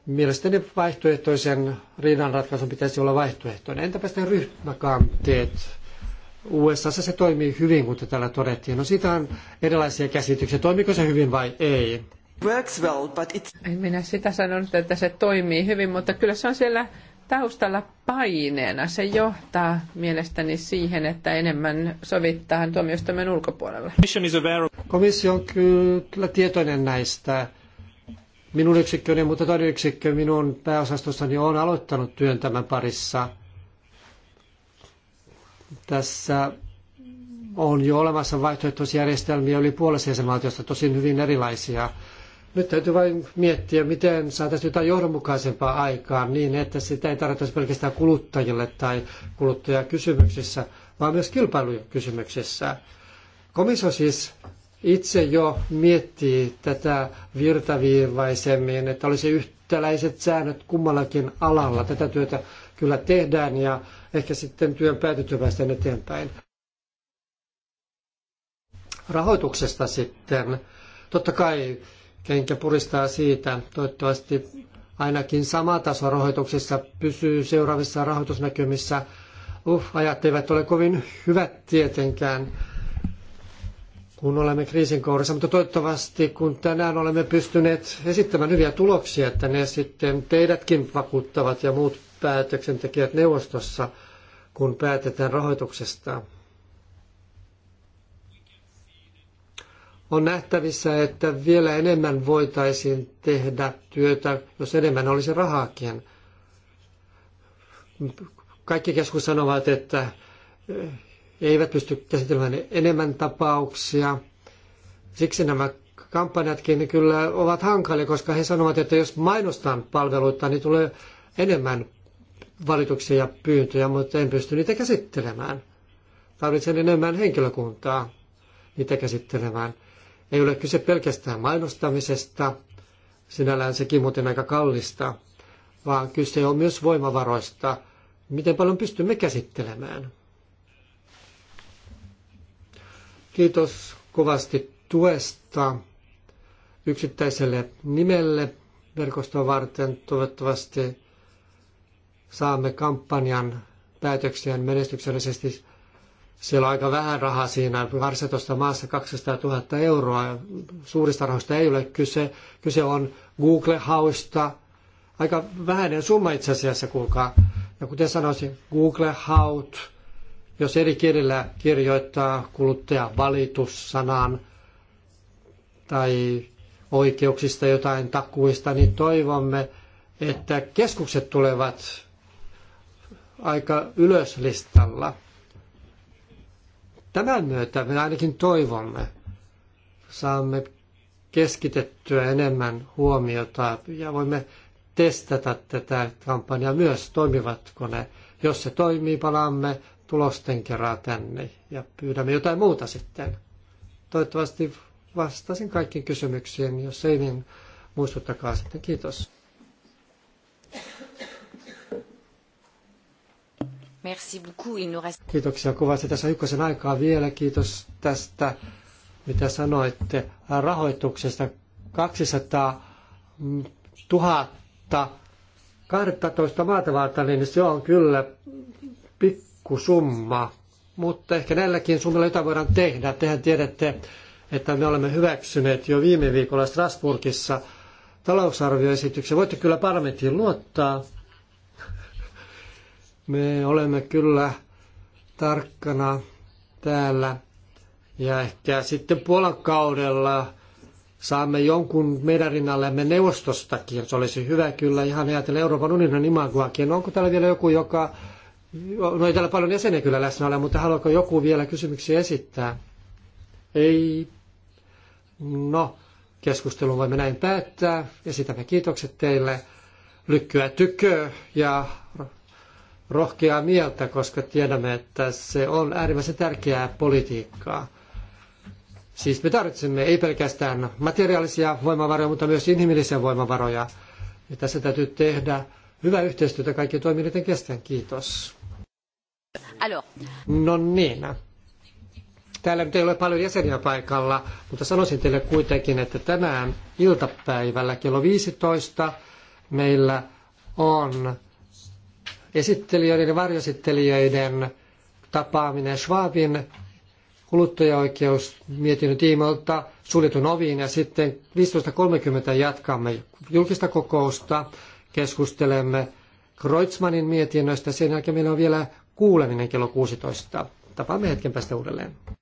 [SPEAKER 1] Mielestäni vaihtoehtoisen riidanratkaisun pitäisi olla vaihtoehtoinen. Entäpä sitten ryhmäkanteet? USAssa se toimii hyvin, kuten täällä todettiin. No siitä on erilaisia käsityksiä, toimiko se hyvin vai ei. Works well, but it... En minä sitä
[SPEAKER 4] sanonut, että se toimii hyvin, mutta kyllä se on siellä taustalla paineena. Se johtaa mielestäni siihen, että enemmän sovittaa tuomioistuimen ulkopuolella.
[SPEAKER 1] Komissio on kyllä tietoinen näistä. Minun yksikköni, mutta toinen yksikkö minun pääosastossani on aloittanut työn tämän parissa – tässä on jo olemassa vaihtoehtoisia järjestelmiä yli puolessa jäsenvaltiosta, tosin hyvin erilaisia. Nyt täytyy vain miettiä, miten saataisiin jotain johdonmukaisempaa aikaan niin, että sitä ei tarjottaisi pelkästään kuluttajille tai kuluttajakysymyksissä, vaan myös kilpailukysymyksissä. Komissio siis itse jo miettii tätä virtaviivaisemmin, että olisi yhtäläiset säännöt kummallakin alalla. Tätä työtä kyllä tehdään ja ehkä sitten työn päätyttyä päästään eteenpäin. Rahoituksesta sitten, totta kai kenkä puristaa siitä, toivottavasti ainakin sama taso rahoituksessa pysyy seuraavissa rahoitusnäkymissä. Uh, ajat eivät ole kovin hyvät tietenkään, kun olemme kriisin kourissa, mutta toivottavasti kun tänään olemme pystyneet esittämään hyviä tuloksia, että ne sitten teidätkin vakuuttavat ja muut päätöksentekijät neuvostossa – kun päätetään rahoituksesta. On nähtävissä, että vielä enemmän voitaisiin tehdä työtä, jos enemmän olisi rahaakin. Kaikki keskus sanovat, että eh, eivät pysty käsittelemään enemmän tapauksia. Siksi nämä kampanjatkin kyllä ovat hankalia, koska he sanovat, että jos mainostan palveluita, niin tulee enemmän valituksia ja pyyntöjä, mutta en pysty niitä käsittelemään. Tarvitsen enemmän henkilökuntaa niitä käsittelemään. Ei ole kyse pelkästään mainostamisesta, sinällään sekin muuten aika kallista, vaan kyse on myös voimavaroista, miten paljon pystymme käsittelemään. Kiitos kovasti tuesta yksittäiselle nimelle verkostoa varten. Toivottavasti saamme kampanjan päätöksiä menestyksellisesti. Siellä on aika vähän rahaa siinä, 12 maassa 200 000 euroa. Suurista rahoista ei ole kyse. Kyse on Google-hausta. Aika vähäinen summa itse asiassa, kuulkaa. Ja kuten sanoisin, Google-haut, jos eri kielillä kirjoittaa kuluttaja valitussanan tai oikeuksista jotain takuista, niin toivomme, että keskukset tulevat aika ylös listalla. Tämän myötä me ainakin toivomme saamme keskitettyä enemmän huomiota ja voimme testata tätä kampanjaa myös, toimivatko ne. Jos se toimii, palaamme tulosten kerran tänne ja pyydämme jotain muuta sitten. Toivottavasti vastasin kaikkiin kysymyksiin. Jos ei, niin muistuttakaa sitten. Kiitos.
[SPEAKER 3] Merci beaucoup.
[SPEAKER 1] Kiitoksia kovasti. Tässä on aikaa vielä. Kiitos tästä, mitä sanoitte, rahoituksesta. 200 000 12 maata varten, niin se on kyllä pikkusumma. Mutta ehkä näilläkin summilla jotain voidaan tehdä. Tehän tiedätte, että me olemme hyväksyneet jo viime viikolla Strasbourgissa talousarvioesityksen. Voitte kyllä parlamenttiin luottaa. Me olemme kyllä tarkkana täällä ja ehkä sitten Puolan kaudella saamme jonkun meidän rinnallemme neuvostostakin. Se olisi hyvä kyllä ihan ajatella Euroopan unionin imagoakin. Onko täällä vielä joku, joka... No, no ei täällä paljon jäseniä kyllä läsnä ole, mutta haluaako joku vielä kysymyksiä esittää? Ei. No, keskustelun voimme näin päättää. Esitämme kiitokset teille. Lykkyä tykö ja rohkeaa mieltä, koska tiedämme, että se on äärimmäisen tärkeää politiikkaa. Siis me tarvitsemme ei pelkästään materiaalisia voimavaroja, mutta myös inhimillisiä voimavaroja. Ja tässä täytyy tehdä hyvää yhteistyötä kaikkien toimijoiden kesken. Kiitos. Alo. No niin. Täällä nyt ei ole paljon jäseniä paikalla, mutta sanoisin teille kuitenkin, että tänään iltapäivällä kello 15 meillä on esittelijöiden ja varjoesittelijöiden tapaaminen Schwabin kuluttajaoikeusmietinnön tiimoilta suljetun oviin ja sitten 15.30 jatkamme julkista kokousta, keskustelemme Kreutzmannin mietinnöstä. Sen jälkeen meillä on vielä kuuleminen kello 16. Tapaamme hetken päästä uudelleen.